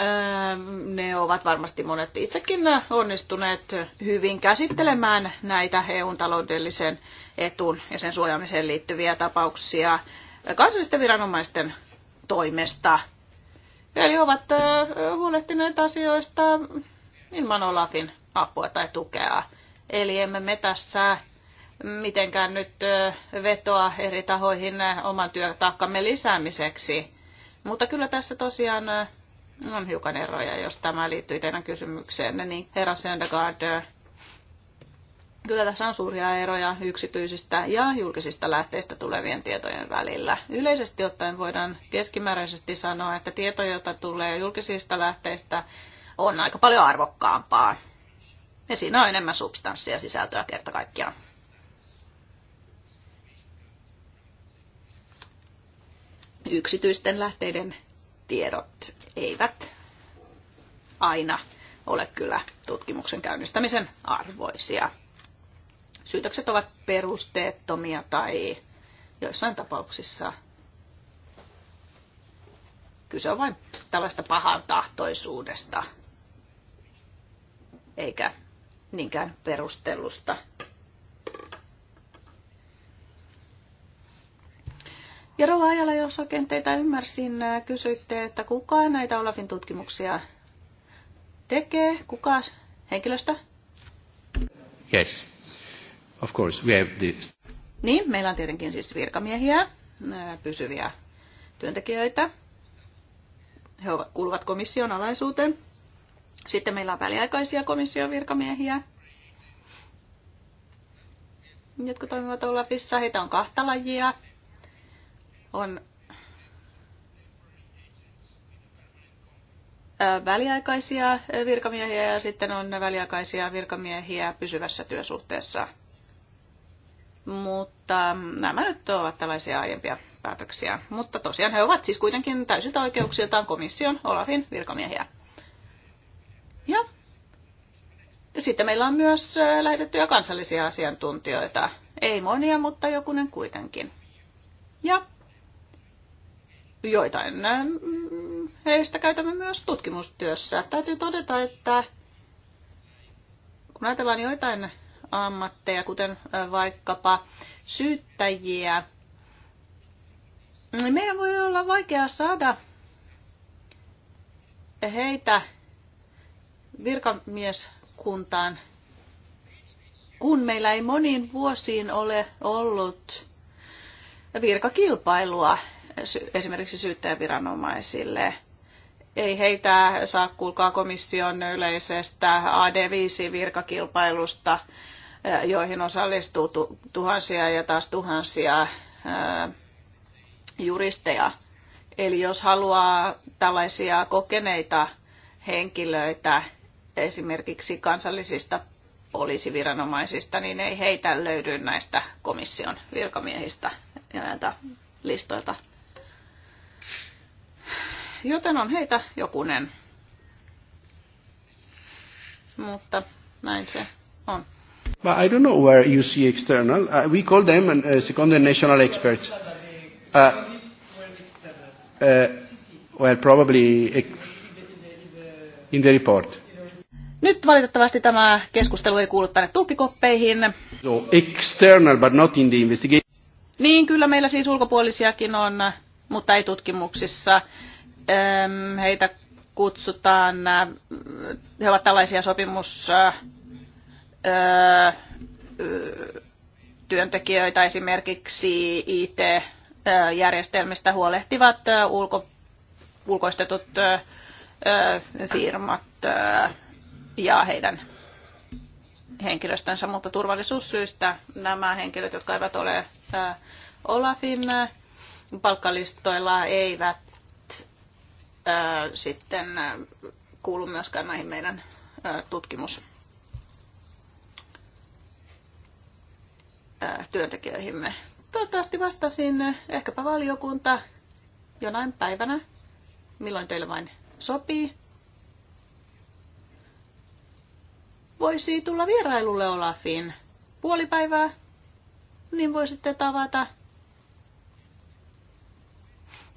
Ähm, ne ovat varmasti monet itsekin onnistuneet hyvin käsittelemään näitä EUn taloudellisen etun ja sen suojaamiseen liittyviä tapauksia kansallisten viranomaisten toimesta. Eli ovat äh, huolehtineet asioista ilman Olafin apua tai tukea. Eli emme me tässä mitenkään nyt äh, vetoa eri tahoihin oman työtaakkamme lisäämiseksi. Mutta kyllä tässä tosiaan äh, on hiukan eroja, jos tämä liittyy teidän kysymykseenne, niin herra Söndergaard, kyllä tässä on suuria eroja yksityisistä ja julkisista lähteistä tulevien tietojen välillä. Yleisesti ottaen voidaan keskimääräisesti sanoa, että tieto, jota tulee julkisista lähteistä, on aika paljon arvokkaampaa. Ja siinä on enemmän substanssia sisältöä kerta kaikkiaan. Yksityisten lähteiden tiedot eivät aina ole kyllä tutkimuksen käynnistämisen arvoisia. Syytökset ovat perusteettomia tai joissain tapauksissa kyse on vain tällaista pahan tahtoisuudesta, eikä niinkään perustellusta Ja Rova Ajala, jos oikein teitä ymmärsin, äh, kysyitte, että kuka näitä Olafin tutkimuksia tekee, kuka henkilöstä? Yes, of course, we have this. Niin, meillä on tietenkin siis virkamiehiä, äh, pysyviä työntekijöitä. He kuuluvat komission alaisuuteen. Sitten meillä on väliaikaisia komission virkamiehiä, jotka toimivat Olafissa. Heitä on kahta lajia on väliaikaisia virkamiehiä ja sitten on väliaikaisia virkamiehiä pysyvässä työsuhteessa. Mutta nämä nyt ovat tällaisia aiempia päätöksiä. Mutta tosiaan he ovat siis kuitenkin täysiltä oikeuksiltaan komission Olafin virkamiehiä. Ja sitten meillä on myös lähetettyjä kansallisia asiantuntijoita. Ei monia, mutta jokunen kuitenkin. Ja joitain ähm, heistä käytämme myös tutkimustyössä. Täytyy todeta, että kun ajatellaan joitain ammatteja, kuten vaikkapa syyttäjiä, niin meidän voi olla vaikea saada heitä virkamieskuntaan, kun meillä ei moniin vuosiin ole ollut virkakilpailua esimerkiksi syyttäjäviranomaisille. Ei heitä saa kuulkaa komission yleisestä AD5-virkakilpailusta, eh, joihin osallistuu tuhansia ja taas tuhansia eh, juristeja. Eli jos haluaa tällaisia kokeneita henkilöitä esimerkiksi kansallisista poliisiviranomaisista, niin ei heitä löydy näistä komission virkamiehistä ja näiltä listoilta joten on heitä jokunen. Mutta näin se on. But I don't know where you see external. Uh, we call them uh, second national experts. Uh, uh, well, probably in the report. Nyt valitettavasti tämä keskustelu ei kuulu tänne tulkikoppeihin. So external, but not in the investigation. Niin, kyllä meillä siis ulkopuolisiakin on, mutta ei tutkimuksissa heitä kutsutaan, äh, he ovat tällaisia sopimustyöntekijöitä, äh, työntekijöitä esimerkiksi IT-järjestelmistä huolehtivat äh, ulko, ulkoistetut firmat ja heidän henkilöstönsä, mutta turvallisuussyistä nämä henkilöt, jotka eivät ole Olafin palkkalistoilla, eivät sitten kuulu myöskään näihin meidän tutkimus työntekijöihimme. Toivottavasti vastasin ehkäpä valiokunta jonain päivänä, milloin teille vain sopii. Voisi tulla vierailulle Olafiin puoli päivää, niin voisitte tavata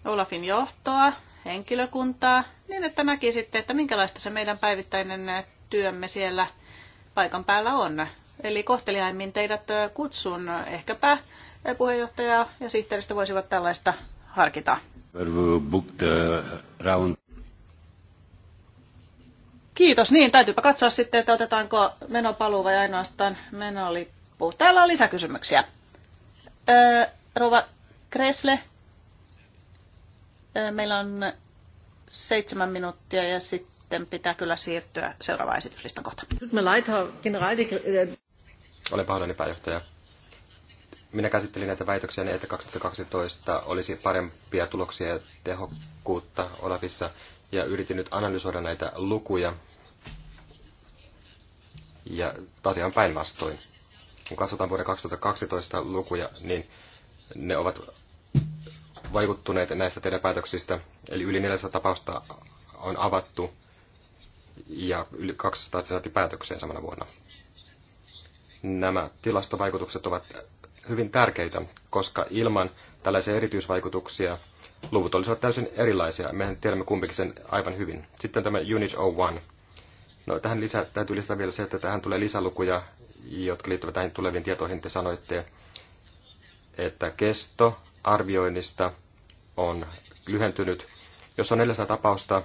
Olafin johtoa, henkilökuntaa niin, että näkisitte, että minkälaista se meidän päivittäinen työmme siellä paikan päällä on. Eli kohteliaimmin teidät kutsun. Ehkäpä puheenjohtaja ja sihteeristä voisivat tällaista harkita. Kiitos. Niin, täytyypä katsoa sitten, että otetaanko menopaluu vai ainoastaan menolippu. Täällä on lisäkysymyksiä. Öö, Rova Kresle, Meillä on seitsemän minuuttia ja sitten pitää kyllä siirtyä seuraavaan esityslistan kohtaan. Olen pahoillani pääjohtaja. Minä käsittelin näitä väitöksiä, niin että 2012 olisi parempia tuloksia ja tehokkuutta Olafissa ja yritin nyt analysoida näitä lukuja. Ja asia päinvastoin. Kun katsotaan vuoden 2012 lukuja, niin ne ovat vaikuttuneet näistä teidän päätöksistä. Eli yli 400 tapausta on avattu ja yli 200 saatiin päätökseen samana vuonna. Nämä tilastovaikutukset ovat hyvin tärkeitä, koska ilman tällaisia erityisvaikutuksia luvut olisivat täysin erilaisia. Mehän tiedämme kumpikin sen aivan hyvin. Sitten tämä Unit 01. No, tähän lisä, täytyy lisätä vielä se, että tähän tulee lisälukuja, jotka liittyvät näihin tuleviin tietoihin. Te sanoitte, että kesto arvioinnista on lyhentynyt. Jos on 400 tapausta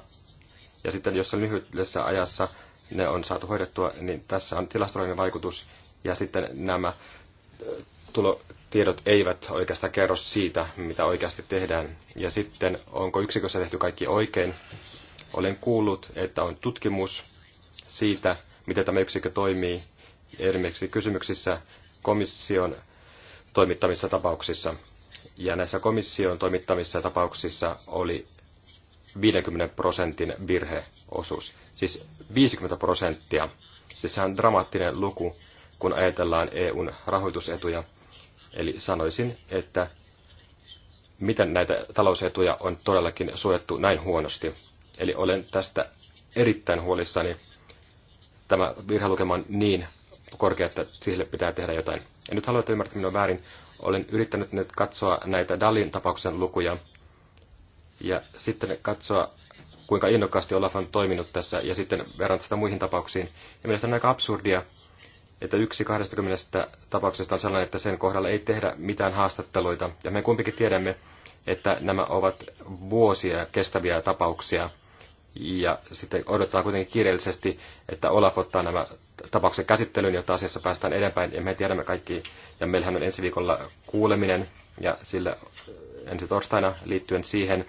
ja sitten jos on lyhyessä ajassa ne on saatu hoidettua, niin tässä on tilastollinen vaikutus ja sitten nämä tulotiedot eivät oikeastaan kerro siitä, mitä oikeasti tehdään. Ja sitten, onko yksikössä tehty kaikki oikein? Olen kuullut, että on tutkimus siitä, miten tämä yksikkö toimii esimerkiksi kysymyksissä komission toimittamissa tapauksissa ja näissä komission toimittamissa tapauksissa oli 50 prosentin virheosuus. Siis 50 prosenttia. Siis sehän on dramaattinen luku, kun ajatellaan EUn rahoitusetuja. Eli sanoisin, että miten näitä talousetuja on todellakin suojattu näin huonosti. Eli olen tästä erittäin huolissani. Tämä virhelukema on niin korkea, että sille pitää tehdä jotain. En nyt halua, että ymmärtää on väärin. Olen yrittänyt nyt katsoa näitä Dalin tapauksen lukuja ja sitten katsoa, kuinka innokkaasti Olaf on toiminut tässä ja sitten verrata sitä muihin tapauksiin. Ja mielestäni on aika absurdia, että yksi 20 tapauksesta on sellainen, että sen kohdalla ei tehdä mitään haastatteluita. Ja me kumpikin tiedämme, että nämä ovat vuosia kestäviä tapauksia – ja sitten odotetaan kuitenkin kiireellisesti, että Olaf ottaa nämä tapauksen käsittelyyn, jotta asiassa päästään eteenpäin. Ja me tiedämme kaikki, ja meillähän on ensi viikolla kuuleminen, ja sillä äh, ensi torstaina liittyen siihen,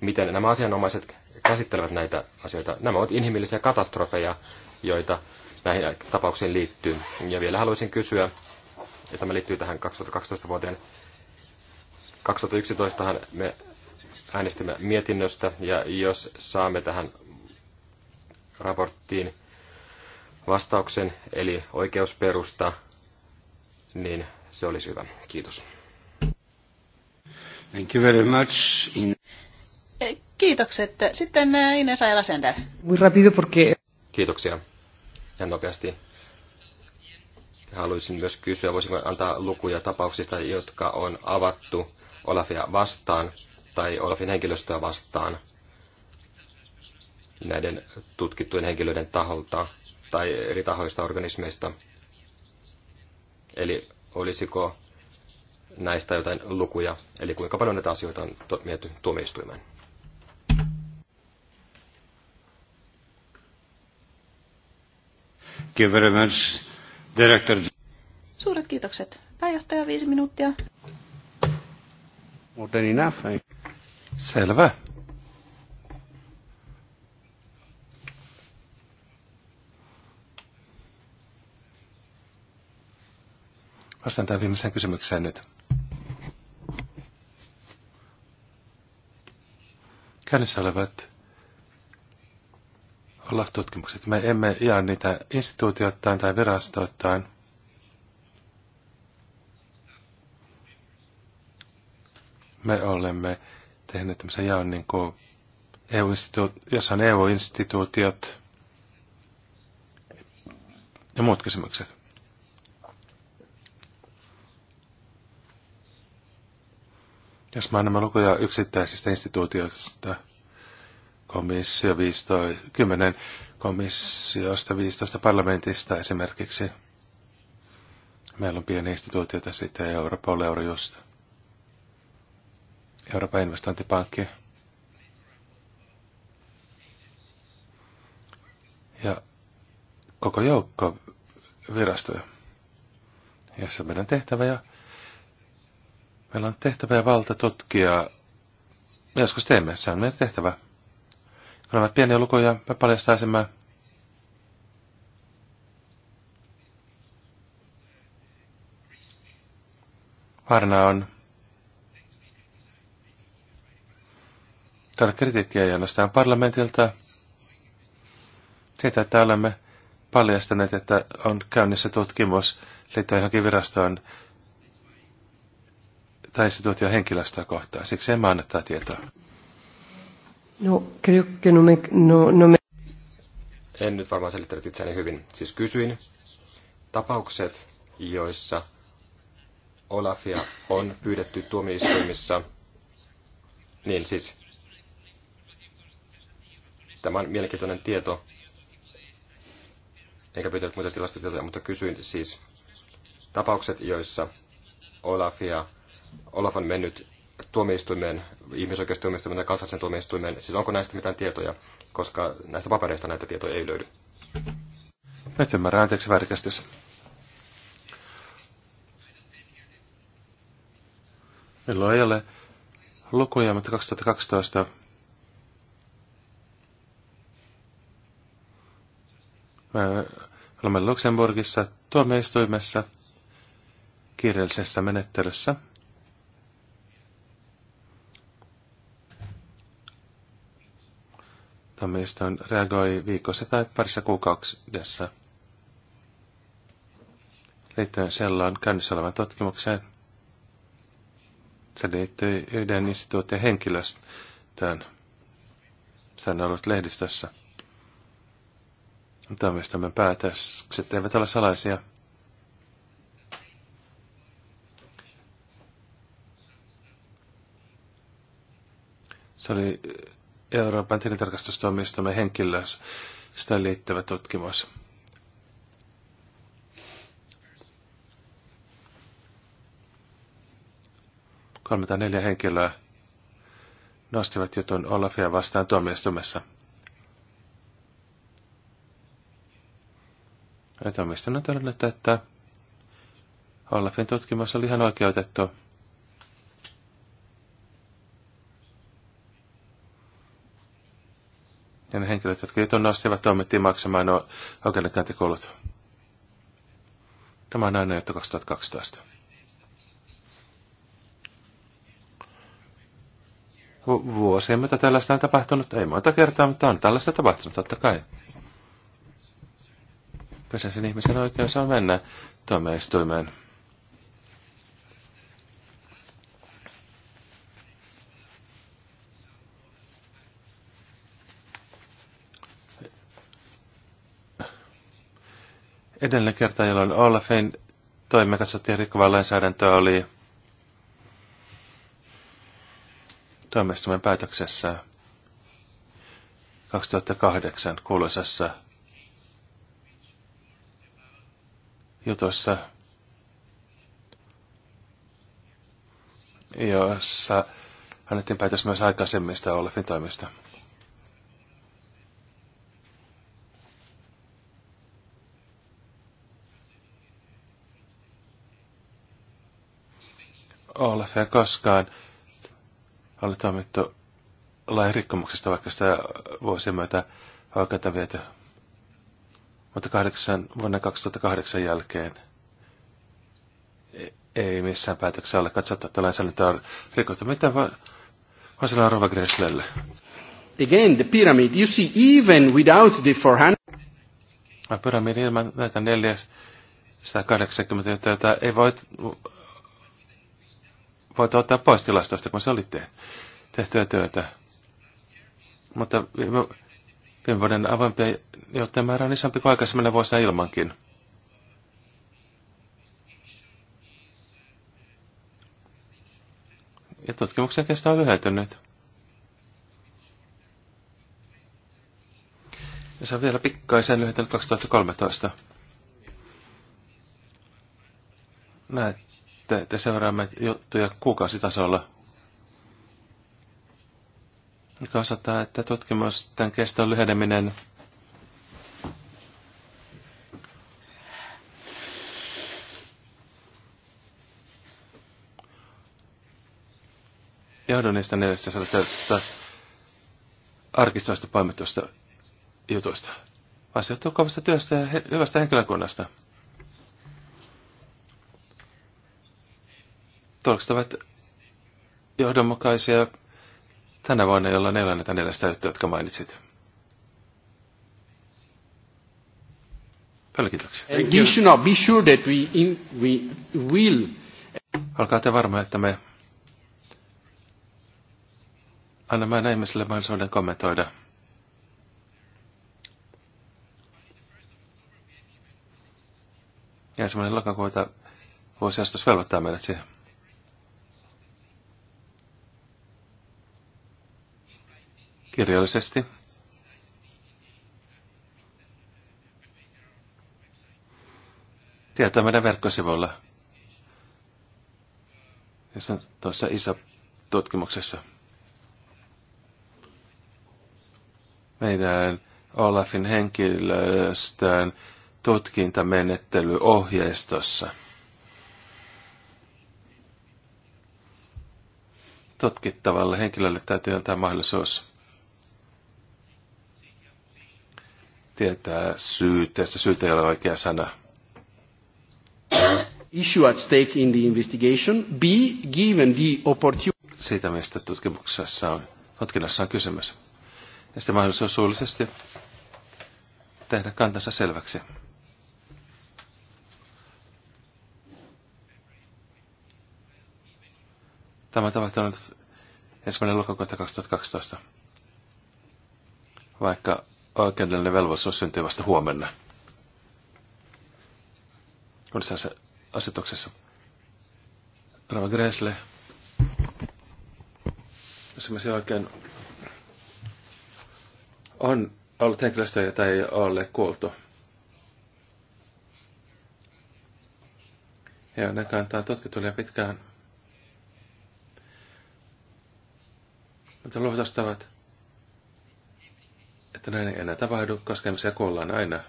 miten nämä asianomaiset käsittelevät näitä asioita. Nämä ovat inhimillisiä katastrofeja, joita näihin tapauksiin liittyy. Ja vielä haluaisin kysyä, ja tämä liittyy tähän 2012 vuoteen. 2011 me äänestimme mietinnöstä ja jos saamme tähän raporttiin vastauksen, eli oikeusperusta, niin se olisi hyvä. Kiitos. Thank you very much. In... Kiitokset. Sitten eh, Ines Ajala-Sender. Muy rápido porque... Kiitoksia. Ja nopeasti haluaisin myös kysyä, voisinko antaa lukuja tapauksista, jotka on avattu Olafia vastaan tai Olafin henkilöstöä vastaan näiden tutkittujen henkilöiden taholta tai eri tahoista organismeista. Eli olisiko näistä jotain lukuja, eli kuinka paljon näitä asioita on mietty tuomioistuimeen. Suuret kiitokset. Pääjohtaja, viisi minuuttia. More than enough. I... Selvä. Vastaan tämän viimeiseen kysymykseen nyt. Käynnissä olevat tutkimukset Me emme jaa niitä instituutioittain tai virastoittain. Me olemme tehneet tämmöisen jaon, niin kuin EU jossa on EU-instituutiot ja muut kysymykset. Jos mä annan lukuja yksittäisistä instituutioista, komissio 15, 10 komissiosta 15 parlamentista esimerkiksi. Meillä on pieni instituutio tässä sitten Europol, Eurojust. Euroopan investointipankki ja koko joukko virastoja, jossa meidän tehtävä ja meillä on tehtävä ja valta tutkia. Me joskus teemme, se on meidän tehtävä. Kun nämä ovat pieniä lukuja, me paljastaisimme Varna on Täällä kritiikkiä ei ainoastaan parlamentilta Sitä, että olemme paljastaneet, että on käynnissä tutkimus liittyen johonkin virastoon tai instituution henkilöstöä kohtaan. Siksi emme anna tätä tietoa. No, no no, no me... En nyt varmaan selittänyt itseäni hyvin. Siis kysyin tapaukset, joissa Olafia on pyydetty tuomioistuimissa, niin siis Tämä on mielenkiintoinen tieto, eikä pyytänyt muita tilastotietoja, mutta kysyin siis tapaukset, joissa ja Olaf on mennyt tuomioistuimeen, ihmisoikeustuomioistuimeen tai kansallisen tuomioistuimeen, siis onko näistä mitään tietoja, koska näistä papereista näitä tietoja ei löydy. Nyt ymmärrän, anteeksi väärikästys. Milloin ei ole lukuja, mutta 2012 Me olemme Luxemburgissa tuomioistuimessa kirjallisessa menettelyssä. Tuomioistuin reagoi viikossa tai parissa kuukaudessa liittyen sellaan käynnissä olevan tutkimukseen. Se liittyy yhden instituutin henkilöstöön. Se on ollut lehdistössä. Tuomioistuimen päätökset eivät ole salaisia. Se oli Euroopan henkilössä sitä liittyvä tutkimus. Kolme tai neljä henkilöä nostivat jutun Olafia vastaan tuomioistumessa. mistä on todennut, että Olafin tutkimus oli ihan oikeutettu. Ja ne henkilöt, jotka jutun nostivat, toimittiin maksamaan nuo oikeudenkäyntikulut. Tämä on aina juttu 2012. Vuosien mitä tällaista on tapahtunut, ei monta kertaa, mutta on tällaista tapahtunut, totta kai kyseisen ihmisen oikeus on mennä tuomioistuimeen. Edellinen kerta, jolloin Olafin toimme katsottiin rikkovaa lainsäädäntöä, oli tuomioistuimen päätöksessä 2008 kuuluisassa jutussa, jossa annettiin päätös myös aikaisemmista Olefin toimista. Olafia koskaan oli toimittu lain rikkomuksesta, vaikka sitä vuosien myötä oikeutta viety mutta kahdeksan, vuonna 2008 jälkeen e- ei missään päätöksessä ole katsottu, että lainsäädäntö on rikottu. Mitä vaan sanoa Rova Gresslelle? Again, the pyramid, you see, even without the four A no, Pyramidi ilman näitä 480, jota ei voi, voi ottaa pois tilastosta, kun se oli tehtyä työtä. Mutta Viime vuoden avoimpia joittajan määrä on isompi kuin aikaisemmin vuosina ilmankin. Ja tutkimuksen kesto on lyhentynyt. Ja se on vielä pikkaisen lyhentynyt 2013. Näette, te seuraamme juttuja kuukausitasolla joka osoittaa, että tämän keston lyheneminen johdon niistä 400 arkistoista poimittuista jutuista. Vaan se johtuu kovasta työstä ja hyvästä henkilökunnasta. Tulokset ovat johdonmukaisia tänä vuonna, jolloin ei ole näitä neljästä yhtä, jotka mainitsit. Paljon kiitoksia. We should not be sure that we, in, we will. Olkaa te varma, että me annamme aina ihmisille mahdollisuuden kommentoida. Ja semmoinen lokakuuta vuosiastus velvoittaa meidät siihen. kirjallisesti. Tietää meidän verkkosivuilla, jossa on tuossa iso tutkimuksessa. Meidän Olafin henkilöstön tutkintamenettely ohjeistossa. Tutkittavalle henkilölle täytyy antaa mahdollisuus tietää syyteestä. syytä ei ole oikea sana. Issue at stake in the investigation. B. Given the opportunity. Siitä, mistä tutkimuksessa on, tutkinnassa on kysymys. Ja sitten mahdollisuus suullisesti tehdä kantansa selväksi. Tämä tapahtui ensimmäinen lokakuuta 2012. Vaikka oikeudellinen velvollisuus syntyy vasta huomenna. Kun se asetuksessa Rava Gresle, jos mä oikein on ollut henkilöstöä, jota ei ole kuultu. Ja ne kantaa tutkittu liian pitkään. Mutta luotastavat että näin ei enää tapahdu, koska ihmisiä kuollaan aina.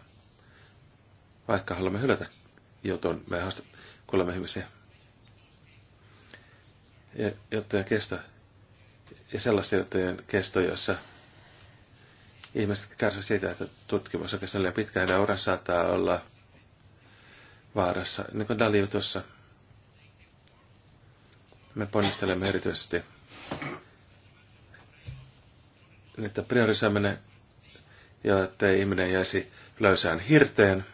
Vaikka haluamme hylätä jutun, me kuolemme ihmisiä. Ja juttujen kesto, ja sellaisten juttujen kesto, jossa ihmiset kärsivät siitä, että tutkimus on kestänyt liian pitkään, ja ura saattaa olla vaarassa, niin kuin Dali-jutussa. Me ponnistelemme erityisesti että priorisoiminen ja ettei ihminen jäisi löysään hirteen.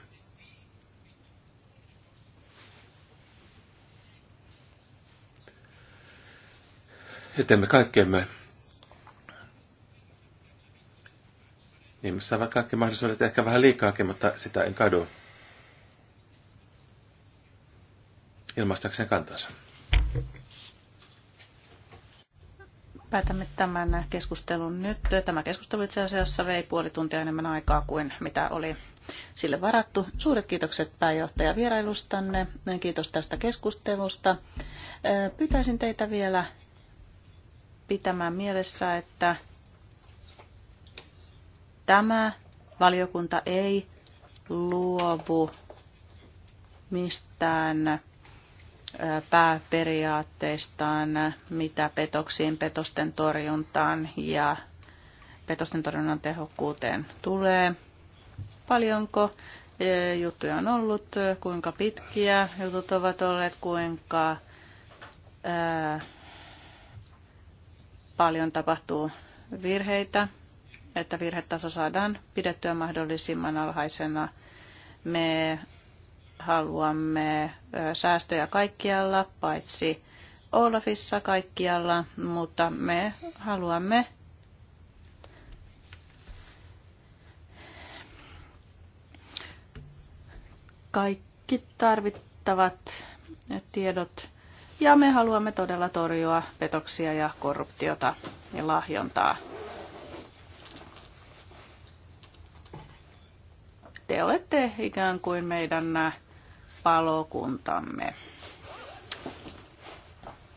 Ja teemme kaikkemme. Ihmiset niin saavat kaikki mahdollisuudet ehkä vähän liikaakin, mutta sitä en kadu ilmaistakseen kantansa. Päätämme tämän keskustelun nyt. Tämä keskustelu itse asiassa vei puoli tuntia enemmän aikaa kuin mitä oli sille varattu. Suuret kiitokset pääjohtaja vierailustanne. Kiitos tästä keskustelusta. Pyytäisin teitä vielä pitämään mielessä, että tämä valiokunta ei luovu mistään pääperiaatteistaan, mitä petoksiin, petosten torjuntaan ja petosten torjunnan tehokkuuteen tulee. Paljonko juttuja on ollut, kuinka pitkiä jutut ovat olleet, kuinka ää, paljon tapahtuu virheitä, että virhetaso saadaan pidettyä mahdollisimman alhaisena. Me haluamme säästöjä kaikkialla, paitsi Olafissa kaikkialla, mutta me haluamme kaikki tarvittavat tiedot ja me haluamme todella torjua petoksia ja korruptiota ja lahjontaa. Te olette ikään kuin meidän palokuntamme.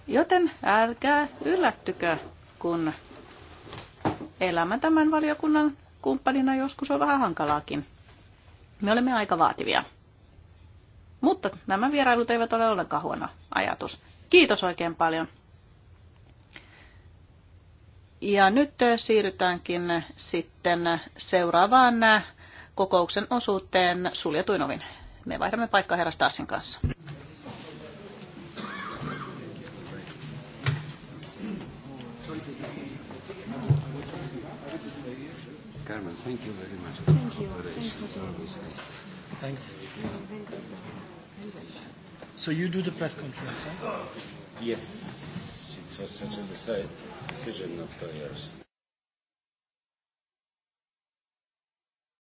Joten älkää yllättykö, kun elämä tämän valiokunnan kumppanina joskus on vähän hankalaakin. Me olemme aika vaativia. Mutta nämä vierailut eivät ole ollenkaan huono ajatus. Kiitos oikein paljon. Ja nyt eh, siirrytäänkin sitten seuraavaan eh, kokouksen osuuteen suljetuin ovin. Me vaihdamme paikkaa herra Stassin kanssa. Carmen, thank you very much thank Thanks. So you do the press conference, huh? Yes, it was such a decision, yours.